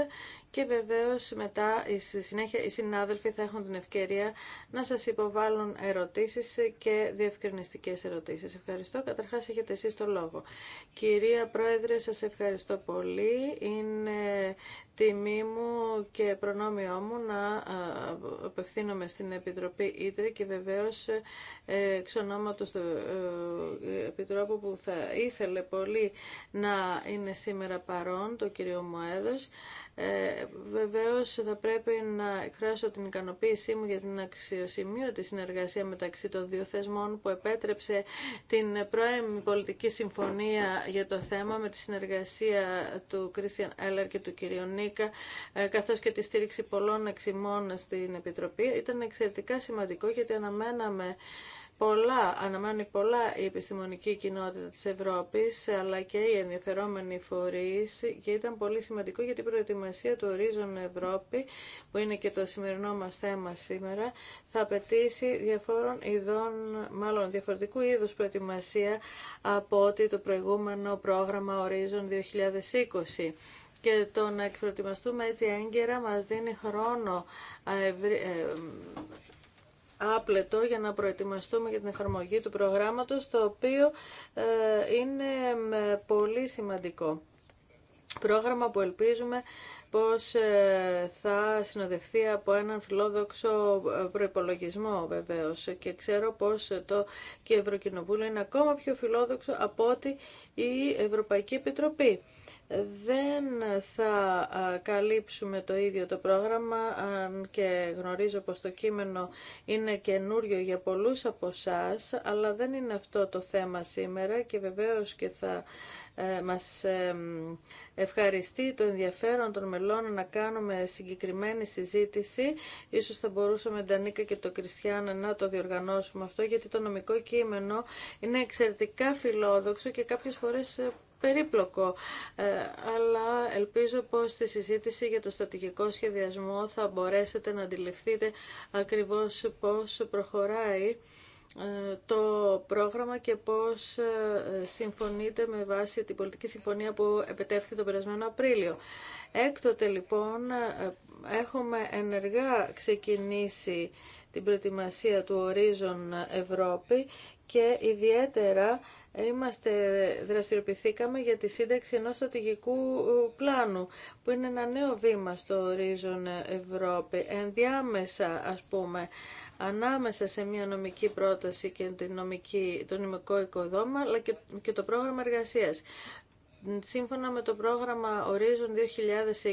A: και βεβαίως μετά στη συνέχεια οι συνάδελφοι θα έχουν την ευκαιρία να σας υποβάλουν ερωτήσεις και διευκρινιστικές ερωτήσεις. Ευχαριστώ. Καταρχάς έχετε εσείς το λόγο. Κυρία Πρόεδρε, σας ευχαριστώ πολύ. Είναι τιμή μου και προνόμιό μου να απευθύνομαι στην Επιτροπή Ήτρε και βεβαίως ε, εξ ονόματος του ε, Επιτρόπου που θα ήθελε πολύ να είναι σήμερα παρόν, το κύριο Μοέδος. Ε, βεβαίως θα πρέπει να εκφράσω την ικανοποίησή μου για την αξιοσημείωτη συνεργασία μεταξύ των δύο θεσμών που επέτρεψε την πρώιμη πολιτική συμφωνία για το θέμα με τη συνεργασία του Κρίστιαν Έλλαρ και του κ. Νίκα ε, καθώς και τη στήριξη πολλών εξημών στην Επιτροπή. Ήταν εξαιρετικά σημαντικό γιατί αναμέναμε πολλά, αναμένει πολλά η επιστημονική κοινότητα της Ευρώπης, αλλά και οι ενδιαφερόμενοι φορείς και ήταν πολύ σημαντικό για την προετοιμασία του Horizon Ευρώπη, που είναι και το σημερινό μας θέμα σήμερα, θα απαιτήσει διαφόρων ειδών, μάλλον διαφορετικού είδους προετοιμασία από ότι το προηγούμενο πρόγραμμα Horizon 2020. Και το να εκπροετοιμαστούμε έτσι έγκαιρα μας δίνει χρόνο ε, ε, άπλετο για να προετοιμαστούμε για την εφαρμογή του προγράμματος, το οποίο ε, είναι πολύ σημαντικό. Πρόγραμμα που ελπίζουμε πως ε, θα συνοδευτεί από έναν φιλόδοξο ε, προϋπολογισμό βεβαίως και ξέρω πως το και Ευρωκοινοβούλιο είναι ακόμα πιο φιλόδοξο από ότι η Ευρωπαϊκή Επιτροπή δεν θα καλύψουμε το ίδιο το πρόγραμμα αν και γνωρίζω πως το κείμενο είναι καινούριο για πολλούς από εσά, αλλά δεν είναι αυτό το θέμα σήμερα και βεβαίως και θα ε, μας ε, ευχαριστεί το ενδιαφέρον των μελών να κάνουμε συγκεκριμένη συζήτηση. Ίσως θα μπορούσαμε, Ντανίκα και το Κριστιαν, να το διοργανώσουμε αυτό, γιατί το νομικό κείμενο είναι εξαιρετικά φιλόδοξο και κάποιες φορές ε, περίπλοκο, ε, αλλά ελπίζω πως στη συζήτηση για το στρατηγικό σχεδιασμό θα μπορέσετε να αντιληφθείτε ακριβώς πώς προχωράει ε, το πρόγραμμα και πώς ε, συμφωνείτε με βάση την πολιτική συμφωνία που επετεύχθη τον περασμένο Απρίλιο. Έκτοτε λοιπόν έχουμε ενεργά ξεκινήσει την προετοιμασία του Horizon Ευρώπη και ιδιαίτερα είμαστε, δραστηριοποιηθήκαμε για τη σύνταξη ενός στρατηγικού ε, πλάνου που είναι ένα νέο βήμα στο ορίζον ε, Ευρώπη ενδιάμεσα ας πούμε ανάμεσα σε μια νομική πρόταση και την νομική, το νομικό οικοδόμα αλλά και, και το πρόγραμμα εργασίας. Σύμφωνα με το πρόγραμμα Horizon 2020,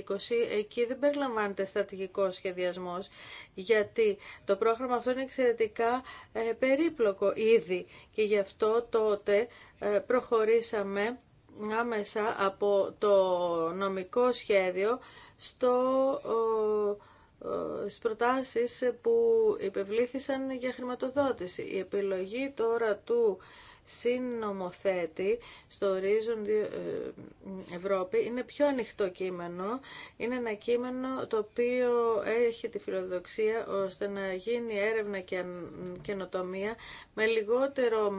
A: εκεί δεν περιλαμβάνεται στρατηγικό σχεδιασμός, γιατί το πρόγραμμα αυτό είναι εξαιρετικά ε, περίπλοκο ήδη και γι' αυτό τότε ε, προχωρήσαμε άμεσα από το νομικό σχέδιο στο στις προτάσεις που υπευλήθησαν για χρηματοδότηση. Η επιλογή τώρα του συνομοθέτη στο Horizon ε, Ευρώπη. Είναι πιο ανοιχτό κείμενο. Είναι ένα κείμενο το οποίο έχει τη φιλοδοξία ώστε να γίνει έρευνα και καινοτομία με λιγότερο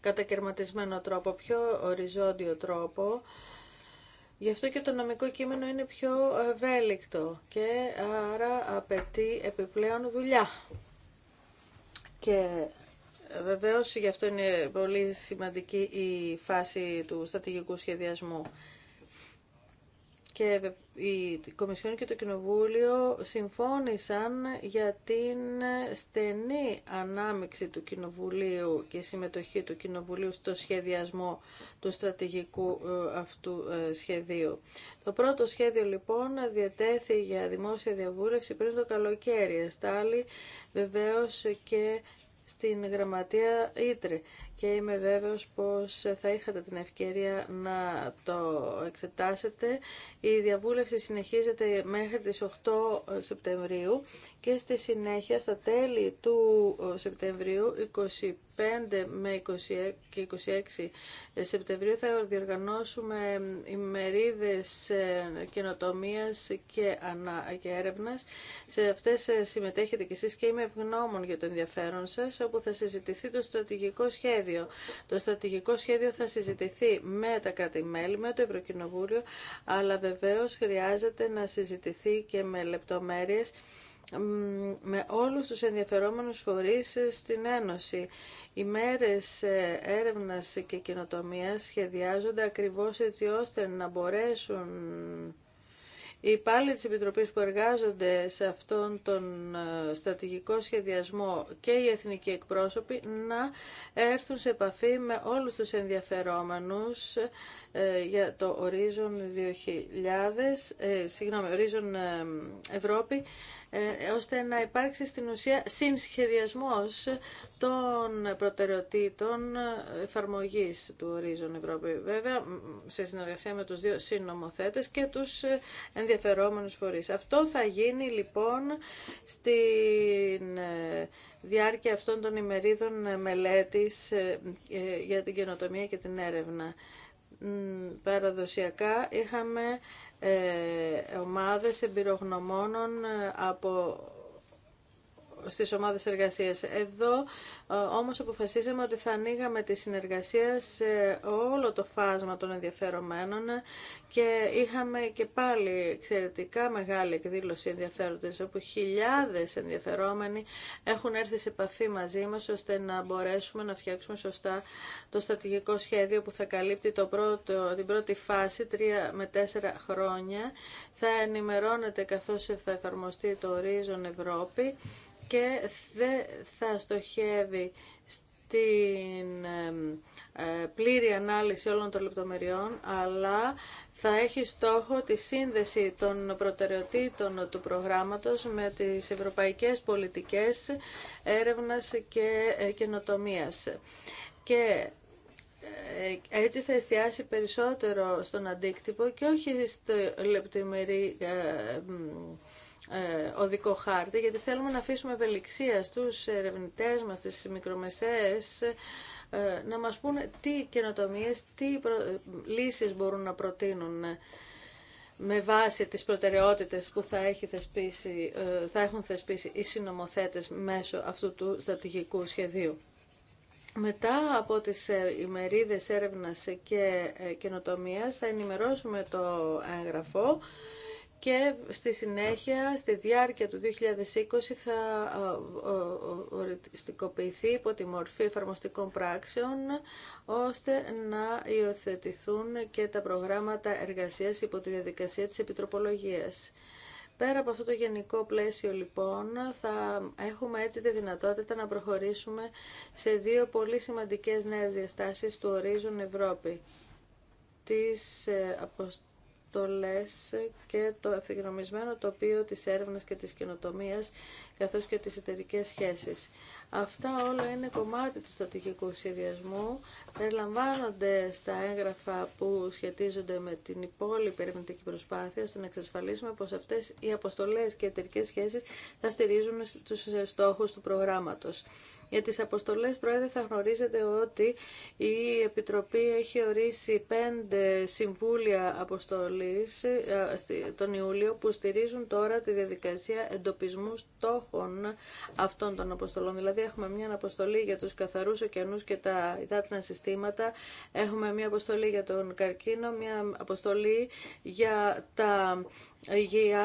A: κατακαιρματισμένο τρόπο, πιο οριζόντιο τρόπο. Γι' αυτό και το νομικό κείμενο είναι πιο ευέλικτο και άρα απαιτεί επιπλέον δουλειά. Και Βεβαίω γι' αυτό είναι πολύ σημαντική η φάση του στρατηγικού σχεδιασμού. Και η Κομισιόν και το Κοινοβούλιο συμφώνησαν για την στενή ανάμειξη του Κοινοβουλίου και συμμετοχή του Κοινοβουλίου στο σχεδιασμό του στρατηγικού ε, αυτού ε, σχεδίου. Το πρώτο σχέδιο λοιπόν διατέθη για δημόσια διαβούλευση πριν το καλοκαίρι. βεβαίως και στην γραμματεία Ήτρε και είμαι βέβαιος πως θα είχατε την ευκαιρία να το εξετάσετε. Η διαβούλευση συνεχίζεται μέχρι τις 8 Σεπτεμβρίου και στη συνέχεια στα τέλη του ε, Σεπτεμβρίου 25 με 26 και 26 Σεπτεμβρίου θα διοργανώσουμε ημερίδες ε, καινοτομίας και, ανα, και έρευνας. Σε αυτές ε, συμμετέχετε κι εσείς και είμαι ευγνώμων για το ενδιαφέρον σας, όπου θα συζητηθεί το στρατηγικό σχέδιο το στρατηγικό σχέδιο θα συζητηθεί με τα κρατη με το Ευρωκοινοβούλιο, αλλά βεβαίως χρειάζεται να συζητηθεί και με λεπτομέρειες με όλους τους ενδιαφερόμενους φορείς στην Ένωση. Οι μέρες ε, έρευνας και κοινοτομίας σχεδιάζονται ακριβώς έτσι ώστε να μπορέσουν οι υπάλληλοι της Επιτροπής που εργάζονται σε αυτόν τον ε, στρατηγικό σχεδιασμό και οι εθνικοί εκπρόσωποι να έρθουν σε επαφή με όλους τους ενδιαφερόμενους ε, για το ορίζον 2000, ε, συγγνώμη, ορίζον ε, Ευρώπη, ώστε να υπάρξει στην ουσία συνσχεδιασμός των προτεραιοτήτων εφαρμογής του ορίζον Ευρώπη. Βέβαια, σε συνεργασία με τους δύο συνομοθέτες και τους ενδιαφερόμενους φορείς. Αυτό θα γίνει λοιπόν στη διάρκεια αυτών των ημερίδων μελέτης για την καινοτομία και την έρευνα παραδοσιακά είχαμε ε, ομάδες εμπειρογνωμόνων ε, από στις ομάδες εργασίας. Εδώ ε, όμως αποφασίσαμε ότι θα ανοίγαμε τη συνεργασία σε όλο το φάσμα των ενδιαφερομένων και είχαμε και πάλι εξαιρετικά μεγάλη εκδήλωση ενδιαφέροντες όπου χιλιάδες ενδιαφερόμενοι έχουν έρθει σε επαφή μαζί μας ώστε να μπορέσουμε να φτιάξουμε σωστά το στρατηγικό σχέδιο που θα καλύπτει το πρώτο, την πρώτη φάση, τρία με τέσσερα χρόνια. Θα ενημερώνεται καθώς θα εφαρμοστεί το ορίζον Ευρώπη και δεν θα στοχεύει στην ε, πλήρη ανάλυση όλων των λεπτομεριών, αλλά θα έχει στόχο τη σύνδεση των προτεραιοτήτων του προγράμματος με τις ευρωπαϊκές πολιτικές έρευνας και ε, καινοτομίας. Και ε, έτσι θα εστιάσει περισσότερο στον αντίκτυπο και όχι στο λεπτομερή ε, οδικό χάρτη, γιατί θέλουμε να αφήσουμε ευελιξία στους ερευνητές μας, στις μικρομεσαίες, ε, να μας πούνε τι καινοτομίες, τι λύσεις μπορούν να προτείνουν ε, με βάση τις προτεραιότητες που θα, έχει θεσπίσει, θα έχουν θεσπίσει οι συνομοθέτες μέσω αυτού του στρατηγικού σχεδίου. Μετά από τις ημερίδες έρευνας και καινοτομίας θα ενημερώσουμε το έγγραφο και στη συνέχεια, στη διάρκεια του 2020, θα ε, ε, ε, οριστικοποιηθεί υπό τη μορφή εφαρμοστικών πράξεων, ώστε να υιοθετηθούν και τα προγράμματα εργασίας υπό τη διαδικασία της επιτροπολογίας. Πέρα από αυτό το γενικό πλαίσιο λοιπόν θα έχουμε έτσι τη δυνατότητα να προχωρήσουμε σε δύο πολύ σημαντικές νέες διαστάσεις του ορίζουν Ευρώπη. Τις, το ΛΕΣ και το ευθυγνωμισμένο τοπίο της έρευνας και της καινοτομίας καθώς και τις εταιρικές σχέσεις. Αυτά όλα είναι κομμάτι του στρατηγικού σχεδιασμού, περιλαμβάνονται στα έγγραφα που σχετίζονται με την υπόλοιπη ερευνητική προσπάθεια, ώστε να εξασφαλίσουμε πως αυτές οι αποστολές και εταιρικέ σχέσεις θα στηρίζουν τους στόχους του προγράμματος. Για τις αποστολές, Πρόεδρε, θα γνωρίζετε ότι η Επιτροπή έχει ορίσει πέντε συμβούλια αποστολής ε, τον Ιούλιο που στηρίζουν τώρα τη διαδικασία εντοπισμού στόχων αυτών των αποστολών. Δηλαδή έχουμε μια αποστολή για τους καθαρούς ωκεανούς και τα υδάτινα συστήματα, έχουμε μια αποστολή για τον καρκίνο, μια αποστολή για τα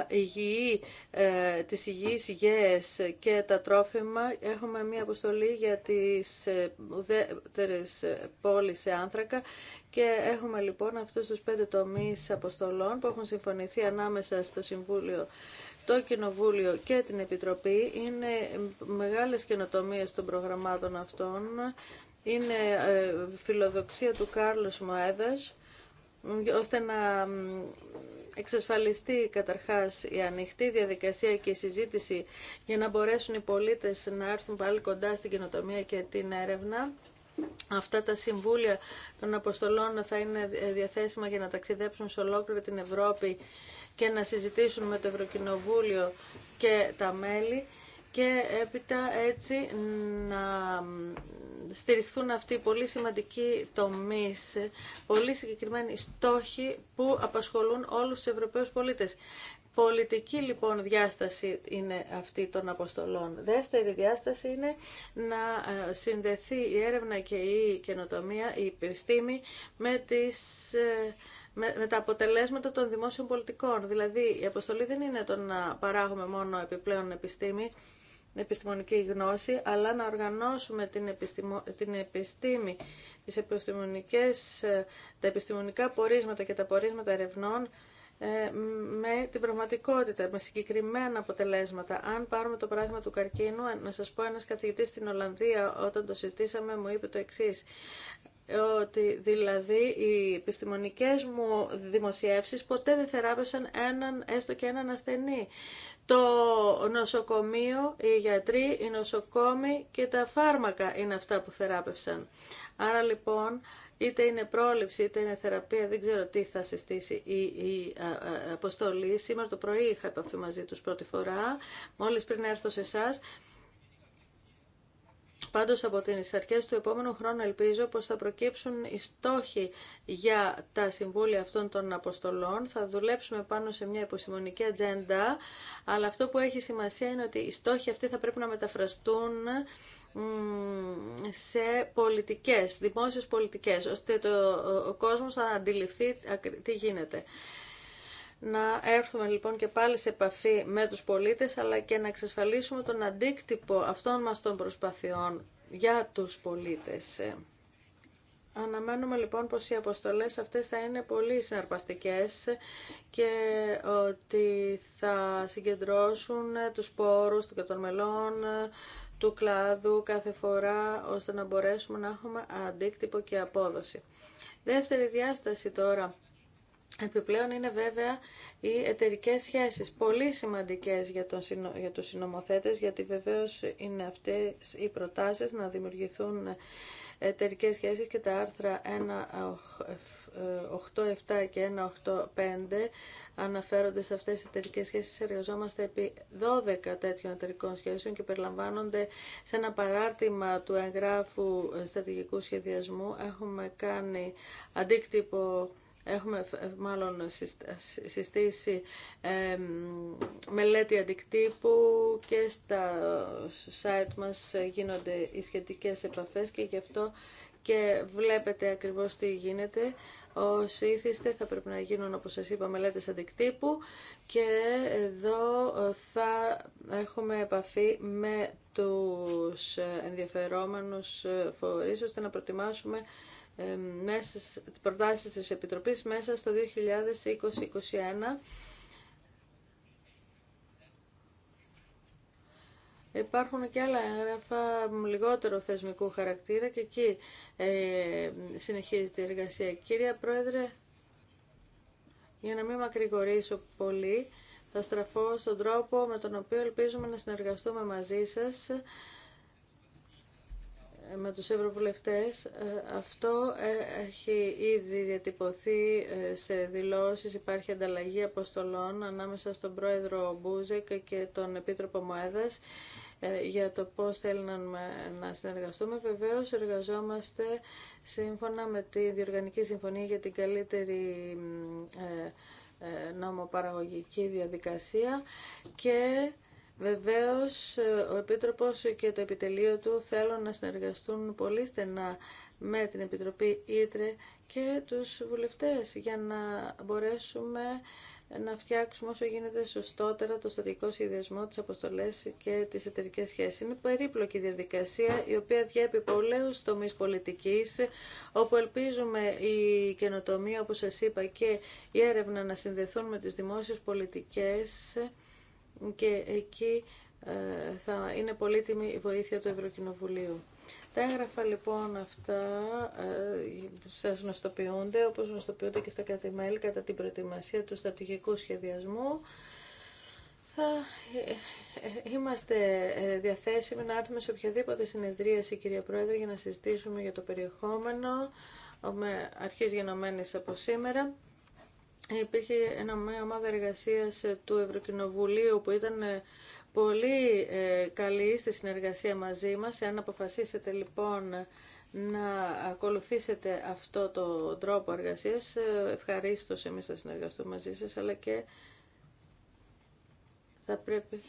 A: υγιή, ε, τις υγιείς υγιές και τα τρόφιμα, έχουμε μια αποστολή για τις ε, ουδέτερες ε, πόλεις σε άνθρακα και έχουμε λοιπόν αυτούς τους πέντε τομείς αποστολών που έχουν συμφωνηθεί ανάμεσα στο Συμβούλιο το Κοινοβούλιο και την Επιτροπή. Είναι μεγάλες καινοτομίε των προγραμμάτων αυτών. Είναι ε, φιλοδοξία του Κάρλος Μοέδας, ώστε να εξασφαλιστεί καταρχάς η ανοιχτή διαδικασία και η συζήτηση για να μπορέσουν οι πολίτες να έρθουν πάλι κοντά στην καινοτομία και την έρευνα. Αυτά τα συμβούλια των αποστολών θα είναι ε, διαθέσιμα για να ταξιδέψουν σε ολόκληρη την Ευρώπη και να συζητήσουν με το Ευρωκοινοβούλιο και τα μέλη και έπειτα έτσι να στηριχθούν αυτοί οι πολύ σημαντικοί τομείς, πολύ συγκεκριμένοι στόχοι που απασχολούν όλους τους Ευρωπαίους πολίτες. Πολιτική λοιπόν διάσταση είναι αυτή των αποστολών. Δεύτερη διάσταση είναι να ε, συνδεθεί η έρευνα και η καινοτομία, η επιστήμη με τις ε, με, τα αποτελέσματα των δημόσιων πολιτικών. Δηλαδή, η αποστολή δεν είναι το να παράγουμε μόνο επιπλέον επιστήμη, επιστημονική γνώση, αλλά να οργανώσουμε την, επιστημο, την επιστήμη, τις επιστημονικές, ε, τα επιστημονικά πορίσματα και τα πορίσματα ερευνών ε, με την πραγματικότητα, με συγκεκριμένα αποτελέσματα. Αν πάρουμε το πράγμα του καρκίνου, να σας πω, ένας καθηγητής στην Ολλανδία όταν το συζητήσαμε μου είπε το εξής ότι δηλαδή οι επιστημονικές μου δημοσιεύσεις ποτέ δεν θεράπευσαν έναν, έστω και έναν ασθενή. Το νοσοκομείο, οι γιατροί, οι νοσοκόμοι και τα φάρμακα είναι αυτά που θεράπευσαν. Άρα λοιπόν, είτε είναι πρόληψη, είτε είναι θεραπεία, δεν ξέρω τι θα συστήσει η, αποστολή. Σήμερα το πρωί είχα επαφή μαζί τους πρώτη φορά, μόλις πριν έρθω σε εσά Πάντως από την αρχές του επόμενου χρόνου ελπίζω πως θα προκύψουν οι στόχοι για τα συμβούλια αυτών των αποστολών. Θα δουλέψουμε πάνω σε μια υποσημονική ατζέντα, αλλά αυτό που έχει σημασία είναι ότι οι στόχοι αυτοί θα πρέπει να μεταφραστούν σε πολιτικές, δημόσιες πολιτικές, ώστε το, ο κόσμος να αντιληφθεί τι γίνεται να έρθουμε λοιπόν και πάλι σε επαφή με τους πολίτες αλλά και να εξασφαλίσουμε τον αντίκτυπο αυτών μας των προσπαθειών για τους πολίτες. Ε, αναμένουμε λοιπόν πως οι αποστολές αυτές θα είναι πολύ συναρπαστικές και ότι θα συγκεντρώσουν τους πόρους και των μελών του κλάδου κάθε φορά ώστε να μπορέσουμε να έχουμε αντίκτυπο και απόδοση. Δεύτερη διάσταση τώρα Επιπλέον είναι βέβαια οι εταιρικέ σχέσεις, πολύ σημαντικές για, τον, για τους συνομοθέτες, γιατί βεβαίως είναι αυτές οι προτάσεις να δημιουργηθούν εταιρικέ σχέσεις και τα άρθρα 1.8.7 ε, και 1.8.5 αναφέρονται σε αυτές τις εταιρικέ σχέσεις. Εργαζόμαστε επί 12 τέτοιων εταιρικών σχέσεων και περιλαμβάνονται σε ένα παράρτημα του εγγράφου στρατηγικού σχεδιασμού. Έχουμε κάνει αντίκτυπο Έχουμε ε, μάλλον συστήσει μελέτη αντικτύπου και στα site μας γίνονται οι σχετικές επαφές και γι' αυτό και βλέπετε ακριβώς τι γίνεται. Όσοι ήθιστε θα πρέπει να γίνουν, όπως σας είπα, μελέτες αντικτύπου και εδώ ε, θα έχουμε επαφή με τους ενδιαφερόμενους ε, φορείς ώστε να προτιμάσουμε ε, μέσα, τι προτάσεις της Επιτροπής μέσα στο 2020-2021. Υπάρχουν και άλλα έγγραφα λιγότερο θεσμικού χαρακτήρα και εκεί ε, συνεχίζεται η εργασία. Κύριε Πρόεδρε, για να μην μακρηγορήσω πολύ, θα στραφώ στον τρόπο με τον οποίο ελπίζουμε να συνεργαστούμε μαζί σας ε, με τους ευρωβουλευτές. Ε, αυτό ε, έχει ήδη διατυπωθεί σε δηλώσεις. Υπάρχει ανταλλαγή αποστολών ανάμεσα στον πρόεδρο Μπούζεκ και τον επίτροπο Μοέδας για το πώς θέλει να συνεργαστούμε. Βεβαίως, εργαζόμαστε σύμφωνα με τη Διοργανική Συμφωνία για την καλύτερη νομοπαραγωγική διαδικασία και Βεβαίως, ε, ο Επίτροπος και το επιτελείο του θέλουν να συνεργαστούν πολύ στενά με την Επιτροπή Ήτρε και τους βουλευτές για να μπορέσουμε να φτιάξουμε όσο γίνεται σωστότερα το στατικό σχεδιασμό, τις αποστολές και τις εταιρικέ σχέσεις. Είναι περίπλοκη διαδικασία η οποία διέπει πολλέ τομείς πολιτικής όπου ελπίζουμε η καινοτομία όπως σας είπα και η έρευνα να συνδεθούν με τις δημόσιες πολιτικές και εκεί ε, θα είναι πολύτιμη η βοήθεια του Ευρωκοινοβουλίου. Τα έγγραφα λοιπόν αυτά ε, σας γνωστοποιούνται, όπως γνωστοποιούνται και στα κρατη κατά την προετοιμασία του στρατηγικού σχεδιασμού. Θα ε, είμαστε διαθέσιμοι να έρθουμε σε οποιαδήποτε συνεδρίαση, κυρία Πρόεδρε, για να συζητήσουμε για το περιεχόμενο με αρχής γενομένης από σήμερα υπήρχε ένα ομάδα εργασίας ε, του Ευρωκοινοβουλίου που ήταν ε, πολύ ε, καλή στη συνεργασία μαζί μας. Εάν αποφασίσετε λοιπόν να ακολουθήσετε αυτό το τρόπο εργασίας, ευχαριστώ εμείς θα συνεργαστούμε μαζί σας, αλλά και θα πρέπει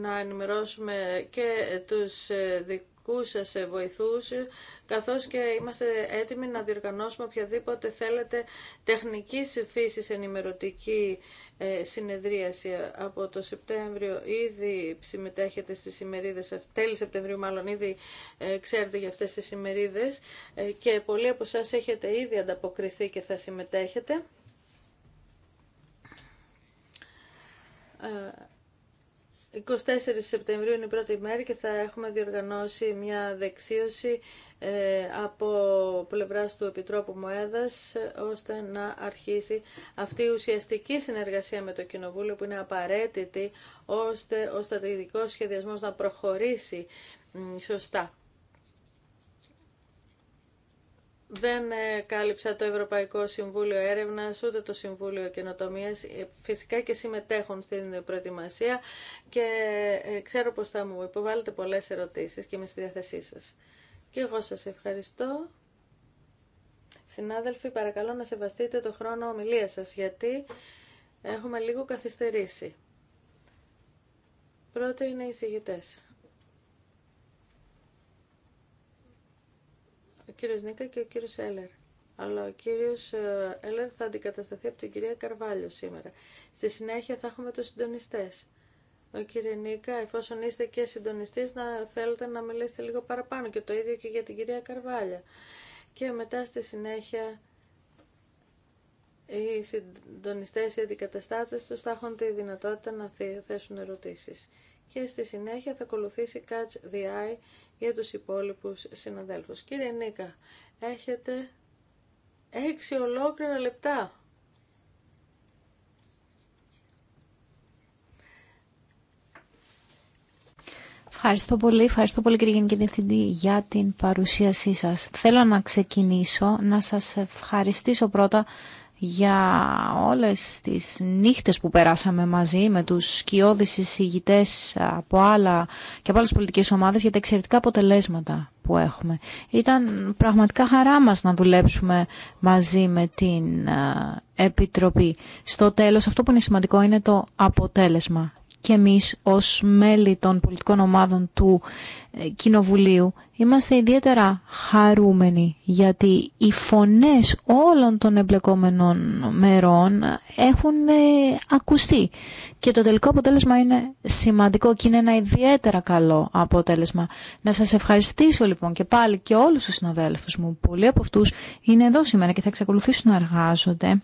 A: να ενημερώσουμε και τους δικούς δικούς σας βοηθούς, καθώς και είμαστε έτοιμοι να διοργανώσουμε οποιαδήποτε θέλετε τεχνική φύση ενημερωτική ε, συνεδρίαση από το Σεπτέμβριο. Ήδη συμμετέχετε στις ημερίδε. τέλη Σεπτεμβρίου μάλλον, ήδη ε, ξέρετε για αυτές τις ημερίδες ε, και πολλοί από εσά έχετε ήδη ανταποκριθεί και θα συμμετέχετε. 24 Σεπτεμβρίου είναι η πρώτη μέρη και θα έχουμε διοργανώσει μια δεξίωση ε, από πλευρά του Επιτρόπου Μοέδας ώστε να αρχίσει αυτή η ουσιαστική συνεργασία με το Κοινοβούλιο που είναι απαραίτητη ώστε ο στρατηγικός σχεδιασμός να προχωρήσει σωστά. Δεν ε, κάλυψα το Ευρωπαϊκό Συμβούλιο Έρευνα, ούτε το Συμβούλιο καινοτομία. Ε, φυσικά και συμμετέχουν στην προετοιμασία και ε, ξέρω πως θα μου υποβάλλετε πολλές ερωτήσεις και είμαι στη διάθεσή σας. Και εγώ σας ευχαριστώ. Συνάδελφοι, παρακαλώ να σεβαστείτε το χρόνο ομιλία σας, γιατί έχουμε λίγο καθυστερήσει. Πρώτο είναι οι κύριος Νίκα και ο κύριος Έλερ. Αλλά ο κύριος ε, Έλερ θα αντικατασταθεί από την κυρία Καρβάλιο σήμερα. Στη συνέχεια θα έχουμε τους συντονιστές. Ο κύριε Νίκα, εφόσον είστε και συντονιστής, να θέλετε να μιλήσετε λίγο παραπάνω και το ίδιο και για την κυρία Καρβάλια. Και μετά στη συνέχεια οι συντονιστές, οι αντικαταστάτες τους θα έχουν τη δυνατότητα να θέσουν ερωτήσεις. Και στη συνέχεια θα ακολουθήσει Catch the Eye για τους υπόλοιπους συναδέλφους. Κύριε Νίκα, έχετε έξι ολόκληρα λεπτά.
C: Ευχαριστώ πολύ. Ευχαριστώ πολύ κύριε Γενική Διευθυντή για την παρουσίασή σας. Θέλω να ξεκινήσω να σας ευχαριστήσω πρώτα για όλες τις νύχτες που περάσαμε μαζί με τους σκιώδεις εισηγητές από άλλα και από άλλες πολιτικές ομάδες για τα εξαιρετικά αποτελέσματα που έχουμε. Ήταν πραγματικά χαρά μας να δουλέψουμε μαζί με την ε, Επιτροπή. Στο τέλος αυτό που είναι σημαντικό είναι το αποτέλεσμα και εμείς ως μέλη των πολιτικών ομάδων του ε, Κοινοβουλίου είμαστε ιδιαίτερα χαρούμενοι γιατί οι φωνές όλων των εμπλεκόμενων μερών έχουν ε, ακουστεί και το τελικό αποτέλεσμα είναι σημαντικό και είναι ένα ιδιαίτερα καλό αποτέλεσμα. Να σας ευχαριστήσω λοιπόν και πάλι και όλους τους συναδέλφους μου. Πολλοί από αυτούς είναι εδώ σήμερα και θα εξακολουθήσουν να εργάζονται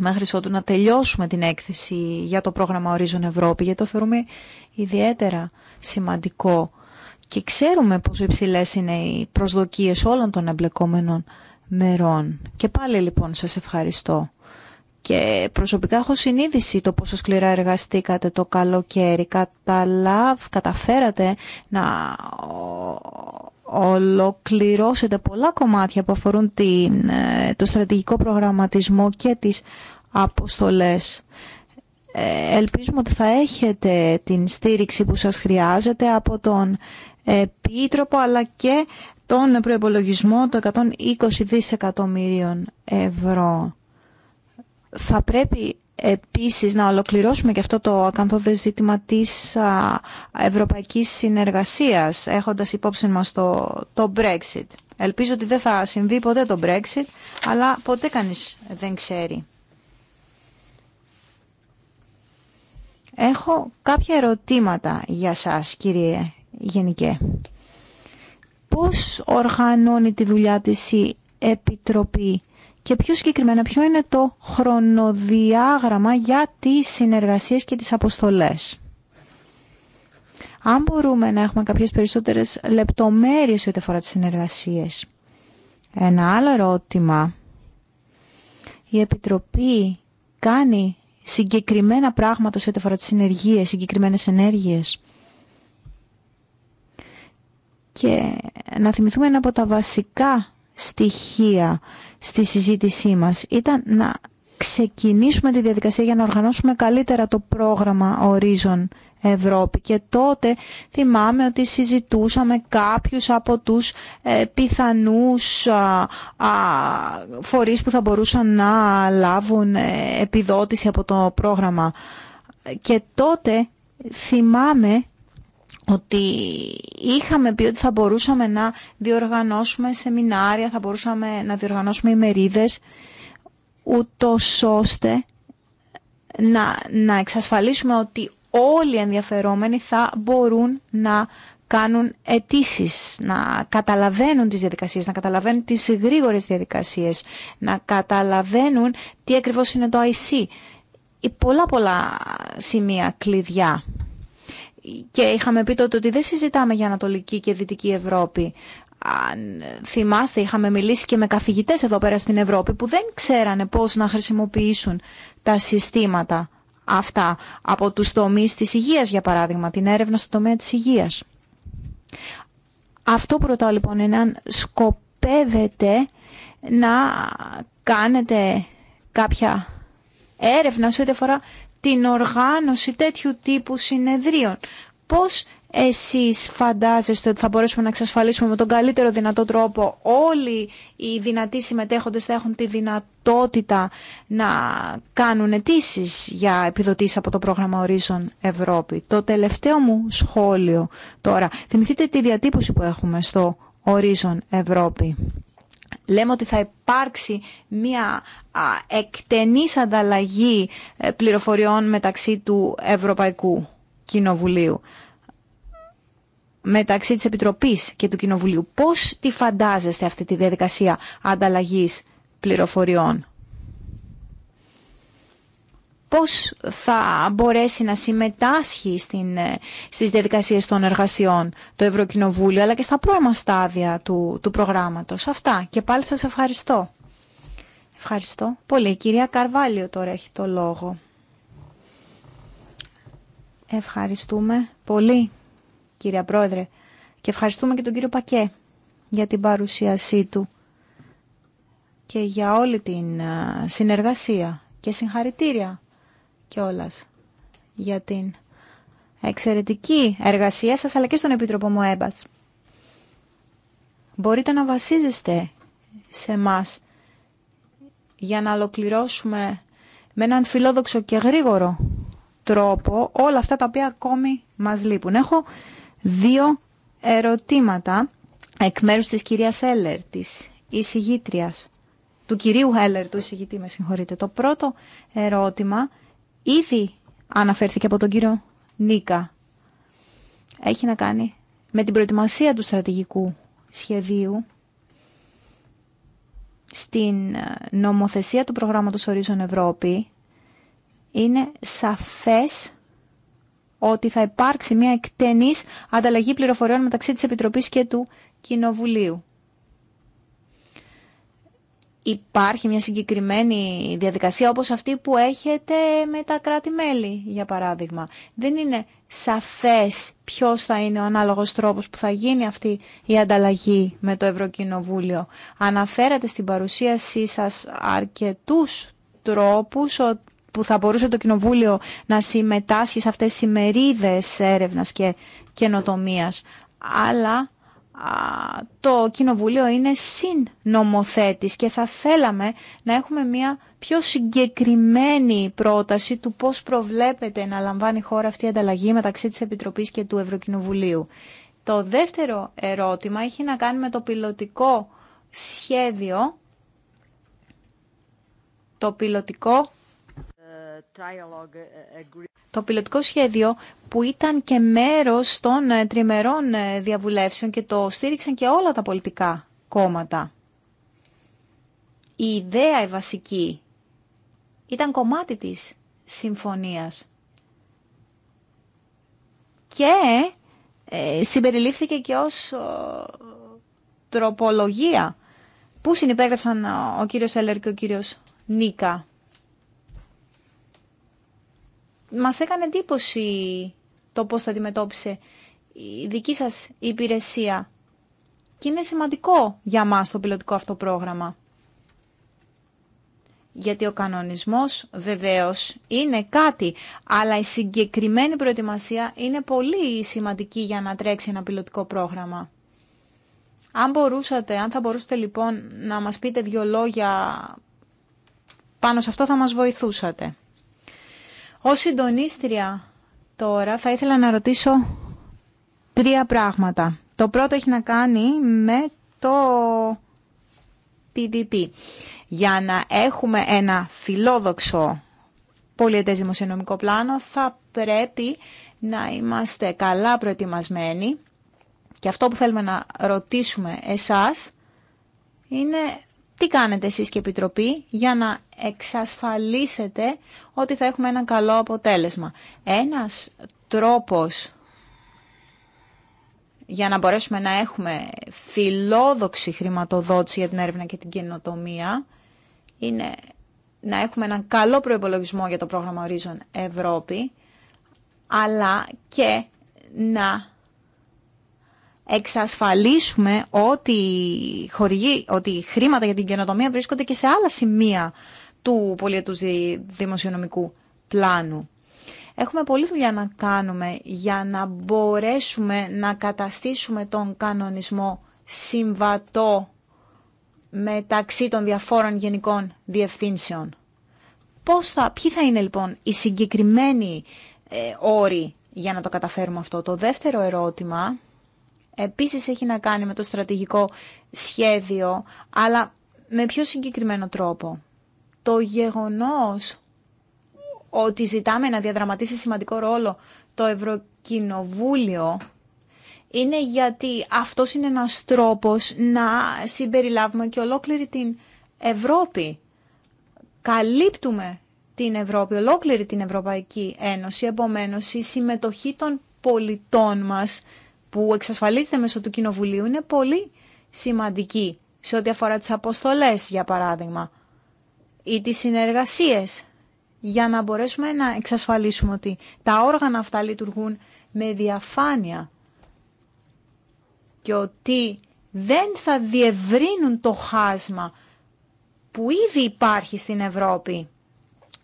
C: μέχρι ότου να τελειώσουμε την έκθεση για το πρόγραμμα Ορίζον Ευρώπη, γιατί το θεωρούμε ιδιαίτερα σημαντικό και ξέρουμε πόσο υψηλέ είναι οι προσδοκίες όλων των εμπλεκόμενων μερών. Και πάλι λοιπόν σας ευχαριστώ. Και προσωπικά έχω συνείδηση το πόσο σκληρά εργαστήκατε το καλοκαίρι. Καταλάβ, καταφέρατε να ολοκληρώσετε πολλά κομμάτια που αφορούν την, ε, το στρατηγικό προγραμματισμό και τις αποστολές. Ε, ελπίζουμε ότι θα έχετε την στήριξη που σας χρειάζεται από τον Επίτροπο αλλά και τον προϋπολογισμό των 120 δισεκατομμυρίων ευρώ. Θα πρέπει Επίσης, να ολοκληρώσουμε και αυτό το ακαθόδε ζήτημα της ευρωπαϊκής συνεργασίας, έχοντας υπόψη μας το, το Brexit. Ελπίζω ότι δεν θα συμβεί ποτέ το Brexit, αλλά ποτέ κανείς δεν ξέρει. Έχω κάποια ερωτήματα για σας, κύριε Γενικέ. Πώς οργανώνει τη δουλειά της η Επιτροπή και πιο συγκεκριμένα ποιο είναι το χρονοδιάγραμμα για τις συνεργασίες και τις αποστολές. Αν μπορούμε να έχουμε κάποιες περισσότερες λεπτομέρειες ό,τι αφορά τις συνεργασίες. Ένα άλλο ερώτημα. Η Επιτροπή κάνει συγκεκριμένα πράγματα σε ό,τι αφορά τις συνεργίες, συγκεκριμένες ενέργειες. Και να θυμηθούμε ένα από τα βασικά στοιχεία στη συζήτησή μας ήταν να ξεκινήσουμε τη διαδικασία για να οργανώσουμε καλύτερα το πρόγραμμα Horizon Ευρώπη. Και τότε θυμάμαι ότι συζητούσαμε κάποιους από τους ε, πιθανούς α, φορείς που θα μπορούσαν να λάβουν ε, επιδότηση από το πρόγραμμα. Και τότε θυμάμαι ότι είχαμε πει ότι θα μπορούσαμε να διοργανώσουμε σεμινάρια, θα μπορούσαμε να διοργανώσουμε ημερίδες, ούτω ώστε να, να εξασφαλίσουμε ότι όλοι οι ενδιαφερόμενοι θα μπορούν να κάνουν αιτήσει, να καταλαβαίνουν τις διαδικασίες, να καταλαβαίνουν τις γρήγορες διαδικασίες, να καταλαβαίνουν τι ακριβώς είναι το IC. Πολλά πολλά σημεία κλειδιά και είχαμε πει τότε ότι δεν συζητάμε για Ανατολική και Δυτική Ευρώπη. Αν θυμάστε, είχαμε μιλήσει και με καθηγητές εδώ πέρα στην Ευρώπη που δεν ξέρανε πώς να χρησιμοποιήσουν τα συστήματα αυτά από τους τομείς της υγείας, για παράδειγμα, την έρευνα στο τομέα της υγείας. Αυτό που ρωτάω λοιπόν είναι αν σκοπεύετε να κάνετε κάποια έρευνα σε ό,τι αφορά την οργάνωση τέτοιου τύπου συνεδρίων. Πώς εσείς φαντάζεστε ότι θα μπορέσουμε να εξασφαλίσουμε με τον καλύτερο δυνατό τρόπο όλοι οι δυνατοί συμμετέχοντες θα έχουν τη δυνατότητα να κάνουν αιτήσει για επιδοτήσεις από το πρόγραμμα Horizon Ευρώπη. Το τελευταίο μου σχόλιο τώρα. Θυμηθείτε τη διατύπωση που έχουμε στο Horizon Ευρώπη λέμε ότι θα υπάρξει μια εκτενής ανταλλαγή ε, πληροφοριών μεταξύ του Ευρωπαϊκού Κοινοβουλίου μεταξύ της Επιτροπής και του Κοινοβουλίου. Πώς τη φαντάζεστε αυτή τη διαδικασία ανταλλαγής πληροφοριών πώς θα μπορέσει να συμμετάσχει στην, ε, στις διαδικασίες των εργασιών το Ευρωκοινοβούλιο, αλλά και στα πρώτα στάδια του, του προγράμματος. Αυτά. Και πάλι σας ευχαριστώ. Ευχαριστώ πολύ. Η κυρία Καρβάλιο τώρα έχει το λόγο. Ευχαριστούμε πολύ, κυρία Πρόεδρε. Και ευχαριστούμε και τον κύριο Πακέ για την παρουσίασή του και για όλη την ε, συνεργασία και συγχαρητήρια όλας για την εξαιρετική εργασία σας αλλά και στον Επίτροπο Μοέμπας. Μπορείτε να βασίζεστε σε μας για να ολοκληρώσουμε με έναν φιλόδοξο και γρήγορο τρόπο όλα αυτά τα οποία ακόμη μας λείπουν. Έχω δύο ερωτήματα εκ μέρους της κυρίας Έλερ, της εισηγήτριας, του κυρίου Έλλερ, του εισηγητή, με συγχωρείτε. Το πρώτο ερώτημα ήδη αναφέρθηκε από τον κύριο Νίκα. Έχει να κάνει με την προετοιμασία του στρατηγικού σχεδίου στην ε, νομοθεσία του προγράμματος Ορίζων Ευρώπη είναι σαφές ότι θα υπάρξει μια εκτενής ανταλλαγή πληροφοριών μεταξύ της Επιτροπής και του Κοινοβουλίου. Υπάρχει μια συγκεκριμένη διαδικασία όπως αυτή που έχετε με τα κράτη-μέλη, για παράδειγμα. Δεν είναι σαφές ποιος θα είναι ο ανάλογος τρόπος που θα γίνει αυτή η ανταλλαγή με το Ευρωκοινοβούλιο. Αναφέρατε στην παρουσίασή σας αρκετούς τρόπους που θα μπορούσε το Κοινοβούλιο να συμμετάσχει σε αυτές τις ημερίδες έρευνας και καινοτομίας. Αλλά το Κοινοβούλιο είναι συνομοθέτης και θα θέλαμε να έχουμε μια πιο συγκεκριμένη πρόταση του πώς προβλέπεται να λαμβάνει η χώρα αυτή η ανταλλαγή μεταξύ της Επιτροπής και του Ευρωκοινοβουλίου. Το δεύτερο ερώτημα έχει να κάνει με το πιλωτικό σχέδιο, το πιλωτικό ε, το πιλωτικό σχέδιο που ήταν και μέρος των ε, τριμερών ε, διαβουλεύσεων και το στήριξαν και όλα τα πολιτικά κόμματα. Η ιδέα η βασική ήταν κομμάτι της συμφωνίας. Και ε, συμπεριλήφθηκε και ως τροπολογία που συνυπέγραψαν ο κύριος Έλερ και ο κύριος Νίκα μας έκανε εντύπωση το πώς το αντιμετώπισε η δική σας υπηρεσία. Και είναι σημαντικό για μας το πιλωτικό αυτό πρόγραμμα. Γιατί ο κανονισμός βεβαίως είναι κάτι, αλλά η συγκεκριμένη προετοιμασία είναι πολύ σημαντική για να τρέξει ένα πιλωτικό πρόγραμμα. Αν μπορούσατε, αν θα μπορούσατε λοιπόν να μας πείτε δύο λόγια πάνω σε αυτό θα μας βοηθούσατε. Ως συντονίστρια τώρα θα ήθελα να ρωτήσω τρία πράγματα. Το πρώτο έχει να κάνει με το PDP. Για να έχουμε ένα φιλόδοξο πολιετές δημοσιονομικό πλάνο θα πρέπει να είμαστε καλά προετοιμασμένοι και αυτό που θέλουμε να ρωτήσουμε εσάς είναι τι κάνετε εσείς και Επιτροπή για να εξασφαλίσετε ότι θα έχουμε ένα καλό αποτέλεσμα. Ένας τρόπος για να μπορέσουμε να έχουμε φιλόδοξη χρηματοδότηση για την έρευνα και την καινοτομία είναι να έχουμε έναν καλό προϋπολογισμό για το πρόγραμμα Horizon Ευρώπη αλλά και να εξασφαλίσουμε ότι, χορηγεί, ότι χρήματα για την καινοτομία βρίσκονται και σε άλλα σημεία του πολιετούς δημοσιονομικού πλάνου. Έχουμε πολλή δουλειά να κάνουμε για να μπορέσουμε να καταστήσουμε τον κανονισμό συμβατό μεταξύ των διαφόρων γενικών διευθύνσεων. Πώς θα, ποιοι θα είναι λοιπόν οι συγκεκριμένοι ε, όροι για να το καταφέρουμε αυτό. Το δεύτερο ερώτημα επίσης έχει να κάνει με το στρατηγικό σχέδιο, αλλά με πιο συγκεκριμένο τρόπο. Το γεγονός ότι ζητάμε να διαδραματίσει σημαντικό ρόλο το Ευρωκοινοβούλιο είναι γιατί αυτό είναι ένας τρόπος να συμπεριλάβουμε και ολόκληρη την Ευρώπη. Καλύπτουμε την Ευρώπη, ολόκληρη την Ευρωπαϊκή Ένωση, επομένως η συμμετοχή των πολιτών μας που εξασφαλίζεται μέσω του Κοινοβουλίου είναι πολύ σημαντική σε ό,τι αφορά τις αποστολές, για παράδειγμα, ή τις συνεργασίες, για να μπορέσουμε να εξασφαλίσουμε ότι τα όργανα αυτά λειτουργούν με διαφάνεια και ότι δεν θα διευρύνουν το χάσμα που ήδη υπάρχει στην Ευρώπη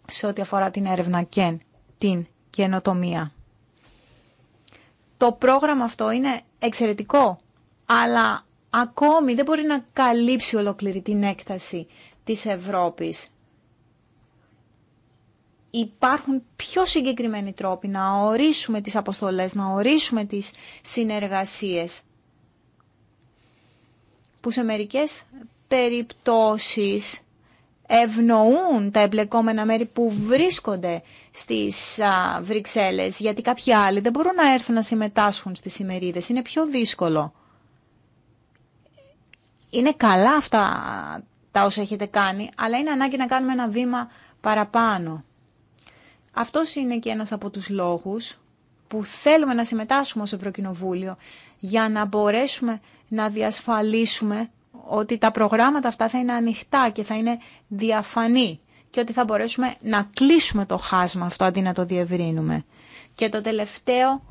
C: σε ό,τι αφορά την έρευνα και την καινοτομία. Το πρόγραμμα αυτό είναι εξαιρετικό, αλλά ακόμη δεν μπορεί να καλύψει ολόκληρη την έκταση της Ευρώπης. Υπάρχουν πιο συγκεκριμένοι τρόποι να ορίσουμε τις αποστολές, να ορίσουμε τις συνεργασίες που σε μερικές περιπτώσεις ευνοούν τα εμπλεκόμενα μέρη που βρίσκονται στις Βρυξέλλες, γιατί κάποιοι άλλοι δεν μπορούν να έρθουν να συμμετάσχουν στις ημερίδες. Είναι πιο δύσκολο. Είναι καλά αυτά τα όσα έχετε κάνει, αλλά είναι ανάγκη να κάνουμε ένα βήμα παραπάνω. Αυτός είναι και ένας από τους λόγους που θέλουμε να συμμετάσχουμε ως Ευρωκοινοβούλιο για να μπορέσουμε να διασφαλίσουμε ότι τα προγράμματα αυτά θα είναι ανοιχτά και θα είναι διαφανή και ότι θα μπορέσουμε να κλείσουμε το χάσμα αυτό αντί να το διευρύνουμε. Και το τελευταίο,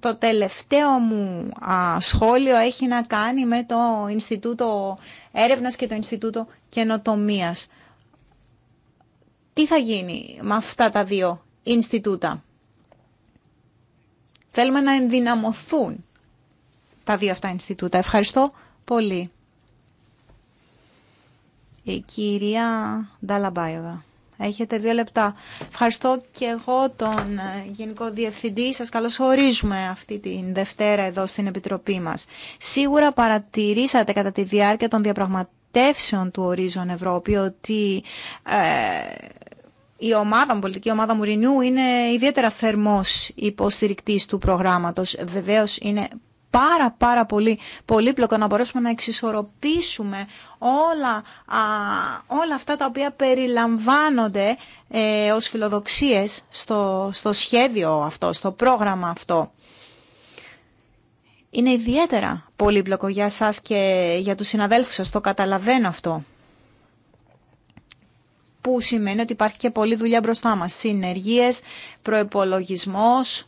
C: το τελευταίο μου σχόλιο έχει να κάνει με το Ινστιτούτο Έρευνας και το Ινστιτούτο Καινοτομίας. Τι θα γίνει με αυτά τα δύο Ινστιτούτα. Θέλουμε να ενδυναμωθούν τα δύο αυτά Ινστιτούτα. Ευχαριστώ πολύ. Η κυρία Νταλαμπάιωβα. Έχετε δύο λεπτά. Ευχαριστώ και εγώ τον ε, Γενικό Διευθυντή. Σας καλωσορίζουμε αυτή τη Δευτέρα εδώ στην Επιτροπή μας. Σίγουρα παρατηρήσατε κατά τη διάρκεια των διαπραγματεύσεων του Ορίζον Ευρώπη ότι ε, η ομάδα η πολιτική ομάδα Μουρινού είναι ιδιαίτερα θερμός υποστηρικτής του προγράμματος. Βεβαίως είναι πάρα πάρα πολύ πολύπλοκο να μπορέσουμε να εξισορροπήσουμε όλα, όλα αυτά τα οποία περιλαμβάνονται ε, ως φιλοδοξίες στο, σχέδιο αυτό, στο πρόγραμμα αυτό. Είναι ιδιαίτερα πολύπλοκο για σας και για τους συναδέλφους σας, το καταλαβαίνω αυτό που σημαίνει ότι υπάρχει και πολλή δουλειά μπροστά μας. Συνεργίες, προϋπολογισμός,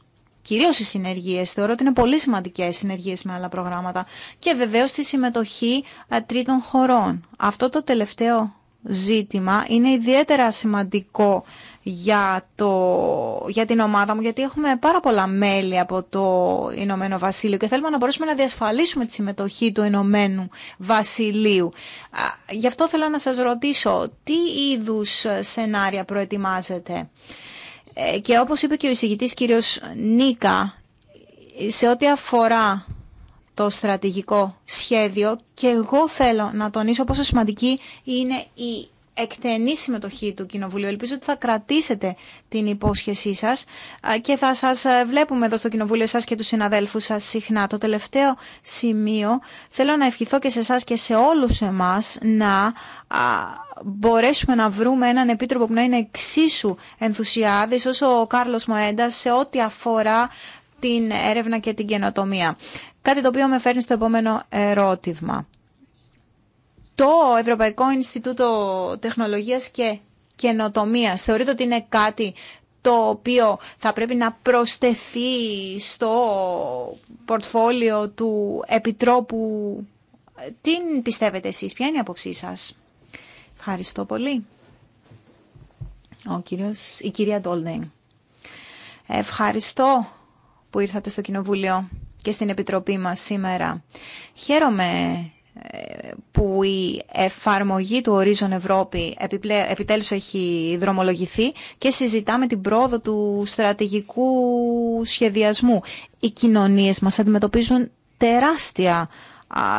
C: κυρίως οι συνεργίες. Θεωρώ ότι είναι πολύ σημαντικές συνεργίες με άλλα προγράμματα. Και βεβαίως τη συμμετοχή ε, τρίτων χωρών. Αυτό το τελευταίο ζήτημα είναι ιδιαίτερα σημαντικό για, το, για την ομάδα μου, γιατί έχουμε πάρα πολλά μέλη από το Ηνωμένο Βασίλειο και θέλουμε να μπορέσουμε να διασφαλίσουμε τη συμμετοχή του Ηνωμένου Βασιλείου. Γι' αυτό θέλω να σας ρωτήσω, τι είδους σενάρια προετοιμάζετε. Ε, και όπως είπε και ο εισηγητής κύριος Νίκα, σε ό,τι αφορά το στρατηγικό σχέδιο και εγώ θέλω να τονίσω πόσο σημαντική είναι η εκτενή συμμετοχή του Κοινοβουλίου. Ελπίζω ότι θα κρατήσετε την υπόσχεσή σας ε, και θα σας ε, βλέπουμε εδώ στο Κοινοβούλιο σας και τους συναδέλφους σας συχνά. Το τελευταίο σημείο θέλω να ευχηθώ και σε εσά και σε όλους εμάς να μπορέσουμε να βρούμε έναν επίτροπο που να είναι εξίσου ενθουσιάδης όσο ο Κάρλος Μοέντα σε ό,τι αφορά την έρευνα και την καινοτομία. Κάτι το οποίο με φέρνει στο επόμενο ερώτημα. Το Ευρωπαϊκό Ινστιτούτο Τεχνολογίας και Καινοτομίας θεωρείται ότι είναι κάτι το οποίο θα πρέπει να προσθεθεί στο πορτφόλιο του Επιτρόπου. Τι πιστεύετε εσείς, ποια είναι η άποψή σας. Ευχαριστώ πολύ. Ο κύριος, η κυρία Ντόλντεν. Ευχαριστώ που ήρθατε στο Κοινοβούλιο και στην Επιτροπή μας σήμερα. Χαίρομαι ε, που η εφαρμογή του Horizon Ευρώπη επιτέλους έχει δρομολογηθεί και συζητάμε την πρόοδο του στρατηγικού σχεδιασμού. Οι κοινωνίες μας αντιμετωπίζουν τεράστια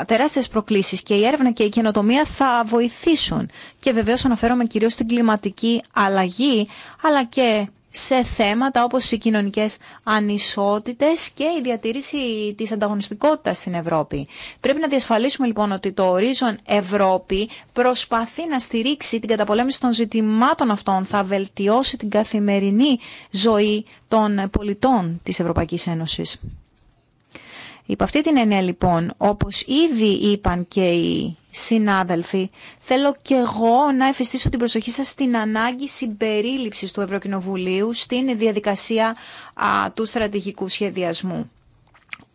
C: τεράστιες προκλήσεις και η έρευνα και η καινοτομία θα βοηθήσουν. Και βεβαίως αναφέρομαι κυρίως στην κλιματική αλλαγή, αλλά και σε θέματα όπως οι κοινωνικές ανισότητες και η διατήρηση της ανταγωνιστικότητας στην Ευρώπη. Πρέπει να διασφαλίσουμε λοιπόν ότι το ορίζον Ευρώπη προσπαθεί να στηρίξει την καταπολέμηση των ζητημάτων αυτών, θα βελτιώσει την καθημερινή ζωή των πολιτών της Ευρωπαϊκής Ένωσης. Υπό αυτή την έννοια λοιπόν, όπως ήδη είπαν και οι συνάδελφοι, θέλω και εγώ να εφιστήσω την προσοχή σας στην ανάγκη συμπερίληψης του Ευρωκοινοβουλίου στην διαδικασία του στρατηγικού σχεδιασμού.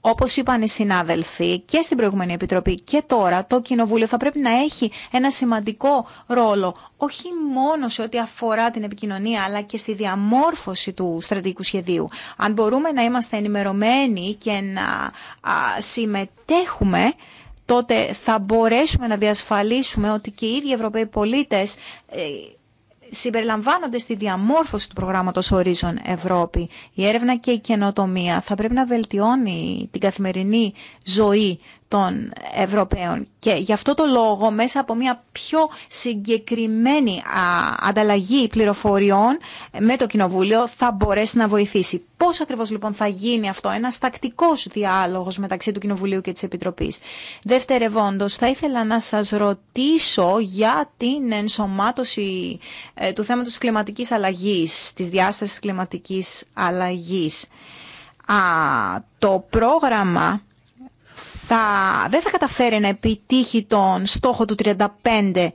C: Όπως είπαν οι συνάδελφοι και στην προηγούμενη Επιτροπή και τώρα, το Κοινοβούλιο θα πρέπει να έχει ένα σημαντικό ρόλο, όχι μόνο σε ό,τι αφορά την επικοινωνία, αλλά και στη διαμόρφωση του στρατηγικού σχεδίου. Αν μπορούμε να είμαστε ενημερωμένοι και να συμμετέχουμε, τότε θα μπορέσουμε να διασφαλίσουμε ότι και οι ίδιοι Ευρωπαίοι πολίτες ε, συμπεριλαμβάνονται στη διαμόρφωση του προγράμματος Horizon Ευρώπη. Η έρευνα και η καινοτομία θα πρέπει να βελτιώνει την καθημερινή ζωή των Ευρωπαίων. Και γι' αυτό το λόγο μέσα από μια πιο συγκεκριμένη ανταλλαγή πληροφοριών με το Κοινοβούλιο θα μπορέσει να βοηθήσει. Πώς ακριβώς λοιπόν θα γίνει αυτό, Ένα τακτικός διάλογος μεταξύ του Κοινοβουλίου και της Επιτροπής. Δευτερευόντω, θα ήθελα να σας ρωτήσω για την ενσωμάτωση ε, του θέματος τη κλιματική αλλαγή, τη διάσταση κλιματική αλλαγή. το πρόγραμμα θα, δεν θα καταφέρει να επιτύχει τον στόχο του 35%.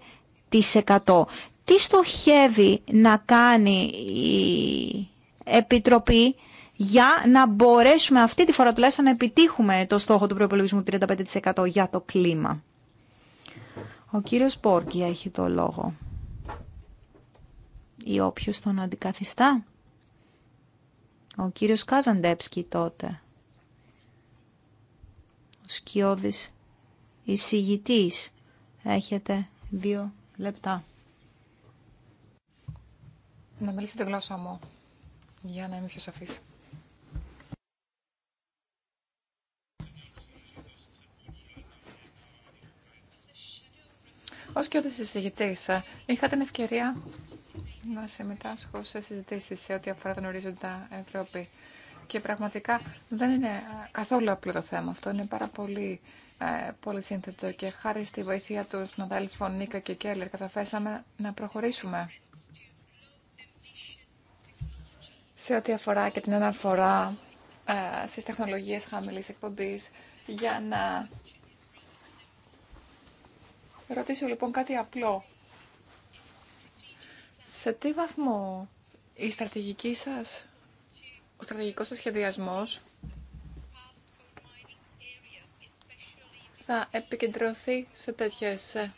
C: Τι στοχεύει να κάνει η Επιτροπή για να μπορέσουμε αυτή τη φορά τουλάχιστον να επιτύχουμε το στόχο του προϋπολογισμού 35% για το κλίμα. Ο κύριος Πόρκια έχει το λόγο. Ή όποιος τον αντικαθιστά. Ο κύριος Κάζαντέψκι τότε σκιώδης εισηγητής. Έχετε δύο λεπτά.
B: Να μιλήσω τη γλώσσα μου, για να είμαι πιο σαφής. Ως και όταν ε, είχα την ευκαιρία να συμμετάσχω σε συζητήσεις σε ό,τι αφορά τον ορίζοντα Ευρώπη. Και πραγματικά δεν είναι καθόλου απλό το θέμα αυτό. Είναι πάρα πολύ, ε, πολύ σύνθετο και χάρη στη βοήθεια του συναδέλφων Νίκα και Κέλλερ καταφέσαμε να προχωρήσουμε. Σε ό,τι αφορά και την αναφορά ε, στις τεχνολογίες χαμηλής εκπομπής για να ρωτήσω λοιπόν κάτι απλό. Σε τι βαθμό η στρατηγική σας ο στρατηγικός σας σχεδιασμός θα επικεντρωθεί σε τέτοιες ε,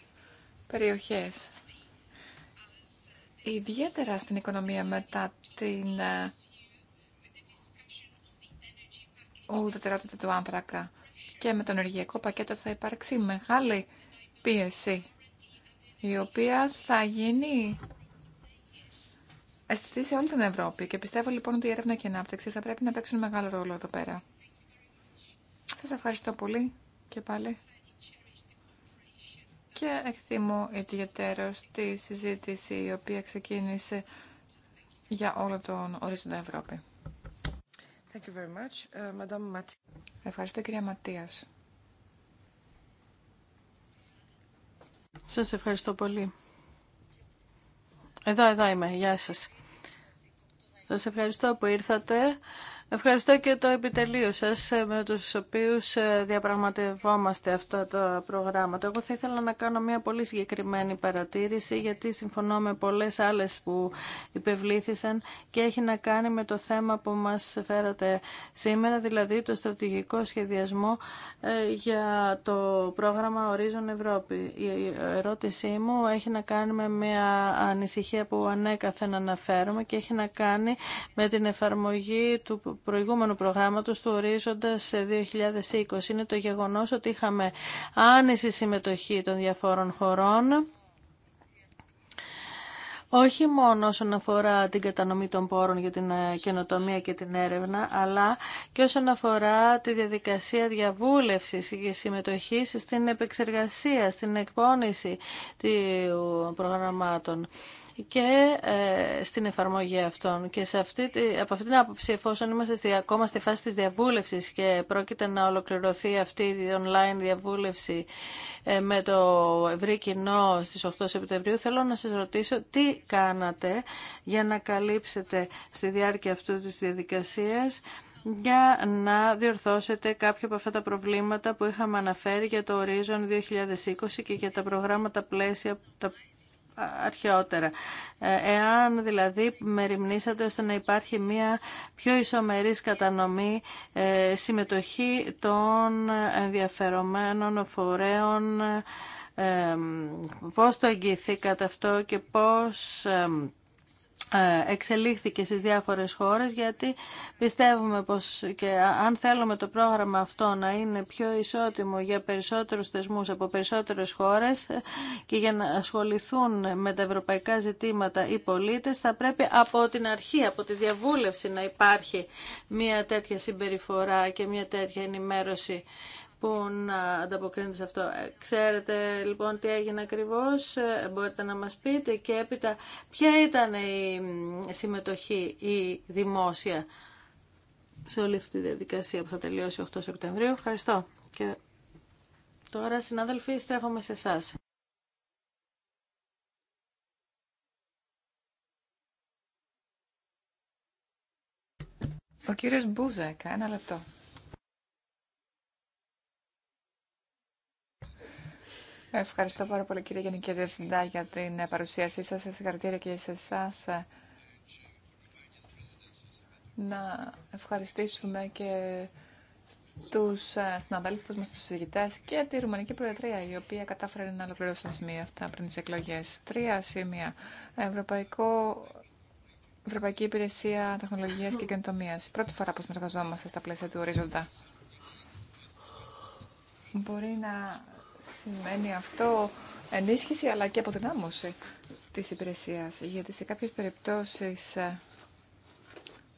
B: περιοχές. Ιδιαίτερα στην οικονομία μετά την ε, ουδετερότητα του άνθρακα και με το ενεργειακό πακέτο θα υπάρξει μεγάλη πίεση η οποία θα γίνει αισθητή σε όλη την Ευρώπη και πιστεύω λοιπόν ότι η έρευνα και η ανάπτυξη θα πρέπει να παίξουν μεγάλο ρόλο εδώ πέρα. Σας ευχαριστώ πολύ και πάλι. Και εκτιμώ ιδιαίτερω τη συζήτηση η οποία ξεκίνησε για όλο τον ορίζοντα Ευρώπη. Thank you very much. Uh, Ευχαριστώ κυρία Ματίας.
A: Σας ευχαριστώ πολύ. Εδώ, εδώ είμαι. Γεια σας. Σας ευχαριστώ που ήρθατε. Ευχαριστώ και το επιτελείο σας ε, με τους οποίους ε, διαπραγματευόμαστε αυτά τα προγράμματα. Εγώ θα ήθελα να κάνω μια πολύ συγκεκριμένη παρατήρηση γιατί συμφωνώ με πολλές άλλες που υπευλήθησαν και έχει να κάνει με το θέμα που μας φέρατε σήμερα, δηλαδή το στρατηγικό σχεδιασμό ε, για το πρόγραμμα Ορίζον Ευρώπη. Η ερώτησή μου έχει να κάνει με μια ανησυχία που ανέκαθεν αναφέρομαι και έχει να κάνει με την εφαρμογή του προηγούμενου προγράμματος του ορίζοντας 2020 είναι το γεγονός ότι είχαμε άνεση συμμετοχή των διαφόρων χωρών όχι μόνο όσον αφορά την κατανομή των πόρων για την ε, καινοτομία και την έρευνα, αλλά και όσον αφορά τη διαδικασία διαβούλευσης και συμμετοχή στην επεξεργασία, στην εκπόνηση των προγραμμάτων και ε, στην εφαρμογή αυτών. Και σε αυτή, από αυτή την άποψη, εφόσον είμαστε ακόμα στη φάση της διαβούλευσης και πρόκειται να ολοκληρωθεί αυτή η online διαβούλευση ε, με το ευρύ κοινό στις 8 Σεπτεμβρίου, θέλω να σας ρωτήσω τι κάνατε για να καλύψετε στη διάρκεια αυτού της διαδικασίας για να διορθώσετε κάποια από αυτά τα προβλήματα που είχαμε αναφέρει για το Horizon 2020 και για τα προγράμματα πλαίσια, τα αρχαιότερα. Ε, εάν δηλαδή μεριμνήσατε ώστε να υπάρχει μια πιο ισομερής κατανομή ε, συμμετοχή των ενδιαφερομένων φορέων, ε, πώς το εγγυηθήκατε αυτό και πώς ε, εξελίχθηκε στις διάφορες χώρες γιατί πιστεύουμε πως και αν θέλουμε το πρόγραμμα αυτό να είναι πιο ισότιμο για περισσότερους θεσμούς από περισσότερες χώρες ε, και για να ασχοληθούν με τα ευρωπαϊκά ζητήματα οι πολίτες θα πρέπει από την αρχή, από τη διαβούλευση να υπάρχει μια τέτοια συμπεριφορά και μια τέτοια ενημέρωση που να ανταποκρίνεται σε αυτό. Ε, ξέρετε λοιπόν τι έγινε ακριβώς, ε, μπορείτε να μας πείτε και έπειτα ποια ήταν η συμμετοχή η δημόσια σε όλη αυτή τη διαδικασία που θα τελειώσει 8 Σεπτεμβρίου. Ευχαριστώ. Και τώρα συνάδελφοι
B: στρέφομαι σε εσά. Ο κύριος Μπούζεκ, ένα λεπτό. Ευχαριστώ πάρα πολύ κύριε Γενική Διευθυντά για την ε, παρουσίασή σας. Σας συγχαρητήρια και σε εσά. Ε, να ευχαριστήσουμε και τους ε, συναδέλφους μας, τους συζητητές και τη Ρουμανική Προεδρία, η οποία κατάφερε να ολοκληρώσει τα σημεία αυτά πριν τις εκλογές. Τρία σημεία. Ευρωπαϊκό Ευρωπαϊκή Υπηρεσία Τεχνολογία και Καινοτομία. Πρώτη φορά που συνεργαζόμαστε στα πλαίσια του ορίζοντα. Μπορεί να σημαίνει αυτό ενίσχυση αλλά και αποδυνάμωση της υπηρεσίας. Γιατί σε κάποιες περιπτώσεις, ε,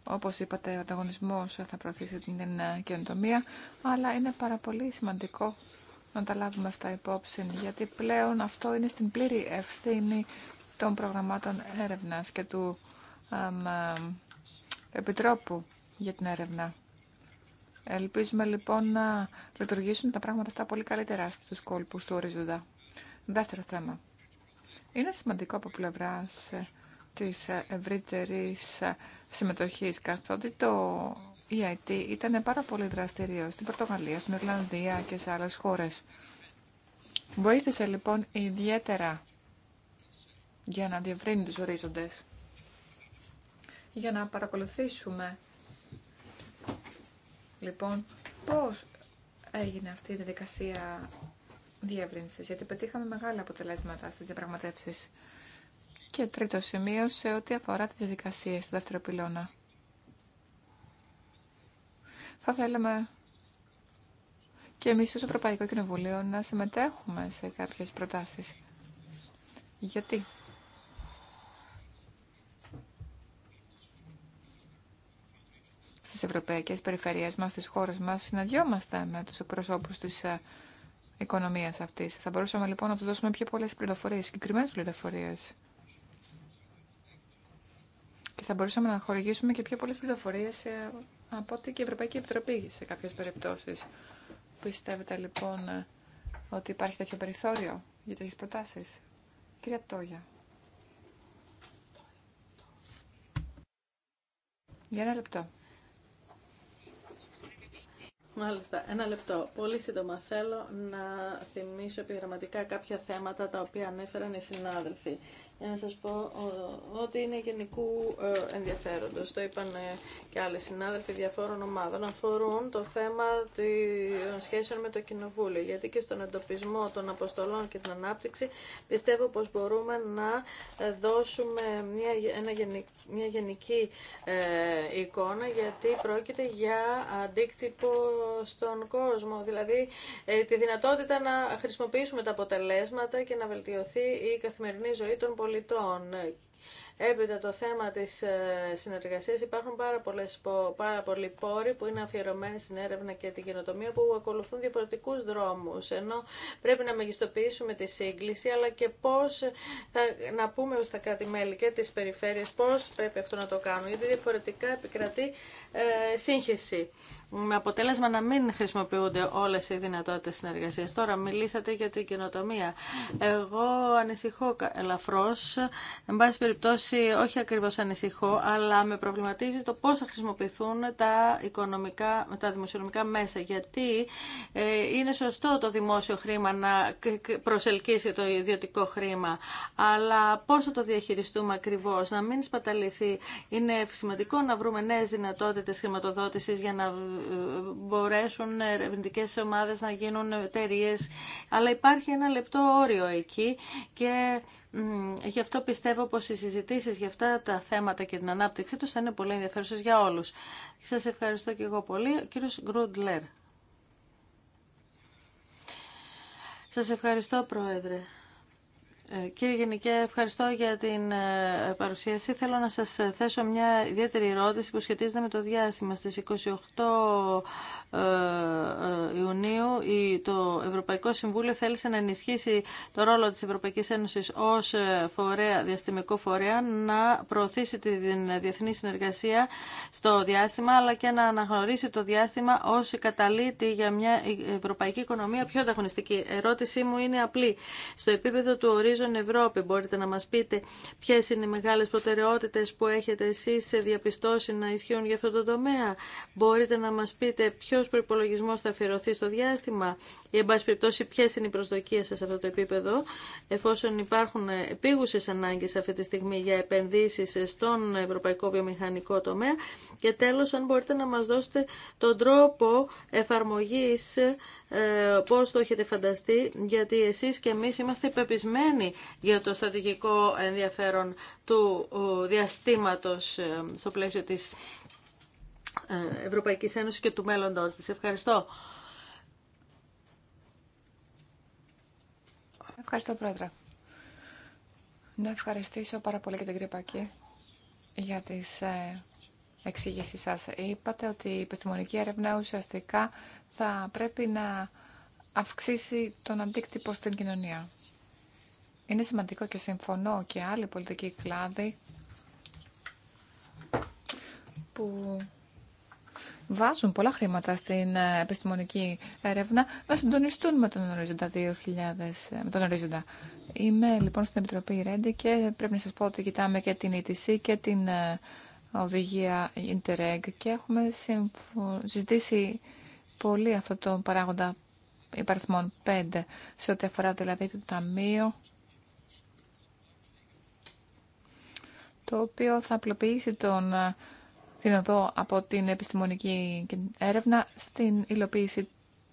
B: όπως είπατε, ο ανταγωνισμός θα προωθήσει την ε, καινοτομία, αλλά είναι πάρα πολύ σημαντικό να τα λάβουμε αυτά υπόψη, γιατί πλέον αυτό είναι στην πλήρη ευθύνη των προγραμμάτων έρευνας και του ε, Επιτρόπου για την έρευνα. Ελπίζουμε λοιπόν να λειτουργήσουν τα πράγματα αυτά πολύ καλύτερα στους κόλπους του ορίζοντα. Δεύτερο θέμα. Είναι σημαντικό από πλευρά ε, της ε, ευρύτερη ε, συμμετοχής, καθότι το EIT ήταν πάρα πολύ δραστηριό στην Πορτογαλία, στην Ιρλανδία και σε άλλες χώρες. Βοήθησε λοιπόν ιδιαίτερα για να διευρύνει τους ορίζοντες, για να παρακολουθήσουμε Λοιπόν, πώς έγινε αυτή η διαδικασία διεύρυνση, γιατί πετύχαμε μεγάλα αποτελέσματα στις διαπραγματεύσεις. Και τρίτο σημείο σε ό,τι αφορά τις διαδικασίε του δεύτερου πυλώνα. Θα θέλαμε και εμείς ως Ευρωπαϊκό Κοινοβουλίο να συμμετέχουμε σε κάποιες προτάσεις. Γιατί ευρωπαϊκές περιφερειές μας, στις χώρες μας, συναντιόμαστε με τους εκπροσώπους της ε, οικονομίας αυτής. Θα μπορούσαμε λοιπόν να τους δώσουμε πιο πολλές πληροφορίες, συγκεκριμένες πληροφορίες. Και θα μπορούσαμε να χορηγήσουμε και πιο πολλές πληροφορίες ε, από ό,τι και η Ευρωπαϊκή Επιτροπή σε κάποιες περιπτώσεις. Πιστεύετε λοιπόν ε, ότι υπάρχει τέτοιο περιθώριο για τέτοιες προτάσεις. Κυρία Τόγια. Για ένα λεπτό.
A: Μάλιστα, ένα λεπτό. Πολύ σύντομα θέλω να θυμίσω επιγραμματικά κάποια θέματα τα οποία ανέφεραν οι συνάδελφοι για να σας πω ότι είναι γενικού ε, ενδιαφέροντος. Το είπαν ε, και άλλοι συνάδελφοι διαφόρων ομάδων. Αφορούν το θέμα των σχέσεων με το Κοινοβούλιο. Γιατί και στον εντοπισμό των αποστολών και την ανάπτυξη πιστεύω πως μπορούμε να ε, δώσουμε μια, γενική, μια γενική εικόνα γιατί πρόκειται για αντίκτυπο στον κόσμο. Δηλαδή τη δυνατότητα να χρησιμοποιήσουμε τα αποτελέσματα και να βελτιωθεί η καθημερινή ζωή των πολιτών Έπειτα το θέμα της ε, συνεργασίας υπάρχουν πάρα, πολλές, πάρα πολλοί πόροι που είναι αφιερωμένοι στην έρευνα και την καινοτομία που ακολουθούν διαφορετικούς δρόμους ενώ πρέπει να μεγιστοποιήσουμε τη σύγκληση αλλά και πώς θα, να πούμε στα κράτη-μέλη και τις περιφέρειες πώς πρέπει αυτό να το κάνουμε γιατί διαφορετικά επικρατεί ε, σύγχυση με αποτέλεσμα να μην χρησιμοποιούνται όλες οι δυνατότητες συνεργασίας. Τώρα μιλήσατε για την καινοτομία. Εγώ ανησυχώ ελαφρώς, εν πάση περιπτώσει όχι ακριβώς ανησυχώ, αλλά με προβληματίζει το πώς θα χρησιμοποιηθούν τα, οικονομικά, τα δημοσιονομικά μέσα. Γιατί ε, είναι σωστό το δημόσιο χρήμα να προσελκύσει το ιδιωτικό χρήμα, αλλά πώς θα το διαχειριστούμε ακριβώς, να μην σπαταληθεί. Είναι σημαντικό να βρούμε νέες δυνατότητες χρηματοδότησης για να μπορέσουν ερευνητικέ ομάδες να γίνουν εταιρείε, αλλά υπάρχει ένα λεπτό όριο εκεί και γι' αυτό πιστεύω πως οι συζητήσεις για αυτά τα θέματα και την ανάπτυξή τους θα είναι πολύ ενδιαφέρουσες για όλους. Σας ευχαριστώ και εγώ πολύ. Κύριο κύριος Γκρούντλερ. Σας ευχαριστώ, Πρόεδρε. Ε, κύριε Γενικέ, ευχαριστώ για την ε, παρουσίαση. Θέλω να σας θέσω μια ιδιαίτερη ερώτηση που σχετίζεται με το διάστημα. Στις 28 ε, ε, Ιουνίου το Ευρωπαϊκό Συμβούλιο θέλησε να ενισχύσει το ρόλο της Ευρωπαϊκής Ένωσης ως ε, φορέα, διαστημικό φορέα, να προωθήσει τη διεθνή συνεργασία στο διάστημα, αλλά και να αναγνωρίσει το διάστημα ως καταλήτη για μια ευρωπαϊκή οικονομία πιο ανταγωνιστική. Ερώτησή μου είναι απλή. Στο επίπεδο του Horizon Ευρώπη μπορείτε να μας πείτε ποιες είναι οι μεγάλες προτεραιότητες που έχετε εσείς διαπιστώσει να ισχύουν για αυτό το τομέα. Μπορείτε να μας πείτε ποιο ποιος προϋπολογισμός θα αφιερωθεί στο διάστημα ή εν πάση περιπτώσει ποιε είναι οι προσδοκίες σας σε αυτό το επίπεδο εφόσον υπάρχουν επίγουσες ανάγκες αυτή τη στιγμή για επενδύσεις στον ευρωπαϊκό βιομηχανικό τομέα και τέλος αν μπορείτε να μας δώσετε τον τρόπο εφαρμογής ε, πώς το έχετε φανταστεί γιατί εσείς και εμείς είμαστε υπεπισμένοι για το στρατηγικό ενδιαφέρον του διαστήματος ε, στο πλαίσιο της ε, Ευρωπαϊκή Ένωσης και του μέλλοντος της. Ευχαριστώ.
B: Ευχαριστώ, Πρόεδρε. Να ευχαριστήσω πάρα πολύ και τον κύριο Πακή για τις ε, εξήγησεις σας. Είπατε ότι η επιστημονική έρευνα ουσιαστικά θα πρέπει να αυξήσει τον αντίκτυπο στην κοινωνία. Είναι σημαντικό και συμφωνώ και άλλοι πολιτικοί κλάδοι που βάζουν πολλά χρήματα στην ε, επιστημονική έρευνα να συντονιστούν με τον ορίζοντα 2000, ε, με τον ορίζοντα. Είμαι λοιπόν στην Επιτροπή Ρέντι και πρέπει να σας πω ότι κοιτάμε και την ETC και την ε, οδηγία Interreg και έχουμε συζητήσει πολύ αυτό το παράγοντα υπαριθμών 5 σε ό,τι αφορά δηλαδή το Ταμείο το οποίο θα απλοποιήσει τον την οδό από την επιστημονική έρευνα στην υλοποίηση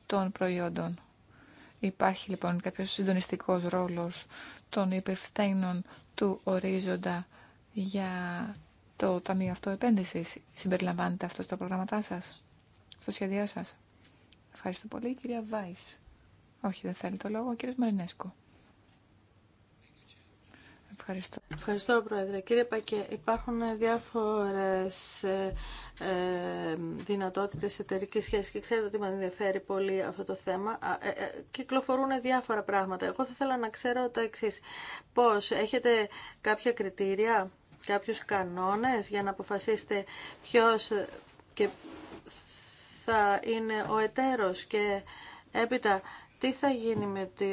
B: των προϊόντων. Υπάρχει λοιπόν κάποιος συντονιστικός ρόλος των υπευθύνων του ορίζοντα για το Ταμείο Αυτό Συμπεριλαμβάνεται αυτό στα προγράμματά σας, στο σχέδιό σας. Ευχαριστώ πολύ κυρία Βάης. Όχι δεν θέλει το λόγο, ο κύριος Μαρινέσκου. Ευχαριστώ.
A: Ευχαριστώ, Πρόεδρε. Κύριε Πακέ, υπάρχουν διάφορες ε, ε, δυνατότητες εταιρική σχέσης και ξέρετε ότι με ενδιαφέρει πολύ αυτό το θέμα. Ε, κυκλοφορούν διάφορα πράγματα. Εγώ θα ήθελα να ξέρω το εξή Πώς, έχετε κάποια κριτήρια, κάποιους κανόνες για να αποφασίσετε ποιος και θα είναι ο εταίρος και έπειτα τι θα γίνει με το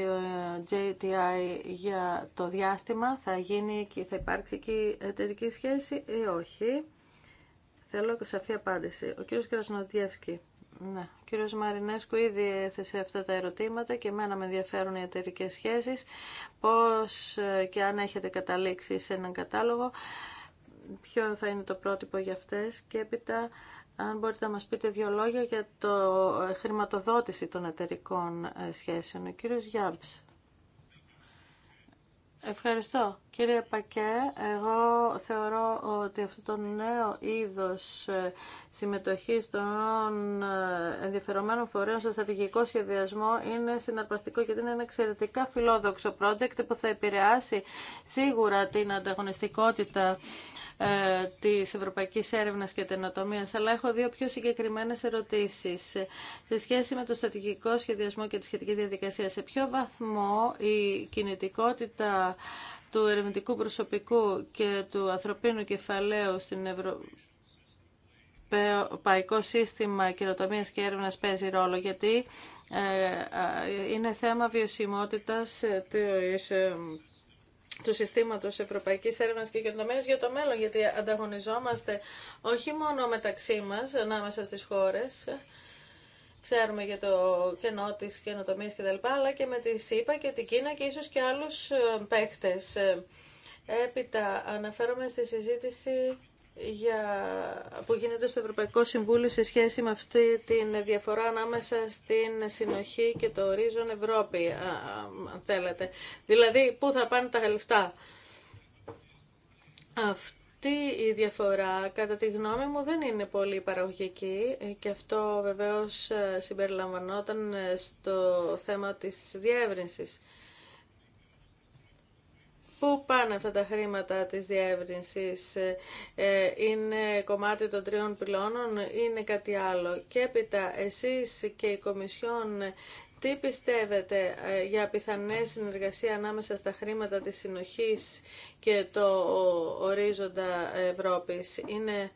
A: JTI για το διάστημα, θα, γίνει, θα υπάρξει και εταιρική σχέση ή όχι. Θέλω σαφή απάντηση. Ο κύριος Κρασνοδιεύσκη. Ναι. Ο κύριος Μαρινέσκου ήδη έθεσε αυτά τα ερωτήματα και εμένα με ενδιαφέρουν οι εταιρικέ σχέσεις. Πώς ε, και αν έχετε καταλήξει σε έναν κατάλογο, ποιο θα είναι το πρότυπο για αυτές και έπειτα αν μπορείτε να μας πείτε δύο λόγια για το ε, χρηματοδότηση των εταιρικών ε, σχέσεων. Ο κύριος Γιάμπς. Ευχαριστώ. Κύριε Πακέ, εγώ θεωρώ ότι αυτό το νέο είδος ε, συμμετοχής των ενδιαφερομένων φορέων στο στρατηγικό σχεδιασμό είναι συναρπαστικό γιατί είναι ένα εξαιρετικά φιλόδοξο project που θα επηρεάσει σίγουρα την ανταγωνιστικότητα ε, της Ευρωπαϊκής Έρευνας και Τενοτομία, αλλά έχω δύο πιο συγκεκριμένες ερωτήσεις. Σε σχέση με το στρατηγικό σχεδιασμό και τη σχετική διαδικασία, σε ποιο βαθμό η κινητικότητα του ερευνητικού προσωπικού και του ανθρωπίνου κεφαλαίου στην Ευρωπαϊκή Παϊκό σύστημα καινοτομία και έρευνα παίζει ρόλο γιατί ε, είναι θέμα βιωσιμότητα ε, του συστήματος Ευρωπαϊκής Έρευνας και Καινοτομίας για το μέλλον, γιατί ανταγωνιζόμαστε όχι μόνο μεταξύ μας, ανάμεσα στις χώρες, ξέρουμε για το κενό της καινοτομίας λοιπά, αλλά και με τη ΣΥΠΑ και την Κίνα και ίσως και άλλους ε, παίχτες. Ε, έπειτα αναφέρομαι στη συζήτηση για, που γίνεται στο Ευρωπαϊκό Συμβούλιο σε σχέση με αυτή τη διαφορά ανάμεσα στην συνοχή και το ορίζον Ευρώπη, αν θέλετε. Δηλαδή, πού θα πάνε τα λεφτά. Αυτή η διαφορά, κατά τη γνώμη μου, δεν είναι πολύ παραγωγική και αυτό βεβαίως συμπεριλαμβανόταν στο θέμα της διεύρυνσης. Πού πάνε αυτά τα χρήματα της διεύρυνσης, ε, είναι κομμάτι των τριών πυλώνων, είναι κάτι άλλο. Και έπειτα εσείς και η Κομισιόν τι πιστεύετε ε, για πιθανές συνεργασία ανάμεσα στα χρήματα της συνοχής και το ορίζοντα Ευρώπης. Είναι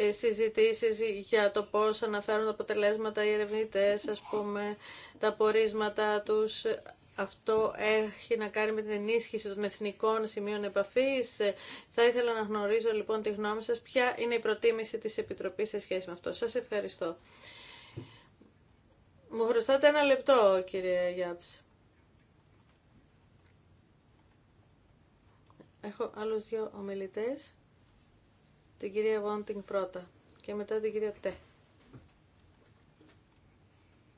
A: ε, συζητήσεις για το πώς αναφέρουν τα αποτελέσματα οι ερευνητές, ας πούμε, τα πορίσματα τους. Αυτό έχει να κάνει με την ενίσχυση των εθνικών σημείων επαφής. Θα ήθελα να γνωρίζω λοιπόν τη γνώμη σας ποια είναι η προτίμηση της Επιτροπής σε σχέση με αυτό. Σας ευχαριστώ. Μου χρωστάτε ένα λεπτό κύριε Γιάπς. Έχω άλλους δύο ομιλητές. Την κυρία Βόντινγκ πρώτα και μετά την κυρία Τέ.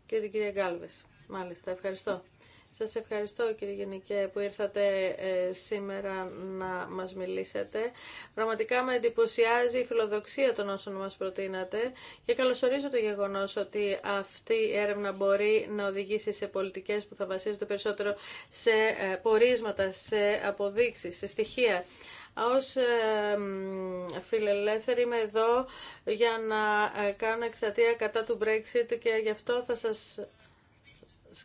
A: Και την κυρία Γκάλβες. Μάλιστα, ευχαριστώ. Σας ευχαριστώ κύριε Γενικέ που ήρθατε ε, σήμερα να μας μιλήσετε. Πραγματικά με εντυπωσιάζει η φιλοδοξία των όσων μας προτείνατε και καλωσορίζω το γεγονός ότι αυτή η έρευνα μπορεί να οδηγήσει σε πολιτικές που θα βασίζονται περισσότερο σε ε, πορίσματα, σε αποδείξεις, σε στοιχεία. Ως ε, φιλελεύθερη είμαι εδώ για να κάνω εξατία κατά του Brexit και γι' αυτό θα σας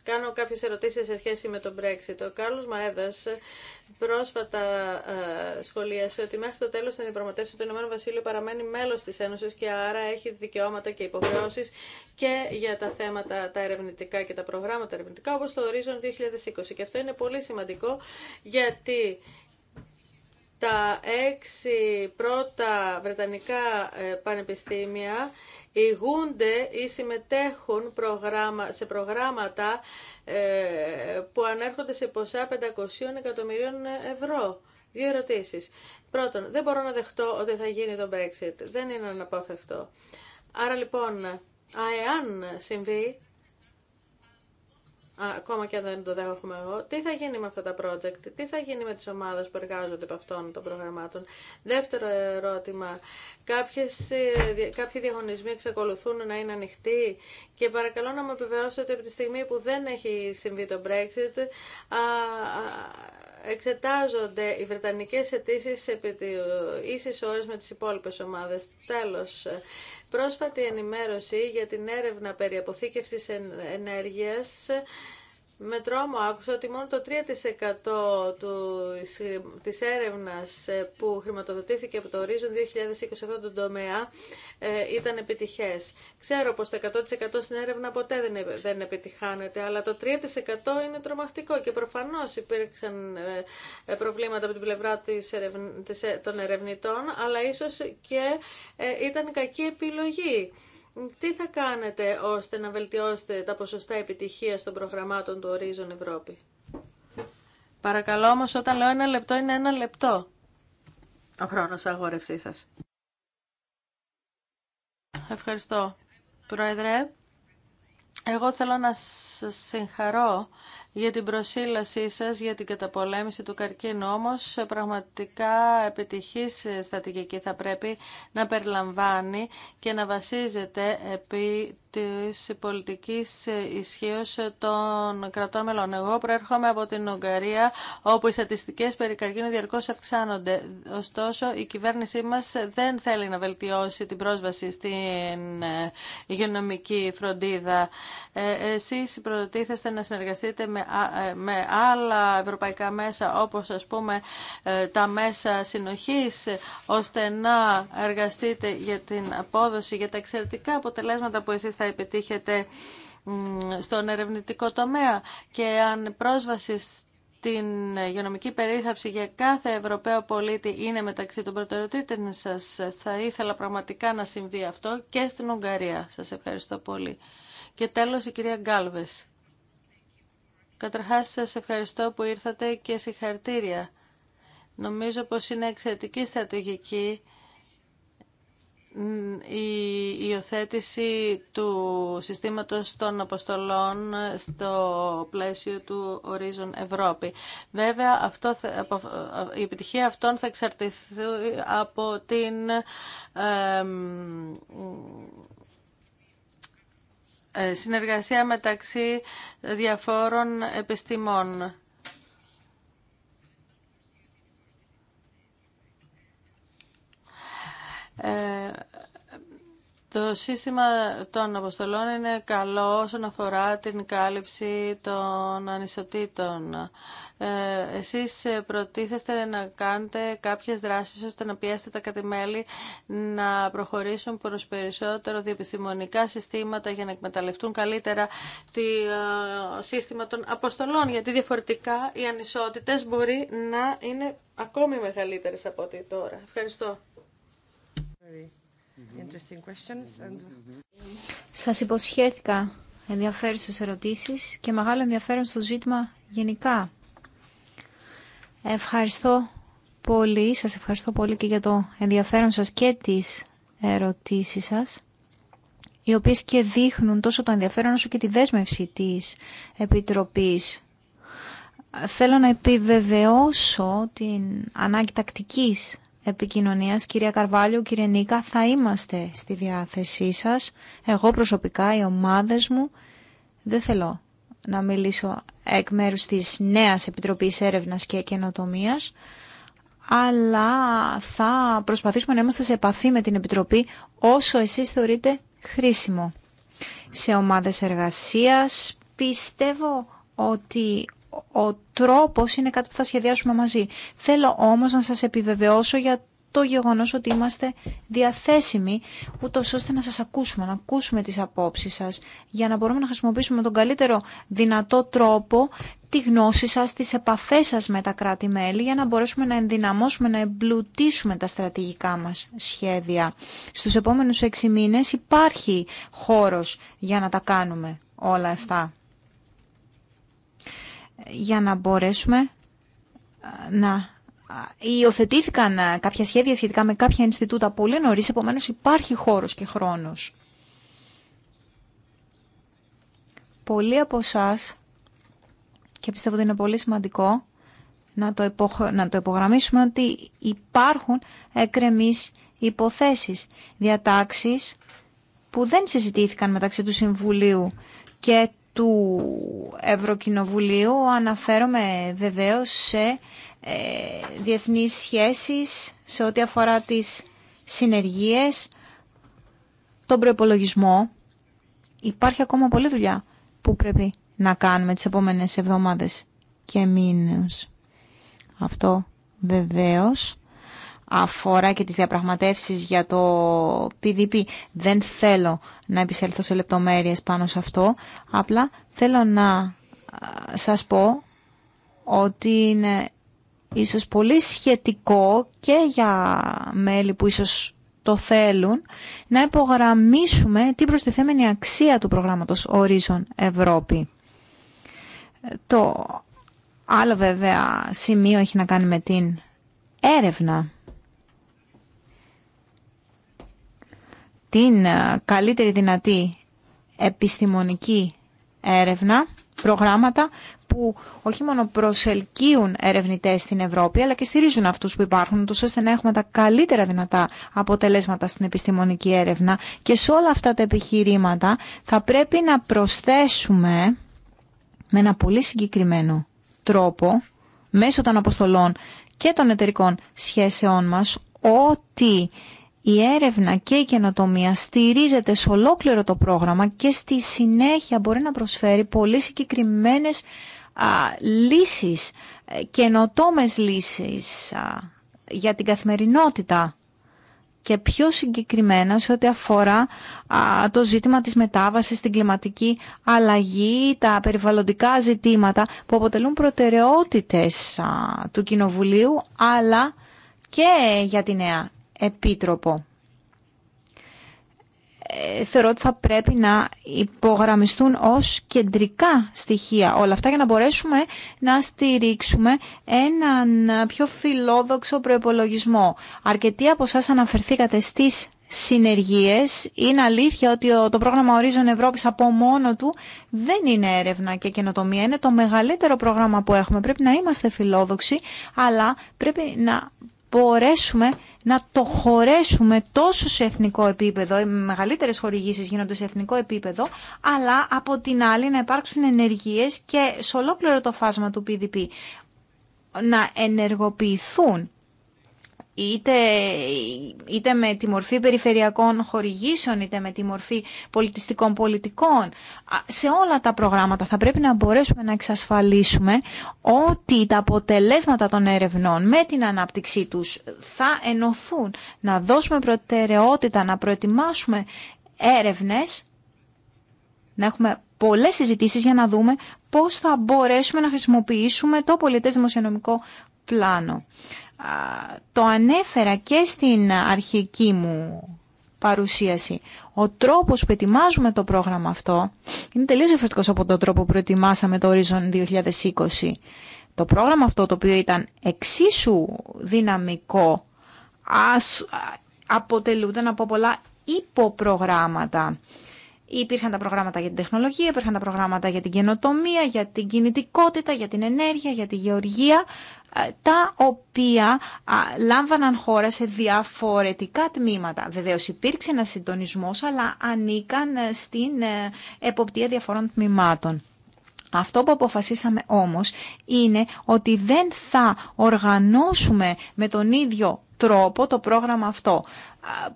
A: κάνω κάποιες ερωτήσεις σε σχέση με τον Brexit. Ο Κάρλος Μαέδας πρόσφατα ε, σχολίασε ότι μέχρι το τέλος των διαπραγματεύσεων το Ηνωμένο Βασίλειο παραμένει μέλος της Ένωσης και άρα έχει δικαιώματα και υποχρεώσεις και για τα θέματα τα ερευνητικά και τα προγράμματα ερευνητικά όπως το Horizon 2020. Και αυτό είναι πολύ σημαντικό γιατί τα έξι πρώτα βρετανικά ε, πανεπιστήμια ηγούνται ή συμμετέχουν σε προγράμματα ε, που ανέρχονται σε ποσά 500 εκατομμυρίων ευρώ. Δύο ερωτήσεις. Πρώτον, δεν μπορώ να δεχτώ ότι θα γίνει το Brexit. Δεν είναι αναπόφευκτο. Άρα λοιπόν, αν συμβεί, ακόμα και αν δεν το δέχομαι εγώ, τι θα γίνει με αυτά τα project, τι θα γίνει με τις ομάδες που εργάζονται από αυτών των προγραμμάτων. Δεύτερο ερώτημα, κάποιες, ε, κάποιοι διαγωνισμοί εξακολουθούν να είναι ανοιχτοί και παρακαλώ να μου επιβεβαιώσετε από τη στιγμή που δεν έχει συμβεί το Brexit, α, εξετάζονται οι βρετανικές αιτήσει επί ίσης ώρες με τις υπόλοιπες ομάδες. Τέλος, πρόσφατη ενημέρωση για την έρευνα περί αποθήκευσης ενέργειας με τρόμο άκουσα ότι μόνο το 3% του, της έρευνας ε, που χρηματοδοτήθηκε από το Horizon 2020 σε τον τομέα ε, ήταν επιτυχές. Ξέρω πως το 100% στην έρευνα ποτέ δεν, επιτυχάνεται, αλλά το 3% είναι τρομακτικό και προφανώς υπήρξαν ε, προβλήματα από την πλευρά της της, των ερευνητών, αλλά ίσως και ήταν κακή επιλογή. Τι θα κάνετε ώστε να βελτιώσετε τα ποσοστά επιτυχίας των προγραμμάτων του Horizon Ευρώπη. Παρακαλώ όμως όταν λέω ένα λεπτό είναι ένα λεπτό ο χρόνος αγόρευσής σας. Ευχαριστώ. Πρόεδρε, εγώ θέλω να σας συγχαρώ για την προσήλασή σας για την καταπολέμηση του καρκίνου. Όμως πραγματικά επιτυχής στατικική θα πρέπει να περιλαμβάνει και να βασίζεται επί της πολιτικής ισχύω των κρατών μελών. Εγώ προέρχομαι από την Ουγγαρία, όπου οι στατιστικές περί καρκίνου διαρκώς αυξάνονται. Ωστόσο, η κυβέρνησή μας δεν θέλει να βελτιώσει την πρόσβαση στην ε, υγειονομική φροντίδα. Ε, εσείς προτίθεστε να συνεργαστείτε ε, με άλλα ευρωπαϊκά μέσα, όπως ας πούμε τα μέσα συνοχής, ώστε να εργαστείτε για την απόδοση, για τα εξαιρετικά αποτελέσματα που εσείς θα θα επιτύχετε στον ερευνητικό τομέα και αν πρόσβαση στην υγειονομική περίθαψη για κάθε Ευρωπαίο πολίτη είναι μεταξύ των προτεραιοτήτων σας. Θα ήθελα πραγματικά να συμβεί αυτό και στην Ουγγαρία. Σας ευχαριστώ πολύ. Και τέλος η κυρία Γκάλβες. Καταρχάς σας ευχαριστώ που ήρθατε και συγχαρητήρια. Νομίζω πως είναι εξαιρετική στρατηγική η υιοθέτηση του συστήματος των αποστολών στο πλαίσιο του Horizon Ευρώπη. Βέβαια, αυτό, η επιτυχία αυτών θα εξαρτηθεί από την ε, συνεργασία μεταξύ διαφόρων επιστημών. Ε, το σύστημα των αποστολών είναι καλό όσον αφορά την κάλυψη των ανισοτήτων. Ε, εσείς προτίθεστε να κάνετε κάποιες δράσεις ώστε να πιέσετε τα κατημέλη να προχωρήσουν προς περισσότερο διεπιστημονικά συστήματα για να εκμεταλλευτούν καλύτερα το ε, σύστημα των αποστολών, γιατί διαφορετικά οι ανισότητες μπορεί να είναι ακόμη μεγαλύτερες από ό,τι τώρα. Ευχαριστώ.
C: Σας υποσχέθηκα ενδιαφέρουσες ερωτήσεις και μεγάλο ενδιαφέρον στο ζήτημα γενικά. Ευχαριστώ πολύ, σας ευχαριστώ πολύ και για το ενδιαφέρον σας και τις ερωτήσεις σας οι οποίες και δείχνουν τόσο το ενδιαφέρον όσο και τη δέσμευση της Επιτροπής. Θέλω να επιβεβαιώσω την ανάγκη τακτικής επικοινωνίας, κυρία Καρβάλιο, κύριε Νίκα, θα είμαστε στη διάθεσή σας. Εγώ προσωπικά, οι ομάδες μου, δεν θέλω να μιλήσω εκ μέρου της νέας Επιτροπής Έρευνας και Καινοτομία, αλλά θα προσπαθήσουμε να είμαστε σε επαφή με την Επιτροπή όσο εσείς θεωρείτε χρήσιμο. Σε ομάδες εργασίας πιστεύω ότι ο τρόπος είναι κάτι που θα σχεδιάσουμε μαζί. Θέλω όμως να σας επιβεβαιώσω για το γεγονός ότι είμαστε διαθέσιμοι ούτω ώστε να σας ακούσουμε, να ακούσουμε τις απόψεις σας για να μπορούμε να χρησιμοποιήσουμε τον καλύτερο δυνατό τρόπο τη γνώση σας, τις επαφές σας με τα κράτη-μέλη για να μπορέσουμε να ενδυναμώσουμε, να εμπλουτίσουμε τα στρατηγικά μας σχέδια. Στους επόμενους έξι μήνες υπάρχει χώρος για να τα κάνουμε όλα αυτά για να μπορέσουμε να υιοθετήθηκαν κάποια σχέδια σχετικά με κάποια Ινστιτούτα πολύ νωρί, επομένω υπάρχει χώρος και χρόνος. Πολλοί από εσά και πιστεύω ότι είναι πολύ σημαντικό να το, υπο, να το υπογραμμίσουμε ότι υπάρχουν εκρεμείς υποθέσεις, διατάξεις που δεν συζητήθηκαν μεταξύ του Συμβουλίου και του Ευρωκοινοβουλίου αναφέρομαι βεβαίως σε ε, διεθνείς σχέσεις, σε ό,τι αφορά τις συνεργίες, τον προϋπολογισμό. Υπάρχει ακόμα πολλή δουλειά που πρέπει να κάνουμε τις επόμενες εβδομάδες και μήνες. Αυτό βεβαίως αφορά και τις διαπραγματεύσεις για το PDP. Δεν θέλω να επισέλθω σε λεπτομέρειες πάνω σε αυτό. Απλά θέλω να ε, σας πω ότι είναι ίσως πολύ σχετικό και για μέλη που ίσως το θέλουν, να υπογραμμίσουμε την προστιθέμενη αξία του προγράμματος Horizon Ευρώπη. Το άλλο βέβαια σημείο έχει να κάνει με την έρευνα. την ε, καλύτερη δυνατή επιστημονική έρευνα, προγράμματα που όχι μόνο προσελκύουν ερευνητές στην Ευρώπη, αλλά και στηρίζουν αυτούς που υπάρχουν, τους ώστε να έχουμε τα καλύτερα δυνατά αποτελέσματα στην επιστημονική έρευνα. Και σε όλα αυτά τα επιχειρήματα θα πρέπει να προσθέσουμε με ένα πολύ συγκεκριμένο τρόπο, μέσω των αποστολών και των εταιρικών σχέσεών μας, ότι η έρευνα και η καινοτομία στηρίζεται σε ολόκληρο το πρόγραμμα και στη συνέχεια μπορεί να προσφέρει πολύ συγκεκριμένες λύσεις, ε, καινοτόμες λύσεις για την καθημερινότητα και πιο συγκεκριμένα σε ό,τι αφορά το ζήτημα της μετάβασης, την κλιματική αλλαγή, τα περιβαλλοντικά ζητήματα που αποτελούν προτεραιότητες του Κοινοβουλίου αλλά και για τη νέα Επίτροπο. Ε, θεωρώ ότι θα πρέπει να υπογραμμιστούν ως κεντρικά στοιχεία όλα αυτά για να μπορέσουμε να στηρίξουμε έναν πιο φιλόδοξο προϋπολογισμό. Αρκετοί από εσά αναφερθήκατε στις συνεργίες. Είναι αλήθεια ότι το πρόγραμμα Horizon Ευρώπης από μόνο του δεν είναι έρευνα και καινοτομία. Είναι το μεγαλύτερο πρόγραμμα που έχουμε. Πρέπει να είμαστε φιλόδοξοι, αλλά πρέπει να μπορέσουμε να το χωρέσουμε τόσο σε εθνικό επίπεδο, οι μεγαλύτερες χορηγήσεις γίνονται σε εθνικό επίπεδο, αλλά από την άλλη να υπάρξουν ενεργείες και σε ολόκληρο το φάσμα του PDP να ενεργοποιηθούν είτε, είτε με τη μορφή περιφερειακών χορηγήσεων, είτε με τη μορφή πολιτιστικών πολιτικών. Σε όλα τα προγράμματα θα πρέπει να μπορέσουμε να εξασφαλίσουμε ότι τα αποτελέσματα των ερευνών με την ανάπτυξή τους θα ενωθούν, να δώσουμε προτεραιότητα, να προετοιμάσουμε έρευνες, να έχουμε πολλές συζητήσεις για να δούμε πώς θα μπορέσουμε να χρησιμοποιήσουμε το πολιτές δημοσιονομικό πλάνο το ανέφερα και στην αρχική μου παρουσίαση. Ο τρόπος που ετοιμάζουμε το πρόγραμμα αυτό είναι τελείως διαφορετικός από τον τρόπο που προετοιμάσαμε το Horizon 2020. Το πρόγραμμα αυτό το οποίο ήταν εξίσου δυναμικό ας αποτελούνταν από πολλά υποπρογράμματα Υπήρχαν τα προγράμματα για την τεχνολογία, υπήρχαν τα προγράμματα για την καινοτομία, για την κινητικότητα, για την ενέργεια, για τη γεωργία, ε, τα οποία λάμβαναν χώρα σε διαφορετικά τμήματα. Βεβαίως υπήρξε ένα συντονισμός, αλλά ανήκαν ε, στην ε, εποπτεία διαφορών τμήματων. Αυτό που αποφασίσαμε όμως είναι ότι δεν θα οργανώσουμε με τον ίδιο τρόπο το πρόγραμμα αυτό,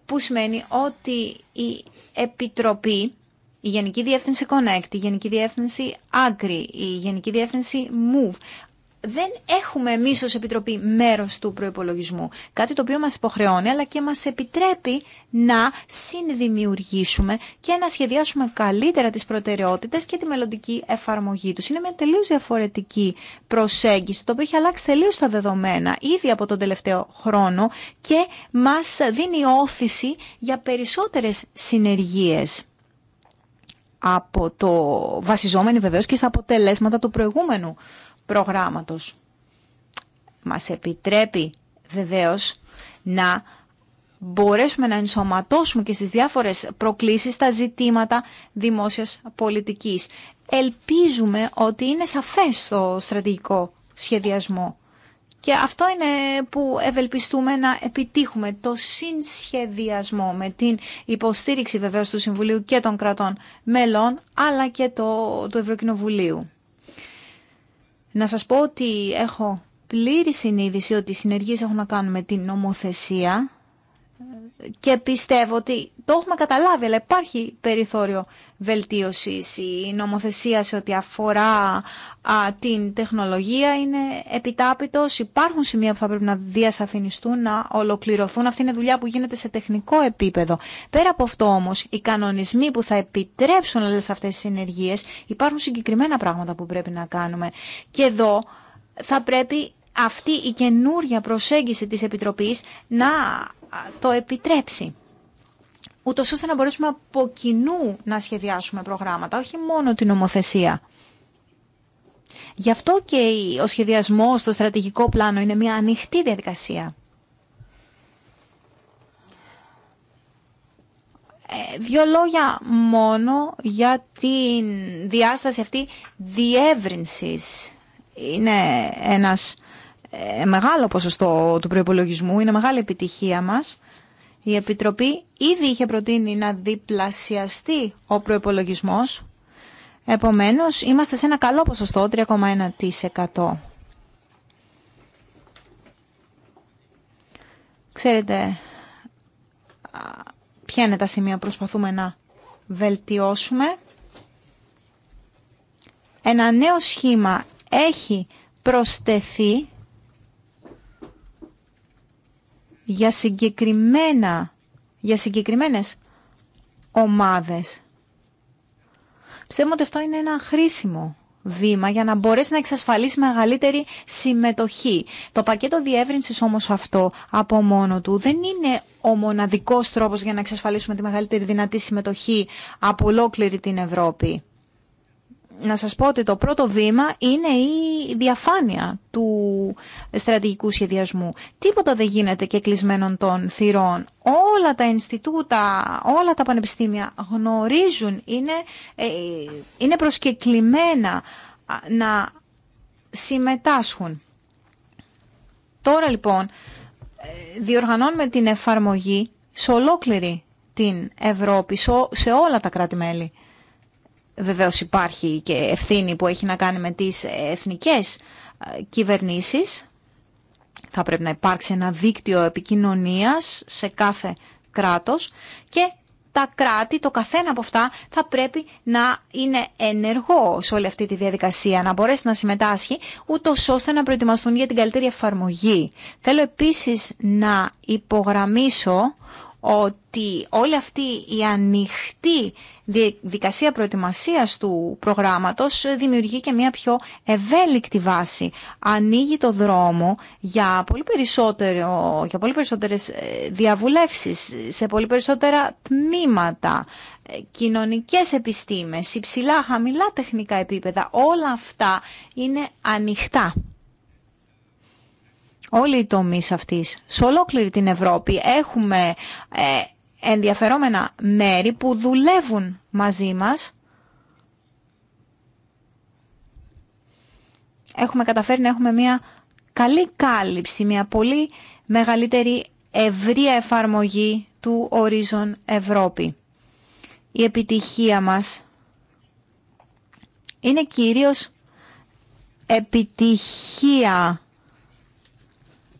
C: που σημαίνει ότι η Επιτροπή η Γενική Διεύθυνση Connect, η Γενική Διεύθυνση Agri, η Γενική Διεύθυνση Move. Δεν έχουμε εμεί ω Επιτροπή μέρο του προπολογισμού. Κάτι το οποίο μα υποχρεώνει, αλλά και μα επιτρέπει να συνδημιουργήσουμε και να σχεδιάσουμε καλύτερα τι προτεραιότητε και τη μελλοντική εφαρμογή του. Είναι μια τελείω διαφορετική προσέγγιση, το οποίο έχει αλλάξει τελείω τα δεδομένα ήδη από τον τελευταίο χρόνο και μα δίνει όθηση για περισσότερε συνεργίε από το βασιζόμενοι βεβαίως και στα αποτελέσματα του προηγούμενου προγράμματος. Μας επιτρέπει βεβαίως να μπορέσουμε να ενσωματώσουμε και στις διάφορες προκλήσεις τα ζητήματα δημόσιας πολιτικής. Ελπίζουμε ότι είναι σαφές το στρατηγικό σχεδιασμό. Και αυτό είναι που ευελπιστούμε να επιτύχουμε το συνσχεδιασμό με την υποστήριξη βεβαίω του Συμβουλίου και των κρατών μελών αλλά και το, του Ευρωκοινοβουλίου. Να σας πω ότι έχω πλήρη συνείδηση ότι οι συνεργείς έχουν να κάνουν με την νομοθεσία και πιστεύω ότι το έχουμε καταλάβει, αλλά υπάρχει περιθώριο βελτίωσης. Η νομοθεσία σε ό,τι αφορά α, την τεχνολογία είναι επιτάπητος. Υπάρχουν σημεία που θα πρέπει να διασαφινιστούν, να ολοκληρωθούν. Αυτή είναι δουλειά που γίνεται σε τεχνικό επίπεδο. Πέρα από αυτό όμως, οι κανονισμοί που θα επιτρέψουν όλε αυτές τις συνεργίες, υπάρχουν συγκεκριμένα πράγματα που πρέπει να κάνουμε. Και εδώ θα πρέπει αυτή η καινούρια προσέγγιση της Επιτροπής να το επιτρέψει. Ούτω ώστε να μπορέσουμε από κοινού να σχεδιάσουμε προγράμματα, όχι μόνο την νομοθεσία. Γι' αυτό και ο σχεδιασμός στο στρατηγικό πλάνο είναι μια ανοιχτή διαδικασία. Ε, δύο λόγια μόνο για τη διάσταση αυτή διεύρυνσης. Είναι ένας ε, μεγάλο ποσοστό του προπολογισμού. είναι μεγάλη επιτυχία μας. Η Επιτροπή ήδη είχε προτείνει να διπλασιαστεί ο προϋπολογισμός. Επομένως, είμαστε σε ένα καλό ποσοστό, 3,1%. Ξέρετε ποια είναι τα σημεία που προσπαθούμε να βελτιώσουμε. Ένα νέο σχήμα έχει προστεθεί. για, συγκεκριμένα, για συγκεκριμένες ομάδες. Πιστεύω ότι αυτό είναι ένα χρήσιμο βήμα για να μπορέσει να εξασφαλίσει μεγαλύτερη συμμετοχή. Το πακέτο διεύρυνσης όμως αυτό από μόνο του δεν είναι ο μοναδικός τρόπος για να εξασφαλίσουμε τη μεγαλύτερη δυνατή συμμετοχή από ολόκληρη την Ευρώπη να σας πω ότι το πρώτο βήμα είναι η διαφάνεια του στρατηγικού σχεδιασμού. Τίποτα δεν γίνεται και κλεισμένων των θυρών. Όλα τα Ινστιτούτα, όλα τα πανεπιστήμια γνωρίζουν, είναι, ε, είναι προσκεκλημένα να συμμετάσχουν. Τώρα λοιπόν ε, διοργανώνουμε την εφαρμογή σε ολόκληρη την Ευρώπη, σε όλα τα κράτη-μέλη. Βεβαίως υπάρχει και ευθύνη που έχει να κάνει με τις εθνικές ε, κυβερνήσεις. Θα πρέπει να υπάρξει ένα δίκτυο επικοινωνίας σε κάθε κράτος και τα κράτη, το καθένα από αυτά θα πρέπει να είναι ενεργό σε όλη αυτή τη διαδικασία, να μπορέσει να συμμετάσχει, ούτω ώστε να προετοιμαστούν για την καλύτερη εφαρμογή. Θέλω επίσης να υπογραμμίσω ότι όλη αυτή η ανοιχτή Δικασία προετοιμασίας του προγράμματος δημιουργεί και μια πιο ευέλικτη βάση. Ανοίγει το δρόμο για πολύ, περισσότερο, για πολύ περισσότερες ε, διαβουλεύσεις, σε πολύ περισσότερα τμήματα, ε, κοινωνικές επιστήμες, υψηλά, χαμηλά τεχνικά επίπεδα. Όλα αυτά είναι ανοιχτά. Όλοι οι τομείς αυτής, σε ολόκληρη την Ευρώπη, έχουμε... Ε, ενδιαφερόμενα μέρη που δουλεύουν μαζί μας. Έχουμε καταφέρει να έχουμε μια καλή κάλυψη, μια πολύ μεγαλύτερη ευρία εφαρμογή του ορίζον Ευρώπη. Η επιτυχία μας είναι κυρίως επιτυχία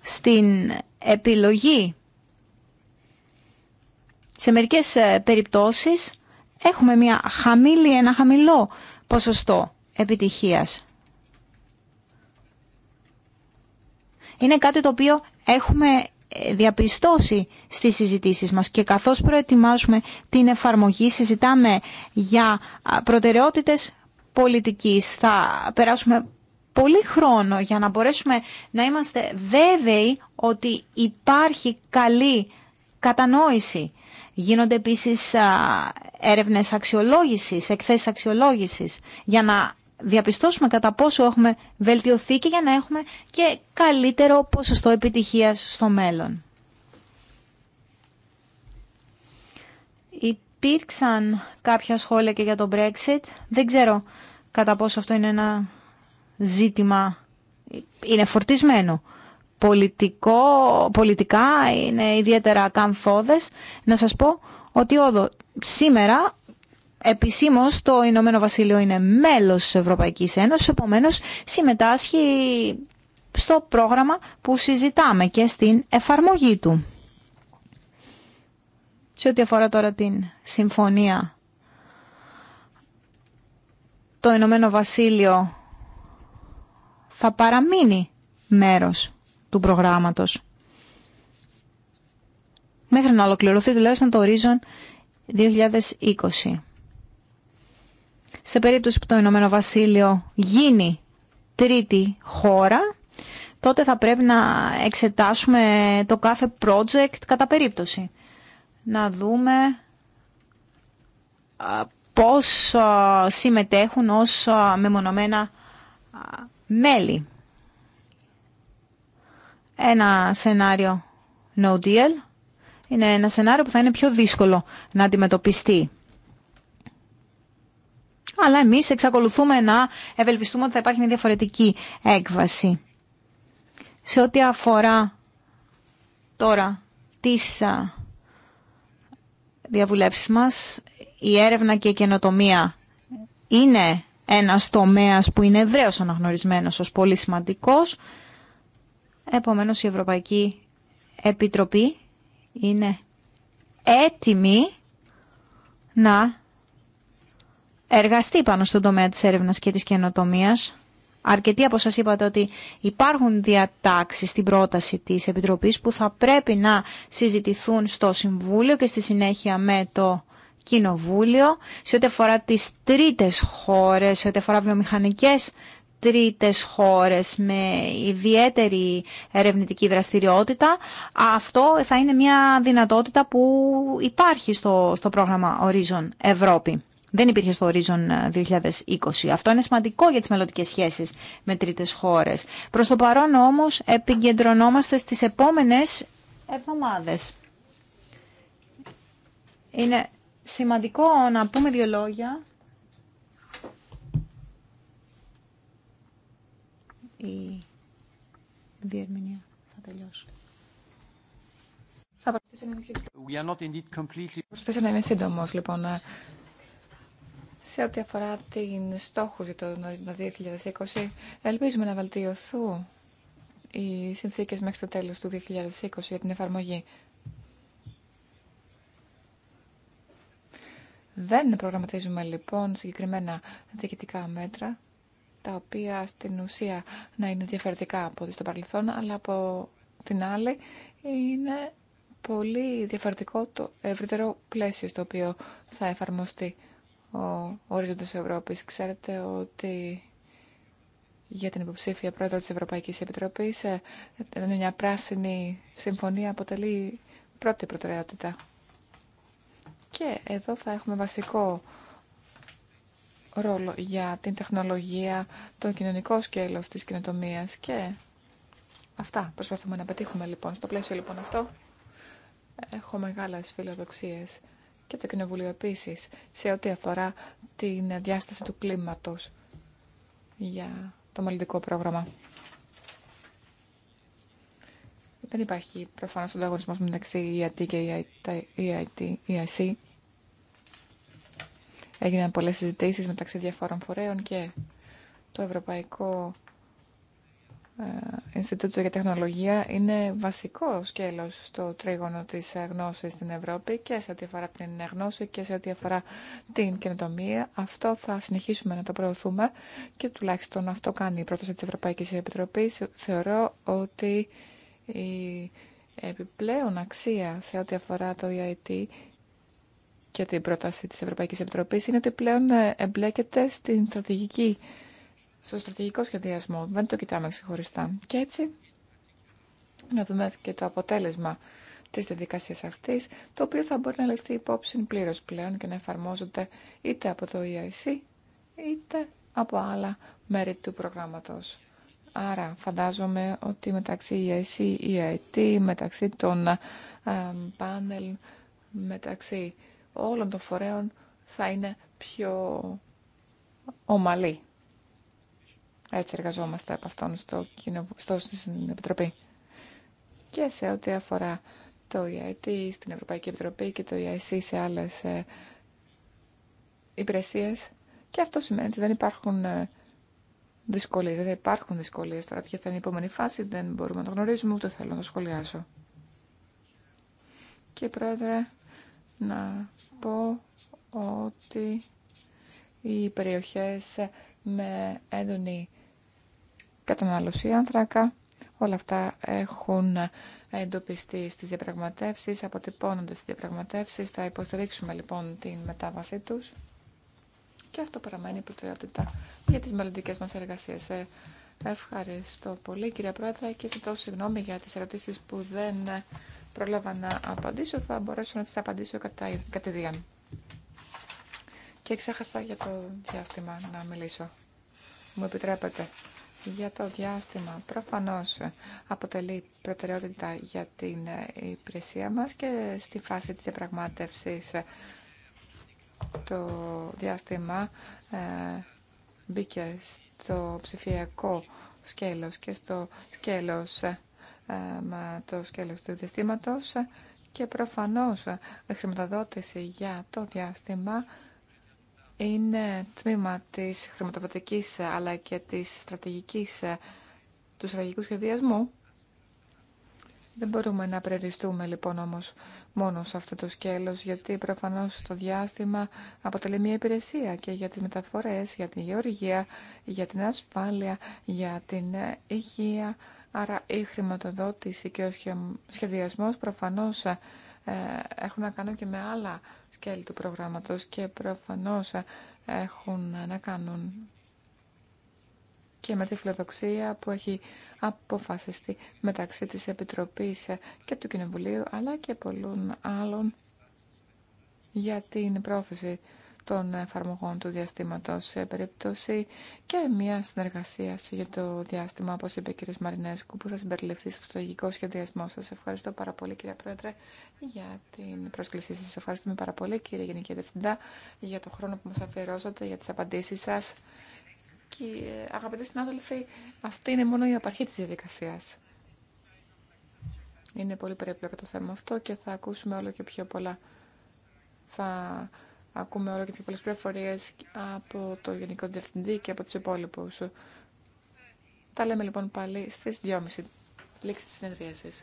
C: στην επιλογή σε μερικές ε, περιπτώσεις έχουμε μια χαμηλή, ένα χαμηλό ποσοστό επιτυχίας. Είναι κάτι το οποίο έχουμε ε, διαπιστώσει στις συζητήσεις μας και καθώς προετοιμάζουμε την εφαρμογή συζητάμε για προτεραιότητες πολιτικής. Θα περάσουμε πολύ χρόνο για να μπορέσουμε να είμαστε βέβαιοι ότι υπάρχει καλή κατανόηση Γίνονται επίσης έρευνες αξιολόγησης, εκθέσεις αξιολόγησης για να διαπιστώσουμε κατά πόσο έχουμε βελτιωθεί και για να έχουμε και καλύτερο ποσοστό επιτυχίας στο μέλλον. Υπήρξαν κάποια σχόλια και για το Brexit. Δεν ξέρω κατά πόσο αυτό είναι ένα ζήτημα, είναι φορτισμένο πολιτικό, πολιτικά είναι ιδιαίτερα καμφώδες. Να σας πω ότι όδο σήμερα επισήμως το Ηνωμένο Βασίλειο είναι μέλος της Ευρωπαϊκής Ένωσης, επομένως συμμετάσχει στο πρόγραμμα που συζητάμε και στην εφαρμογή του. Σε ό,τι αφορά τώρα την συμφωνία, το Ηνωμένο Βασίλειο θα παραμείνει μέρος του προγράμματος. Μέχρι να ολοκληρωθεί τουλάχιστον το Horizon 2020. Σε περίπτωση που το Ηνωμένο Βασίλειο γίνει τρίτη χώρα, τότε θα πρέπει να εξετάσουμε το κάθε project κατά περίπτωση. Να δούμε πώς συμμετέχουν ως μεμονωμένα μέλη. Ένα σενάριο no deal είναι ένα σενάριο που θα είναι πιο δύσκολο να αντιμετωπιστεί. Αλλά εμείς εξακολουθούμε να ευελπιστούμε ότι θα υπάρχει μια διαφορετική έκβαση. Σε ό,τι αφορά τώρα τις διαβουλεύσεις μας, η έρευνα και η καινοτομία είναι ένας τομέας που είναι ευρέως αναγνωρισμένος ως πολύ σημαντικός Επομένως η Ευρωπαϊκή Επιτροπή είναι έτοιμη να εργαστεί πάνω στον τομέα της έρευνας και της καινοτομίας. Αρκετοί από σας είπατε ότι υπάρχουν διατάξεις στην πρόταση της Επιτροπής που θα πρέπει να συζητηθούν στο Συμβούλιο και στη συνέχεια με το Κοινοβούλιο σε ό,τι αφορά τις τρίτες χώρες, σε ό,τι αφορά βιομηχανικές τρίτες χώρες με ιδιαίτερη ερευνητική δραστηριότητα. Αυτό θα είναι μια δυνατότητα που υπάρχει στο, στο πρόγραμμα Horizon Ευρώπη. Δεν υπήρχε στο Horizon 2020. Ε, αυτό είναι σημαντικό για τις μελλοντικέ σχέσεις με τρίτες χώρες. Προς το παρόν όμως επικεντρωνόμαστε στις επόμενες εβδομάδες. Είναι σημαντικό να πούμε δύο λόγια η διερμηνία θα τελειώσει.
B: Θα προσπαθήσω
A: να είμαι σύντομο,
B: λοιπόν. Ε, σε ό,τι αφορά την στόχου για το νορίζοντα 2020, ελπίζουμε να βελτιωθούν οι συνθήκες μέχρι το τέλος του 2020 για την εφαρμογή. Δεν προγραμματίζουμε λοιπόν συγκεκριμένα διοικητικά μέτρα τα οποία στην ουσία να είναι διαφορετικά από ό,τι στο παρελθόν, αλλά από την άλλη είναι πολύ διαφορετικό το ευρύτερο πλαίσιο στο οποίο θα εφαρμοστεί ο ορίζοντας Ευρώπης. Ξέρετε ότι για την υποψήφια πρόεδρο της Ευρωπαϊκής Επιτροπής ε, ε, μια πράσινη συμφωνία αποτελεί πρώτη προτεραιότητα. Και εδώ θα έχουμε βασικό ρόλο για την τεχνολογία, το κοινωνικό σκέλος της κοινοτομίας και αυτά προσπαθούμε να πετύχουμε λοιπόν. Στο πλαίσιο λοιπόν αυτό έχω μεγάλες φιλοδοξίες και το Κοινοβουλίο επίση σε ό,τι αφορά την διάσταση του κλίματος για το μελλοντικό πρόγραμμα. Δεν υπάρχει προφανώς ανταγωνισμός μεταξύ EIT και EIC. Έγιναν πολλές συζητήσεις μεταξύ διαφόρων φορέων και το Ευρωπαϊκό ε, Ινστιτούτο για Τεχνολογία είναι βασικό σκέλος στο τρίγωνο της ε, γνώσης στην Ευρώπη και σε ό,τι αφορά την ε, γνώση και σε ό,τι αφορά την καινοτομία. Αυτό θα συνεχίσουμε να το προωθούμε και τουλάχιστον αυτό κάνει η πρόταση της Ευρωπαϊκής Επιτροπής. Θεωρώ ότι η επιπλέον αξία σε ό,τι αφορά το EIT και την πρόταση της Ευρωπαϊκής Επιτροπής είναι ότι πλέον ε, εμπλέκεται στην στρατηγική, στο στρατηγικό σχεδιασμό. Δεν το κοιτάμε ξεχωριστά. Και έτσι να δούμε και το αποτέλεσμα της διαδικασίας αυτής, το οποίο θα μπορεί να λεφθεί υπόψη πλήρω πλέον και να εφαρμόζονται είτε από το EIC, είτε από άλλα μέρη του προγράμματος. Άρα φαντάζομαι ότι μεταξύ EIC, EIT, μεταξύ των ε, ε, πάνελ, μεταξύ όλων των φορέων θα είναι πιο ομαλή. Έτσι εργαζόμαστε από αυτόν στο, στο, στην Επιτροπή. Και σε ό,τι αφορά το EIT, στην Ευρωπαϊκή Επιτροπή και το EIC σε άλλες ε, υπηρεσίες. Και αυτό σημαίνει ότι δεν υπάρχουν δυσκολίε. δυσκολίες, δεν υπάρχουν δυσκολίες. Τώρα ποια θα είναι η επόμενη φάση, δεν μπορούμε να το γνωρίζουμε, ούτε θέλω να το σχολιάσω. Και πρόεδρε, να πω ότι οι περιοχές με έντονη κατανάλωση άνθρακα, όλα αυτά έχουν εντοπιστεί στις διαπραγματεύσεις, αποτυπώνονται στις διαπραγματεύσεις, θα υποστηρίξουμε λοιπόν την μετάβασή τους και αυτό παραμένει προτεραιότητα για τις μελλοντικέ μας εργασίες. Ε, ευχαριστώ πολύ κυρία Πρόεδρε και ζητώ συγγνώμη για τις ερωτήσεις που δεν πρόλαβα να απαντήσω, θα μπορέσω να τις απαντήσω κατά, κατηδίαν. Και ξέχασα για το διάστημα να μιλήσω. Μου επιτρέπετε. Για το διάστημα, προφανώς αποτελεί προτεραιότητα για την ε, υπηρεσία μας και στη φάση της διαπραγμάτευσης το διάστημα ε, μπήκε στο ψηφιακό σκέλος και στο σκέλος ε, το σκέλος του διαστήματος και προφανώς η χρηματοδότηση για το διάστημα είναι τμήμα της χρηματοδοτικής αλλά και της στρατηγικής του στρατηγικού σχεδιασμού. Δεν μπορούμε να περιοριστούμε λοιπόν όμως μόνο σε αυτό το σκέλος γιατί προφανώς το διάστημα αποτελεί μια υπηρεσία και για τις μεταφορές, για την γεωργία, για την ασφάλεια, για την υγεία Άρα η χρηματοδότηση και ο σχεδιασμός προφανώς ε, έχουν να κάνουν και με άλλα σκέλη του προγράμματος και προφανώς ε, έχουν να κάνουν και με τη φιλοδοξία που έχει αποφασιστεί μεταξύ της Επιτροπής ε, και του Κοινοβουλίου αλλά και πολλών άλλων για την πρόθεση των εφαρμογών του διαστήματος σε περίπτωση και μια συνεργασία για το διάστημα, όπως είπε ο κ. Μαρινέσκου, που θα συμπεριληφθεί στο στρατηγικό σχεδιασμό σας. Ευχαριστώ πάρα πολύ κ. Πρόεδρε για την πρόσκλησή σας. Ευχαριστούμε πάρα πολύ κ. Γενική Δευθυντά, για το χρόνο που μας αφιερώσατε, για τις απαντήσεις σας. Και αγαπητοί συνάδελφοι, αυτή είναι μόνο η απαρχή της διαδικασίας. Είναι πολύ περίπλοκο το θέμα αυτό και θα ακούσουμε όλο και πιο πολλά. Θα ακούμε όλο και πιο πολλές πληροφορίες από το Γενικό Διευθυντή και από τους υπόλοιπους. Τα λέμε λοιπόν πάλι στις 2.30. Λήξη της συνεδρίασης.